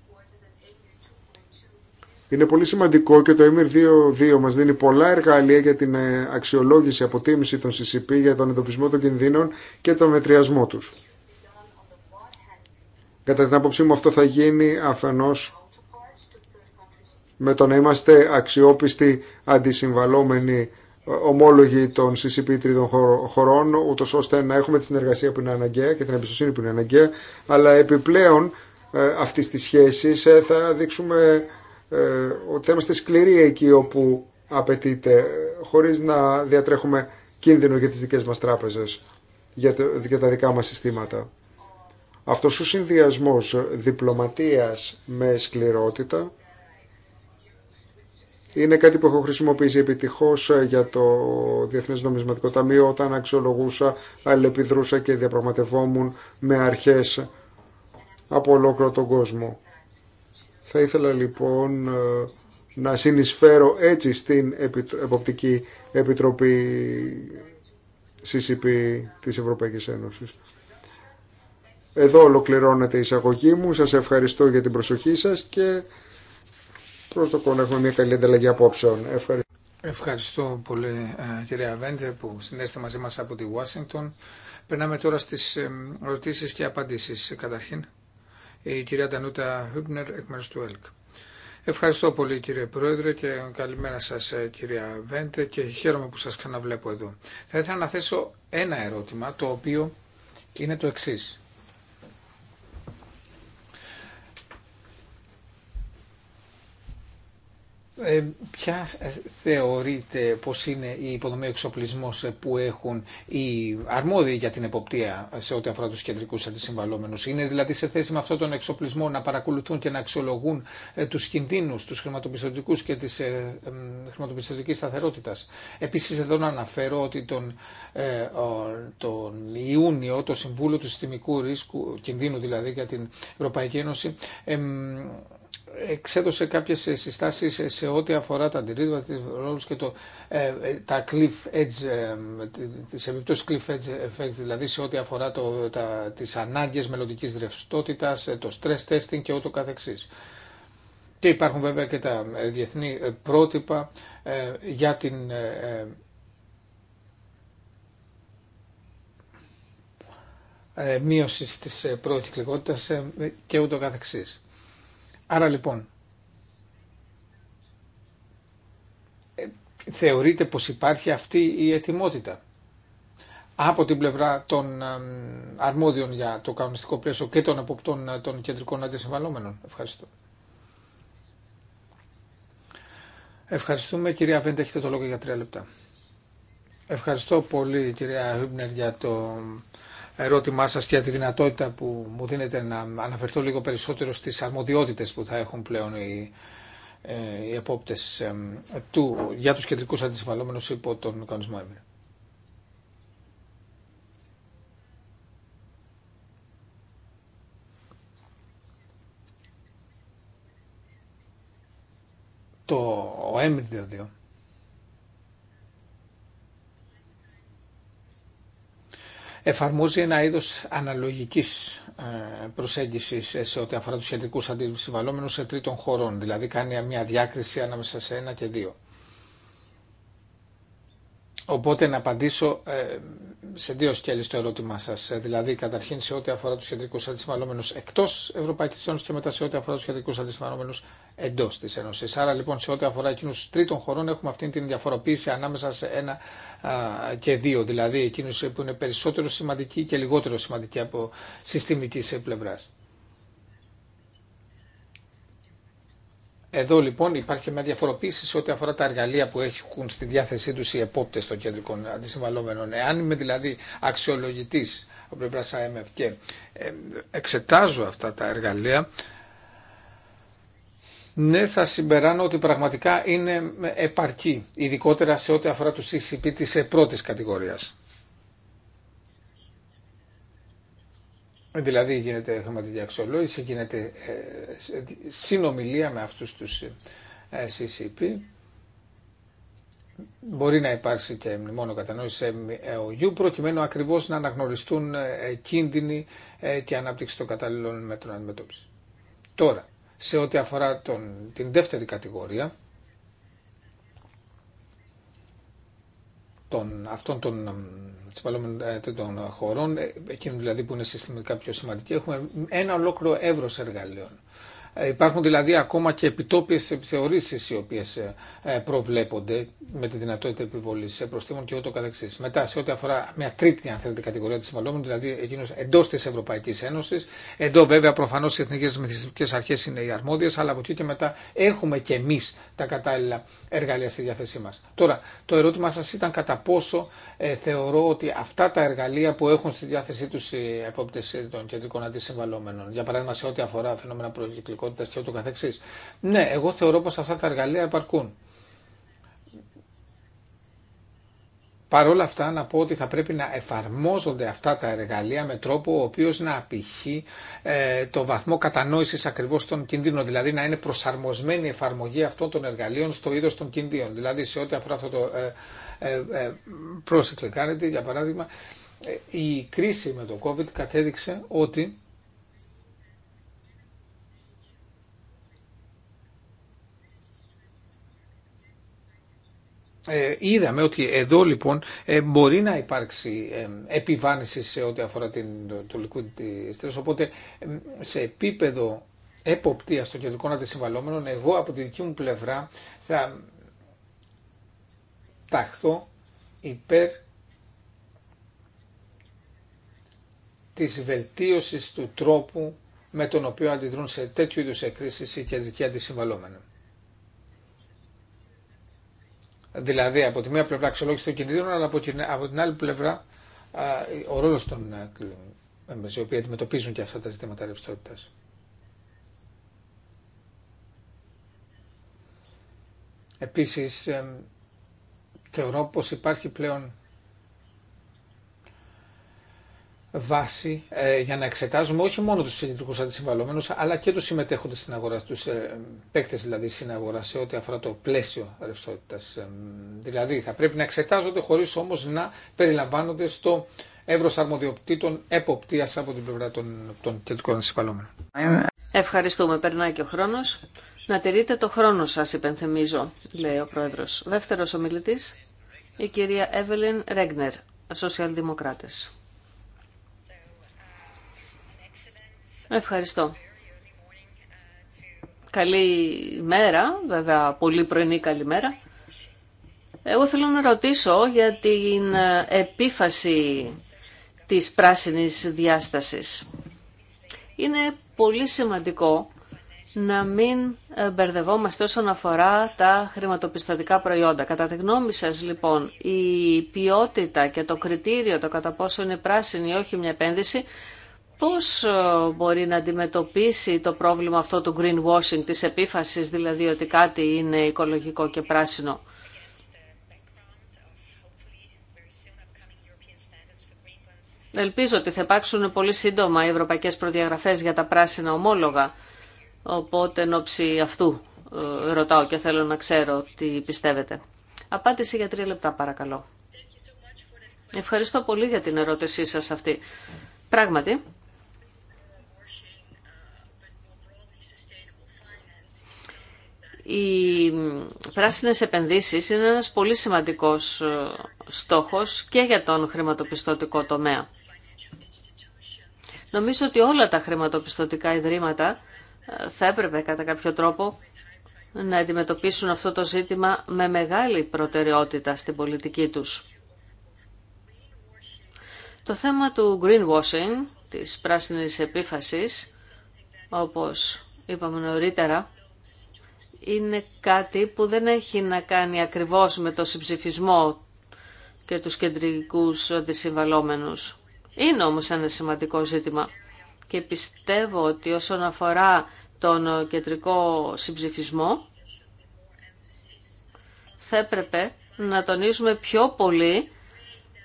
Είναι πολύ σημαντικό και το EMIR 2.2 μας δίνει πολλά εργαλεία για την ε, αξιολόγηση, αποτίμηση των CCP, για τον εντοπισμό των κινδύνων και τον μετριασμό τους. Κατά την άποψή μου αυτό θα γίνει αφενός με το να είμαστε αξιόπιστοι αντισυμβαλόμενοι ε, ομόλογοι των CCP τρίτων χωρών, ούτω ώστε να έχουμε τη συνεργασία που είναι αναγκαία και την εμπιστοσύνη που είναι αναγκαία, αλλά επιπλέον ε, αυτή τη σχέση θα δείξουμε ότι ε, θα είμαστε σκληροί εκεί όπου απαιτείται, χωρίς να διατρέχουμε κίνδυνο για τις δικές μας τράπεζες, για, για τα δικά μας συστήματα. Αυτός ο συνδυασμός διπλωματίας με σκληρότητα είναι κάτι που έχω χρησιμοποιήσει επιτυχώς ε, για το Διεθνές Νομισματικό Ταμείο όταν αξιολογούσα, αλληλεπιδρούσα και διαπραγματευόμουν με αρχές από ολόκληρο τον κόσμο. Θα ήθελα λοιπόν ε, να συνεισφέρω έτσι στην Εποπτική Επιτροπή CCP της Ευρωπαϊκής Ένωσης. Εδώ ολοκληρώνεται η εισαγωγή μου. Σας ευχαριστώ για την προσοχή σας και προς το κόνο έχουμε μια καλή ανταλλαγή απόψεων. Ευχαριστώ. Ευχαριστώ πολύ ε, κυρία Βέντε που συνέστε μαζί μας από τη Ουάσιγκτον. Περνάμε τώρα στις ε, ερωτήσεις και απαντήσεις. Καταρχήν η κυρία Ντανούτα Χούμπνερ εκ μέρου του ΕΛΚ. Ευχαριστώ πολύ κύριε Πρόεδρε και καλημέρα σας ε, κυρία Βέντε και χαίρομαι που σας ξαναβλέπω εδώ. Θα ήθελα να θέσω ένα ερώτημα το οποίο είναι το εξής. Ε, ποια θεωρείτε πως είναι η υποδομή εξοπλισμός που έχουν οι αρμόδιοι για την εποπτεία σε ό,τι αφορά τους κεντρικούς αντισυμβαλόμενους. Είναι δηλαδή σε θέση με αυτόν τον εξοπλισμό να παρακολουθούν και να αξιολογούν ε, τους κινδύνους, τους χρηματοπιστωτικούς και της ε, ε, χρηματοπιστωτικής σταθερότητας. Επίσης εδώ να αναφέρω ότι τον, ε, τον Ιούνιο το Συμβούλιο του Συστημικού Ρίσκου, κινδύνου δηλαδή για την Ευρωπαϊκή Ένωση, εξέδωσε κάποιες ε, συστάσεις σε ό,τι αφορά τα αντιρρήματα, τις ρόλους και το, ε, ε, τα cliff edge, τις επιπτώσεις cliff edge effects, δηλαδή σε ό,τι αφορά το, τα, τις ανάγκες μελλοντικής ρευστότητας, το stress testing και ό,τι καθεξής. Και υπάρχουν βέβαια και τα διεθνή πρότυπα για την μείωση της κλικότητας και ούτω καθεξής. Άρα λοιπόν, ε, θεωρείτε πως υπάρχει αυτή η ετοιμότητα από την πλευρά των αρμόδιων για το κανονιστικό πλαίσιο και των εποπτών ε, των κεντρικών αντισυμβαλόμενων. Ευχαριστώ. Ευχαριστούμε. Κυρία Βέντε, έχετε το λόγο για τρία λεπτά. Ευχαριστώ πολύ κυρία Χούμπνερ για το ερώτημά σας για τη δυνατότητα που μου δίνετε να αναφερθώ λίγο περισσότερο στις αρμοδιότητες που θα έχουν πλέον οι, ε, οι επόπτες ε, του, για τους κεντρικούς υπό τον κανονισμό ΕΜΕΡ. Το ΕΜΕΡ δηλαδή, εφαρμόζει ένα είδος αναλογική ε, προσέγγισης σε ό,τι αφορά του σχετικού αντισυμβαλόμενους σε τρίτων χωρών. Δηλαδή κάνει μια διάκριση ανάμεσα σε ένα και δύο. Οπότε να απαντήσω ε, σε δύο σκέλη στο ερώτημά σα. Ε, δηλαδή, καταρχήν σε ό,τι αφορά του κεντρικού αντισυμβαλόμενου εκτό Ευρωπαϊκή Ένωση και μετά σε ό,τι αφορά του κεντρικού αντισυμβαλόμενου εντό τη Ένωση. Άρα, λοιπόν, σε ό,τι αφορά εκείνου τρίτων χωρών, έχουμε αυτή την διαφοροποίηση ανάμεσα σε ένα α, και δύο. Δηλαδή, εκείνου που είναι περισσότερο σημαντικοί και λιγότερο σημαντικοί από συστημική πλευρά. Εδώ λοιπόν υπάρχει μια διαφοροποίηση σε ό,τι αφορά τα εργαλεία που έχουν στη διάθεσή του οι επόπτε των κεντρικών αντισυμβαλόμενων. Εάν είμαι δηλαδή αξιολογητή από πλευρά ΑΕΜΕΦ και ε, εξετάζω αυτά τα εργαλεία, ναι, θα συμπεράνω ότι πραγματικά είναι επαρκή, ειδικότερα σε ό,τι αφορά του CCP τη ε, πρώτη κατηγορία. Δηλαδή γίνεται χρηματική αξιολόγηση, γίνεται ε, ε, συνομιλία με αυτούς τους ε, CCP. Μπορεί να υπάρξει και μόνο κατανόηση MOU e προκειμένου ακριβώς να αναγνωριστούν κίνδυνοι και ανάπτυξη των κατάλληλων μέτρων αντιμετώπισης. Τώρα, σε ό,τι αφορά τον, την δεύτερη κατηγορία, των, αυτών των των χωρών, ε, εκείνων δηλαδή που είναι συστηματικά πιο σημαντικοί, έχουμε ένα ολόκληρο εύρο εργαλείων. Ε, υπάρχουν δηλαδή ακόμα και επιτόπιε επιθεωρήσει οι οποίε ε, προβλέπονται με τη δυνατότητα επιβολής προστήμων και ούτω καθεξή. Μετά σε ό,τι αφορά μια τρίτη αν θέλετε κατηγορία τη συμβαλόμενη, δηλαδή εκείνος εντός της Ευρωπαϊκής Ένωσης, εδώ βέβαια προφανώ οι Εθνικέ μυθιστικέ αρχέ είναι οι αρμόδιε, αλλά από εκεί και μετά έχουμε και εμεί τα κατάλληλα εργαλεία στη διάθεσή μας. Τώρα, το ερώτημα σας ήταν κατά πόσο ε, θεωρώ ότι αυτά τα εργαλεία που έχουν στη διάθεσή τους οι επόπτες των κεντρικών αντισυμβαλόμενων, για παράδειγμα σε ό,τι αφορά φαινόμενα προκυκλικότητας και ούτω καθεξής. Ναι, εγώ θεωρώ πως αυτά τα εργαλεία επαρκούν. Παρ' όλα αυτά να πω ότι θα πρέπει να εφαρμόζονται αυτά τα εργαλεία με τρόπο ο οποίος να απηχεί ε, το βαθμό κατανόησης ακριβώς των κινδύνων, δηλαδή να είναι προσαρμοσμένη η εφαρμογή αυτών των εργαλείων στο είδος των κινδύνων. Δηλαδή σε ό,τι αφορά αυτό το ε, ε, ε για παράδειγμα, ε, η κρίση με το COVID κατέδειξε ότι Ε, είδαμε ότι εδώ λοιπόν ε, μπορεί να υπάρξει ε, επιβάνηση σε ό,τι αφορά την, το, το stress. Οπότε σε επίπεδο εποπτεία των κεντρικών αντισυμβαλόμενων εγώ από τη δική μου πλευρά θα ταχθώ υπέρ της βελτίωσης του τρόπου με τον οποίο αντιδρούν σε τέτοιου είδους εκκρίσεις οι κεντρικοί αντισυμβαλόμενοι. Δηλαδή από τη μία πλευρά αξιολόγηση των κινδύνων, αλλά από την άλλη πλευρά ο ρόλος των ε, οι οποίοι αντιμετωπίζουν και αυτά τα ζητήματα ρευστότητα. Επίσης, θεωρώ πώ υπάρχει πλέον βάση ε, για να εξετάζουμε όχι μόνο τους συλλητικούς αντισυμβαλλόμενους αλλά και τους συμμετέχοντες στην αγορά, τους ε, παίκτες δηλαδή στην αγορά σε ό,τι αφορά το πλαίσιο ρευστότητα. Ε, δηλαδή θα πρέπει να εξετάζονται χωρίς όμως να περιλαμβάνονται στο εύρος αρμοδιοπτήτων εποπτείας από την πλευρά των, των κεντρικών αντισυμβαλλόμενων Ευχαριστούμε. Περνάει και ο χρόνος. Να τηρείτε το χρόνο σας, υπενθυμίζω, λέει ο Πρόεδρος. Δεύτερος ομιλητής, η κυρία Εύελιν Ρέγνερ, Σοσιαλδημοκράτες. Ευχαριστώ. Καλή μέρα, βέβαια πολύ πρωινή καλημέρα. Εγώ θέλω να ρωτήσω για την επίφαση της πράσινης διάστασης. Είναι πολύ σημαντικό να μην μπερδευόμαστε όσον αφορά τα χρηματοπιστωτικά προϊόντα. Κατά τη γνώμη σας, λοιπόν, η ποιότητα και το κριτήριο το κατά πόσο είναι πράσινη ή όχι μια επένδυση πώς ε, μπορεί να αντιμετωπίσει το πρόβλημα αυτό του greenwashing, της επίφασης δηλαδή ότι κάτι είναι οικολογικό και πράσινο. Ελπίζω ότι θα υπάρξουν πολύ σύντομα οι ευρωπαϊκές προδιαγραφές για τα πράσινα ομόλογα, οπότε εν ώψη αυτού ε, ρωτάω και θέλω να ξέρω τι πιστεύετε. Απάντηση για τρία λεπτά παρακαλώ. Ευχαριστώ πολύ για την ερώτησή σας αυτή. Πράγματι, Οι πράσινες επενδύσεις είναι ένας πολύ σημαντικός ε, στόχος και για τον χρηματοπιστωτικό τομέα. Νομίζω ότι όλα τα χρηματοπιστωτικά ιδρύματα ε, θα έπρεπε κατά κάποιο τρόπο να αντιμετωπίσουν αυτό το ζήτημα με μεγάλη προτεραιότητα στην πολιτική τους. Το θέμα του greenwashing, της πράσινης επίφασης, όπως είπαμε νωρίτερα, είναι κάτι που δεν έχει να κάνει ακριβώς με το συμψηφισμό και τους κεντρικούς αντισυμβαλόμενους. Είναι όμως ένα σημαντικό ζήτημα και πιστεύω ότι όσον αφορά τον κεντρικό συμψηφισμό θα έπρεπε να τονίζουμε πιο πολύ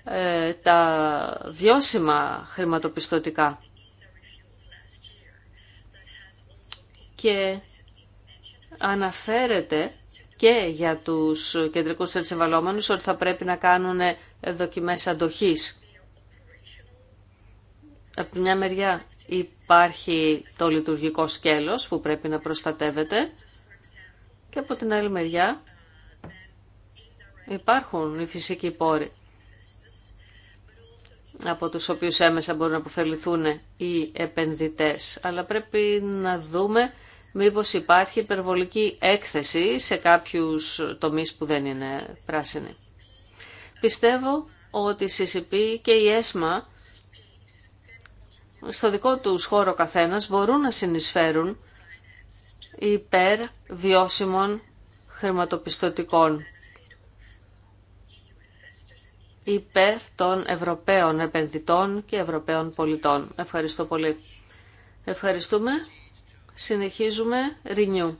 ε, τα βιώσιμα χρηματοπιστωτικά. Και αναφέρεται και για τους κεντρικούς ενσυμβαλόμενους ότι θα πρέπει να κάνουν δοκιμές αντοχής. Από μια μεριά υπάρχει το λειτουργικό σκέλος που πρέπει να προστατεύεται και από την άλλη μεριά υπάρχουν οι φυσικοί πόροι από τους οποίους έμεσα μπορούν να αποφεληθούν οι επενδυτές. Αλλά πρέπει να δούμε μήπως υπάρχει υπερβολική έκθεση σε κάποιους τομείς που δεν είναι πράσινοι. Πιστεύω ότι η CCP και η ΕΣΜΑ στο δικό του χώρο καθένας μπορούν να συνεισφέρουν υπέρ βιώσιμων χρηματοπιστωτικών υπέρ των Ευρωπαίων επενδυτών και Ευρωπαίων πολιτών. Ευχαριστώ πολύ. Ευχαριστούμε. Συνεχίζουμε. Renew.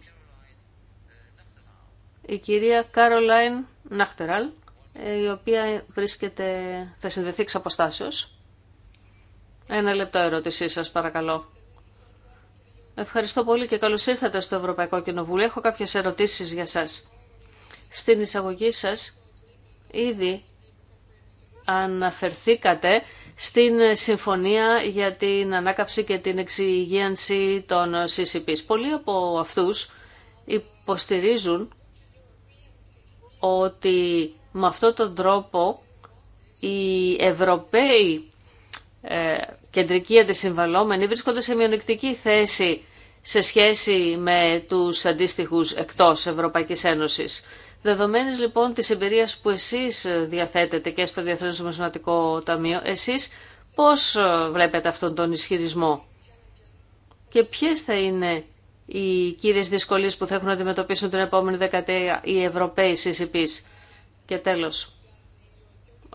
Η κυρία Κάρολάιν Νάχτεραλ, η οποία βρίσκεται, θα συνδεθεί εξ Ένα λεπτό ερώτησή σας παρακαλώ. Ευχαριστώ πολύ και καλώς ήρθατε στο Ευρωπαϊκό Κοινοβούλιο. Έχω κάποιες ερωτήσεις για σας. Στην εισαγωγή σας ήδη αναφερθήκατε στην Συμφωνία για την Ανάκαψη και την Εξυγίανση των CCP. Πολλοί από αυτούς υποστηρίζουν ότι με αυτόν τον τρόπο οι Ευρωπαίοι ε, κεντρικοί αντισυμβαλόμενοι βρίσκονται σε μειονεκτική θέση σε σχέση με τους αντίστοιχους εκτός Ευρωπαϊκής Ένωσης. Δεδομένης λοιπόν της εμπειρίας που εσείς διαθέτετε και στο Διεθνές Νομισματικό Ταμείο, εσείς πώς ε, βλέπετε αυτόν τον ισχυρισμό και ποιες θα είναι οι κύριες δυσκολίες που θα έχουν να αντιμετωπίσουν την επόμενη δεκαετία οι Ευρωπαίοι ΣΥΣΥΠΙΣ. Και τέλος,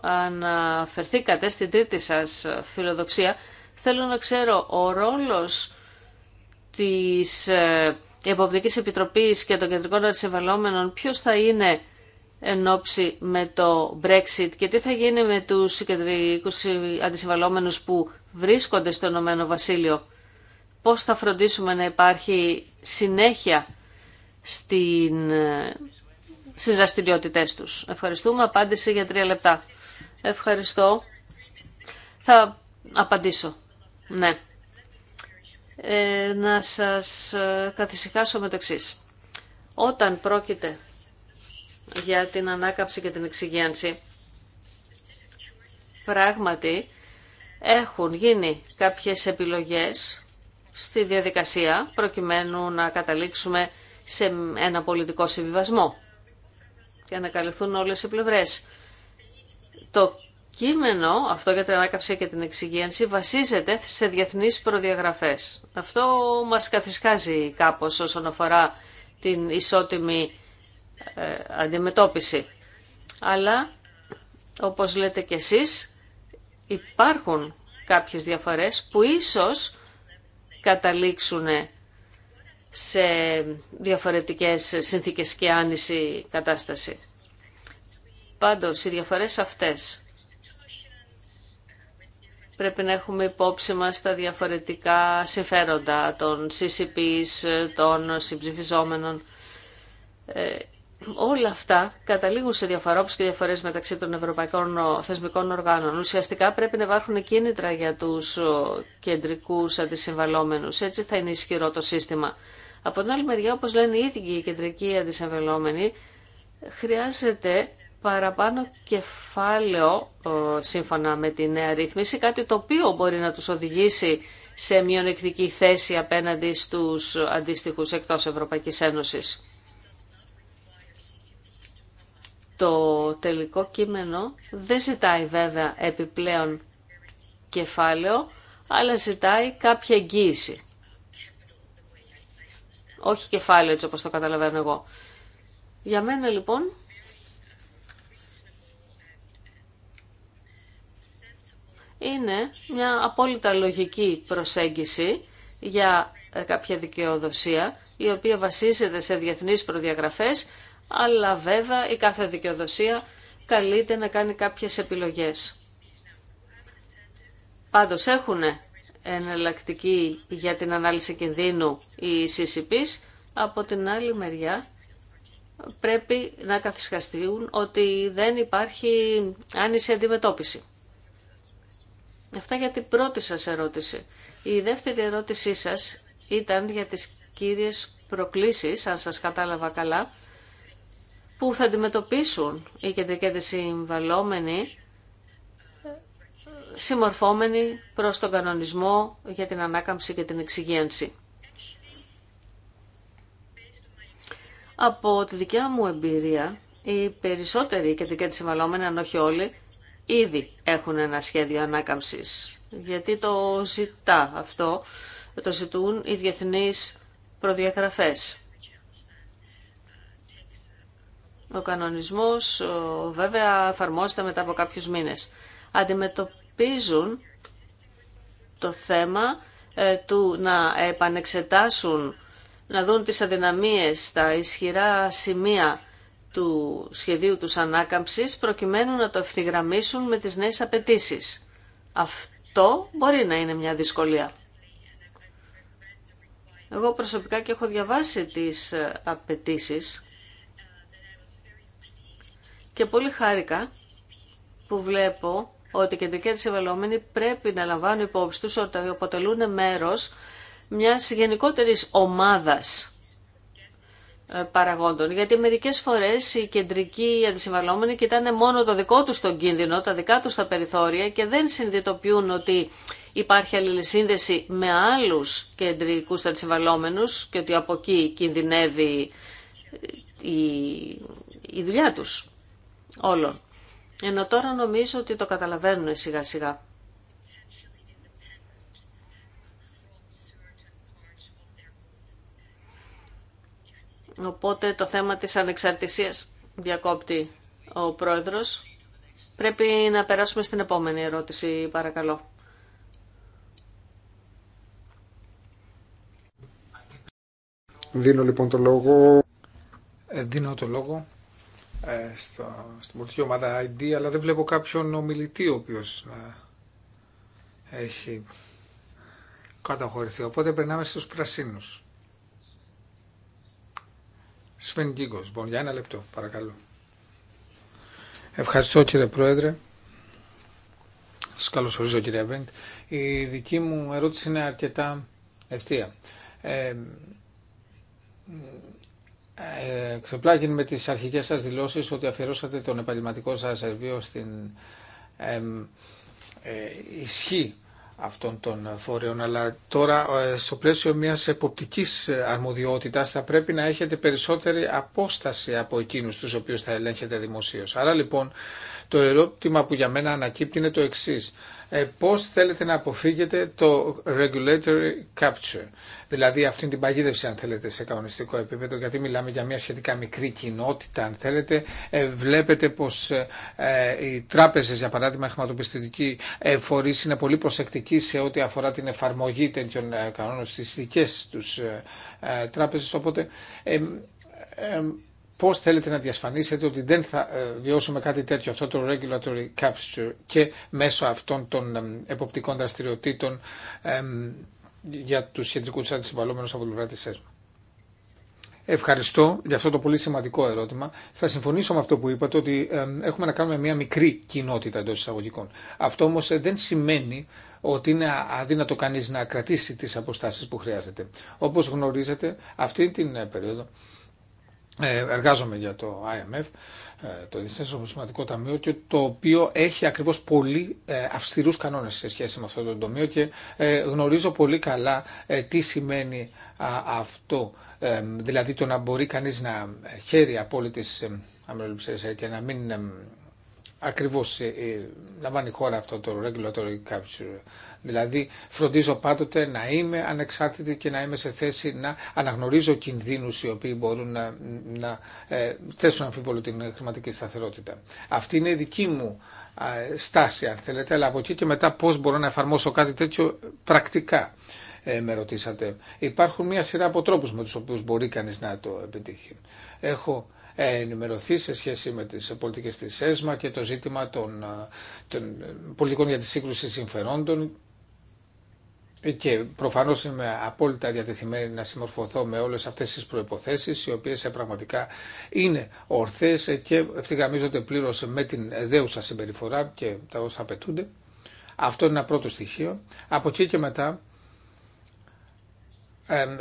αναφερθήκατε στην τρίτη σας φιλοδοξία. Θέλω να ξέρω, ο ρόλος της ε, Εποπτικής Επιτροπής και των Κεντρικών Αντισυμβαλόμενων ποιος θα είναι εν με το Brexit και τι θα γίνει με τους κεντρικούς Αντισυμβαλλόμενους που βρίσκονται στο Ηνωμένο Βασίλειο. Πώς θα φροντίσουμε να υπάρχει συνέχεια στην, στις δραστηριότητε τους. Ευχαριστούμε. Απάντηση για τρία λεπτά. Ευχαριστώ. Θα απαντήσω. Ναι. Ε, να σας ε, καθησυχάσω με το εξή. Όταν πρόκειται για την ανάκαψη και την εξυγίανση, πράγματι έχουν γίνει κάποιες επιλογές στη διαδικασία προκειμένου να καταλήξουμε σε ένα πολιτικό συμβιβασμό και να καλυφθούν όλες οι πλευρές. Το κείμενο, αυτό για την ανάκαψη και την εξυγίανση, βασίζεται σε διεθνείς προδιαγραφές. Αυτό μας καθισκάζει κάπως όσον αφορά την ισότιμη ε, αντιμετώπιση. Αλλά, όπως λέτε κι εσείς, υπάρχουν κάποιες διαφορές που ίσως καταλήξουν σε διαφορετικές συνθήκες και άνηση κατάσταση. Πάντως, οι διαφορές αυτές πρέπει να έχουμε υπόψη μας τα διαφορετικά συμφέροντα των CCPs, των συμψηφιζόμενων. Ε, όλα αυτά καταλήγουν σε διαφορόπους και διαφορές μεταξύ των ευρωπαϊκών θεσμικών οργάνων. Ουσιαστικά πρέπει να υπάρχουν κίνητρα για τους κεντρικούς αντισυμβαλόμενους. Έτσι θα είναι ισχυρό το σύστημα. Από την άλλη μεριά, όπως λένε οι ίδιοι οι κεντρικοί αντισυμβαλόμενοι, χρειάζεται παραπάνω κεφάλαιο ε, σύμφωνα με τη νέα ρύθμιση, κάτι το οποίο μπορεί να τους οδηγήσει σε μειονεκτική θέση απέναντι στους αντίστοιχους εκτός Ευρωπαϊκής Ένωσης. Το τελικό κείμενο δεν ζητάει βέβαια επιπλέον κεφάλαιο, αλλά ζητάει κάποια εγγύηση. Όχι κεφάλαιο έτσι όπως το καταλαβαίνω εγώ. Για μένα λοιπόν είναι μια απόλυτα λογική προσέγγιση για ε, κάποια δικαιοδοσία η οποία βασίζεται σε διεθνείς προδιαγραφές αλλά βέβαια η κάθε δικαιοδοσία καλείται να κάνει κάποιες επιλογές. Πάντως έχουν εναλλακτική για την ανάλυση κινδύνου οι CCPs, από την άλλη μεριά πρέπει να καθισχαστούν ότι δεν υπάρχει άνηση αντιμετώπιση. Αυτά για την πρώτη σας ερώτηση. Η δεύτερη ερώτησή σας ήταν για τις κύριες προκλήσεις, αν σας κατάλαβα καλά, που θα αντιμετωπίσουν οι κεντρικές συμβαλόμενοι συμμορφόμενοι προς τον κανονισμό για την ανάκαμψη και την εξυγένση. Από τη δικιά μου εμπειρία, οι περισσότεροι κεντρική συμβαλόμενοι, αν όχι όλοι, ήδη έχουν ένα σχέδιο ανάκαμψης. Γιατί το ζητά αυτό, το ζητούν οι διεθνείς προδιαγραφές. Ο κανονισμός βέβαια εφαρμόζεται μετά από κάποιους μήνες. Αντιμετωπίζουν το θέμα ε, του να επανεξετάσουν, να δουν τις αδυναμίες, τα ισχυρά σημεία του σχεδίου τους ανάκαμψης προκειμένου να το ευθυγραμμίσουν με τις νέες απαιτήσει. Αυτό μπορεί να είναι μια δυσκολία. Εγώ προσωπικά και έχω διαβάσει τις απαιτήσει και πολύ χάρηκα που βλέπω ότι οι κεντρικοί αντισυμβαλόμενοι πρέπει να λαμβάνουν υπόψη τους ότι αποτελούν μέρος μιας γενικότερης ομάδας ε, παραγόντων. Γιατί μερικέ φορές οι κεντρικοί αντισυμβαλόμενοι κοιτάνε μόνο το δικό του τον κίνδυνο, τα δικά του τα περιθώρια και δεν συνειδητοποιούν ότι υπάρχει αλληλεσύνδεση με άλλους κεντρικούς αντισυμβαλόμενου και ότι από εκεί κινδυνεύει ε, η, η δουλειά του όλων. Ενώ τώρα νομίζω ότι το καταλαβαίνουν σιγά σιγά. Οπότε το θέμα της ανεξαρτησίας διακόπτει ο πρόεδρος. Πρέπει να περάσουμε στην επόμενη ερώτηση, παρακαλώ. Δίνω λοιπόν το λόγο. Ε, δίνω το λόγο ε, στο, στην πολιτική ομάδα ID, αλλά δεν βλέπω κάποιον ομιλητή ο οποίος ε, έχει καταχωρηθεί. Οπότε περνάμε στους πρασίνους. Σφεν Κίγκος, για ένα λεπτό, παρακαλώ. Ευχαριστώ κύριε Πρόεδρε. Σας καλωσορίζω κύριε Βέντ. Η δική μου ερώτηση είναι αρκετά ευθεία. Ε, ε με τις αρχικές σας δηλώσεις ότι αφιερώσατε τον επαγγελματικό σας σερβίο στην ε, ε, ισχύ αυτών των φορέων, αλλά τώρα ε, στο πλαίσιο μιας εποπτικής αρμοδιότητας θα πρέπει να έχετε περισσότερη απόσταση από εκείνους τους οποίους θα ελέγχετε δημοσίως. Άρα λοιπόν το ερώτημα που για μένα ανακύπτει είναι το εξής. Ε, πώς θέλετε να αποφύγετε το regulatory capture, δηλαδή αυτή την παγίδευση αν θέλετε σε κανονιστικό επίπεδο γιατί μιλάμε για μια σχετικά μικρή κοινότητα αν θέλετε ε, βλέπετε πως ε, ε, οι τράπεζες για παράδειγμα χρηματοπιστωτικοί φορείς είναι πολύ προσεκτικοί σε ό,τι αφορά την εφαρμογή τέτοιων κανόνων στις δικές τους τράπεζες οπότε Πώ θέλετε να διασφανίσετε ότι δεν θα βιώσουμε κάτι τέτοιο, αυτό το regulatory capture και μέσω αυτών των εποπτικών δραστηριοτήτων για τους κεντρικού αντισυμβαλόμενου από την πλευρά Ευχαριστώ για αυτό το πολύ σημαντικό ερώτημα. Θα συμφωνήσω με αυτό που είπατε ότι έχουμε να κάνουμε μια μικρή κοινότητα εντό εισαγωγικών. Αυτό όμω δεν σημαίνει ότι είναι αδύνατο κανεί να κρατήσει τι αποστάσει που χρειάζεται. Όπω γνωρίζετε, αυτή την ε, περίοδο ε, εργάζομαι για το IMF, ε, το Διεθνές Σωματικό Ταμείο, το οποίο έχει ακριβώς πολύ ε, αυστηρούς κανόνες σε σχέση με αυτό το τομείο και γνωρίζω πολύ καλά τι σημαίνει αυτό. Δηλαδή το να μπορεί κανείς να χαίρει απόλυτης αμεροληψίας και να μην Ακριβώς ε, ε, λαμβάνει η χώρα αυτό το regulatory capture. Δηλαδή φροντίζω πάντοτε να είμαι ανεξάρτητη και να είμαι σε θέση να αναγνωρίζω κινδύνου, οι οποίοι μπορούν να, να ε, θέσουν αμφίβολο την χρηματική σταθερότητα. Αυτή είναι η δική μου στάση αν θέλετε, αλλά από εκεί και μετά πώς μπορώ να εφαρμόσω κάτι τέτοιο πρακτικά. Ε, με ρωτήσατε. Υπάρχουν μια σειρά από τρόπους με τους οποίους μπορεί κανείς να το επιτύχει. Έχω ενημερωθεί σε σχέση με τις πολιτικές της ΕΣΜΑ και το ζήτημα των, των πολιτικών για τη σύγκρουση συμφερόντων και προφανώ είμαι απόλυτα διατεθειμένη να συμμορφωθώ με όλε αυτέ τι προποθέσει, οι οποίε ε, πραγματικά είναι ορθές και ευθυγραμμίζονται πλήρω με την δέουσα συμπεριφορά και τα όσα απαιτούνται. Αυτό είναι ένα πρώτο στοιχείο. Από εκεί και μετά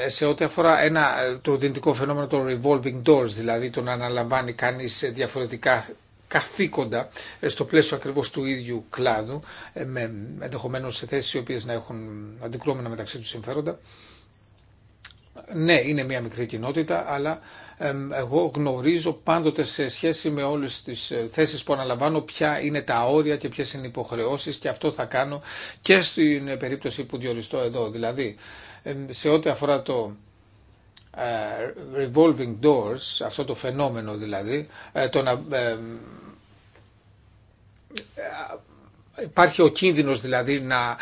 σε ό,τι αφορά ένα, ε, το δυνητικό φαινόμενο των revolving doors, δηλαδή το να αναλαμβάνει κανείς ε, διαφορετικά καθήκοντα ε, στο πλαίσιο ακριβώς του ίδιου κλάδου, με ενδεχομένω σε θέσεις οι οποίες να έχουν αντικρώμενα μεταξύ τους συμφέροντα. Ναι, είναι μια μικρή κοινότητα, αλλά εγώ γνωρίζω πάντοτε σε σχέση με όλες τις θέσεις που αναλαμβάνω ποια είναι τα όρια και ποιες είναι οι υποχρεώσεις και αυτό θα κάνω και στην περίπτωση που διοριστώ εδώ. Δηλαδή, σε ό,τι αφορά το ε, revolving doors, αυτό το φαινόμενο δηλαδή, ε, το να ε, υπάρχει ο κίνδυνος δηλαδή να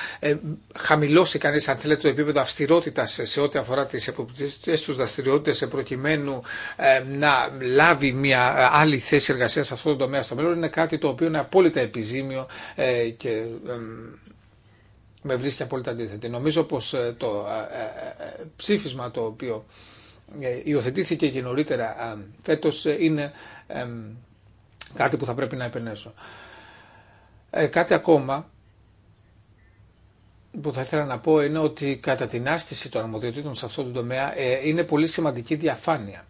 χαμηλώσει κανείς αν θέλετε το επίπεδο αυστηρότητας σε ό,τι αφορά τις εποπτήσεις τους δραστηριότητες προκειμένου να λάβει μια άλλη θέση εργασίας σε αυτό το τομέα στο μέλλον είναι κάτι το οποίο είναι απόλυτα επιζήμιο και με βρίσκει απόλυτα αντίθετη. Νομίζω πως ε, το ε, ε, ψήφισμα το οποίο υιοθετήθηκε και νωρίτερα φέτος είναι κάτι που θα πρέπει να επενέσω. Κάτι ακόμα που θα ήθελα να πω είναι ότι κατά την άσκηση των αρμοδιοτήτων σε αυτό το τομέα είναι πολύ σημαντική διαφάνεια.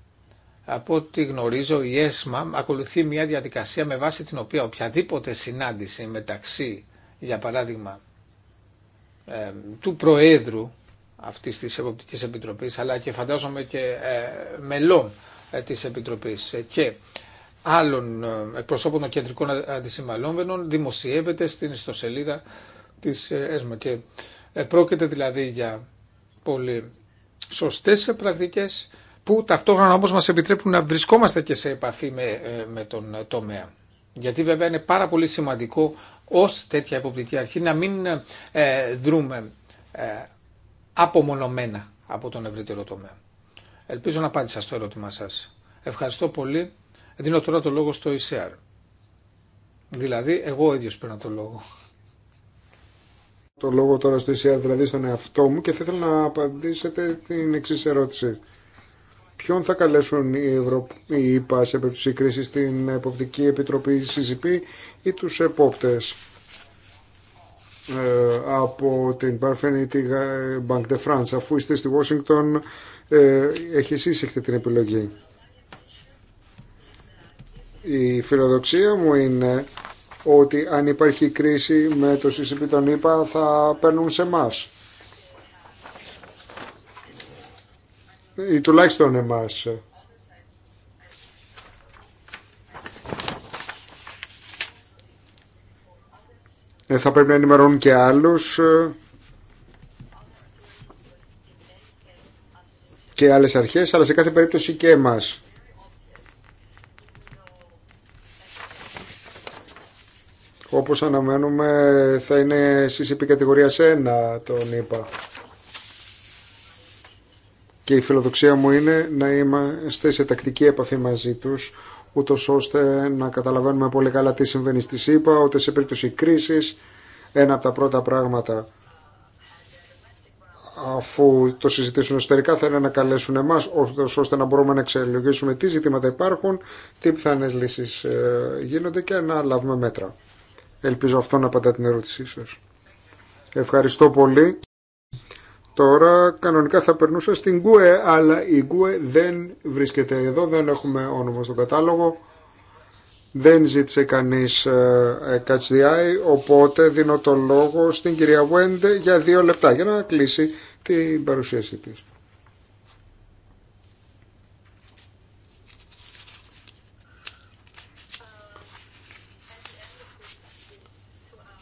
Από ό,τι γνωρίζω η ΕΣΜΑ ακολουθεί μια διαδικασία με βάση την οποία οποιαδήποτε συνάντηση μεταξύ, για παράδειγμα, του Προέδρου αυτής της Εποπτικής Επιτροπής αλλά και φαντάζομαι και ε, μελών ε, της Επιτροπής ε, και άλλων εκπροσώπων των κεντρικών αντισυμβαλόμενων δημοσιεύεται στην ιστοσελίδα της ΕΣΜΑ και πρόκειται δηλαδή για πολύ σωστές πρακτικές που ταυτόχρονα όμως μας επιτρέπουν να βρισκόμαστε και σε επαφή με, με τον τομέα. Γιατί βέβαια είναι πάρα πολύ σημαντικό ως τέτοια υποπτική αρχή να μην ε, δρούμε ε, απομονωμένα από τον ευρύτερο τομέα. Ελπίζω να απάντησα στο ερώτημά σας. Ευχαριστώ πολύ. Δίνω τώρα το λόγο στο ECR. Δηλαδή, εγώ ο ίδιος παίρνω το λόγο. Το λόγο τώρα στο ECR, δηλαδή στον εαυτό μου και θα ήθελα να απαντήσετε την εξής ερώτηση. Ποιον θα καλέσουν οι, Ευρω... σε περίπτωση κρίση στην Εποπτική Επιτροπή CCP ή τους επόπτες ε, από την Parfait τη Bank de France. Αφού είστε στη Washington, ε, έχει εσείς την επιλογή. Η φιλοδοξία μου είναι ότι αν υπάρχει κρίση με το CCP τον ΗΠΑ θα παίρνουν σε μας. ή τουλάχιστον εμάς. Ε, θα πρέπει να ενημερώνουν και άλλους ε, και άλλες αρχές, αλλά σε κάθε περίπτωση και εμάς. Όπως αναμένουμε θα είναι στις επικατηγορίας 1, τον είπα. Και η φιλοδοξία μου είναι να είμαστε σε τακτική επαφή μαζί τους, ούτω ώστε να καταλαβαίνουμε πολύ καλά τι συμβαίνει στη ΣΥΠΑ, ότι σε περίπτωση κρίση, ένα από τα πρώτα πράγματα αφού το συζητήσουν εσωτερικά θα είναι να καλέσουν εμά ώστε να μπορούμε να εξελογήσουμε τι ζητήματα υπάρχουν, τι πιθανέ λύσει ε, γίνονται και να λάβουμε μέτρα. Ελπίζω αυτό να απαντά την ερώτησή σα. Ευχαριστώ πολύ. Τώρα κανονικά θα περνούσα στην ΚΟΕ, αλλά η ΚΟΕ δεν βρίσκεται εδώ, δεν έχουμε όνομα στο κατάλογο. Δεν ζήτησε κανείς ε, ε οπότε δίνω το λόγο στην κυρία Βουέντε για δύο λεπτά για να κλείσει την παρουσίασή της.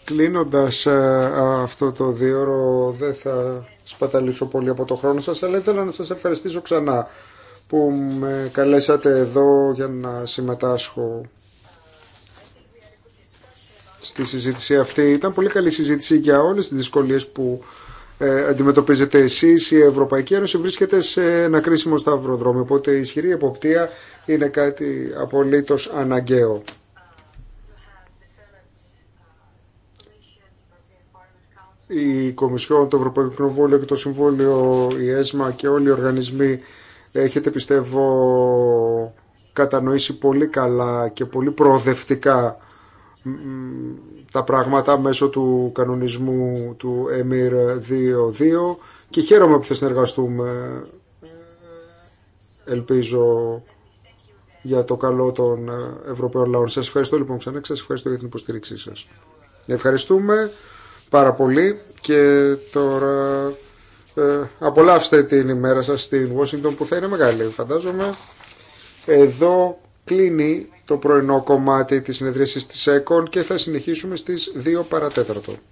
Κλείνοντας ε, αυτό το δύο δεν θα σπαταλήσω πολύ από το χρόνο σας, αλλά ήθελα να σας ευχαριστήσω ξανά που με καλέσατε εδώ για να συμμετάσχω στη συζήτηση αυτή. Ήταν πολύ καλή συζήτηση για όλες τις δυσκολίες που ε, αντιμετωπίζετε εσείς. Η Ευρωπαϊκή Ένωση βρίσκεται σε ένα κρίσιμο σταυροδρόμιο, οπότε η ισχυρή εποπτεία είναι κάτι απολύτως αναγκαίο. η Κομισιόν, το Ευρωπαϊκό Κοινοβούλιο και το Συμβούλιο, η ΕΣΜΑ και όλοι οι οργανισμοί έχετε πιστεύω κατανοήσει πολύ καλά και πολύ προοδευτικά τα πράγματα μέσω του κανονισμού του ΕΜΙΡ 2.2 και χαίρομαι που θα συνεργαστούμε ελπίζω για το καλό των Ευρωπαίων λαών. Σας ευχαριστώ λοιπόν ξανά και σας ευχαριστώ για την υποστήριξή σας. Ευχαριστούμε πάρα πολύ και τώρα ε, απολαύστε την ημέρα σας στην Washington που θα είναι μεγάλη φαντάζομαι. Εδώ κλείνει το πρωινό κομμάτι της συνεδρίασης της ΕΚΟΝ και θα συνεχίσουμε στις 2 παρατέταρτο.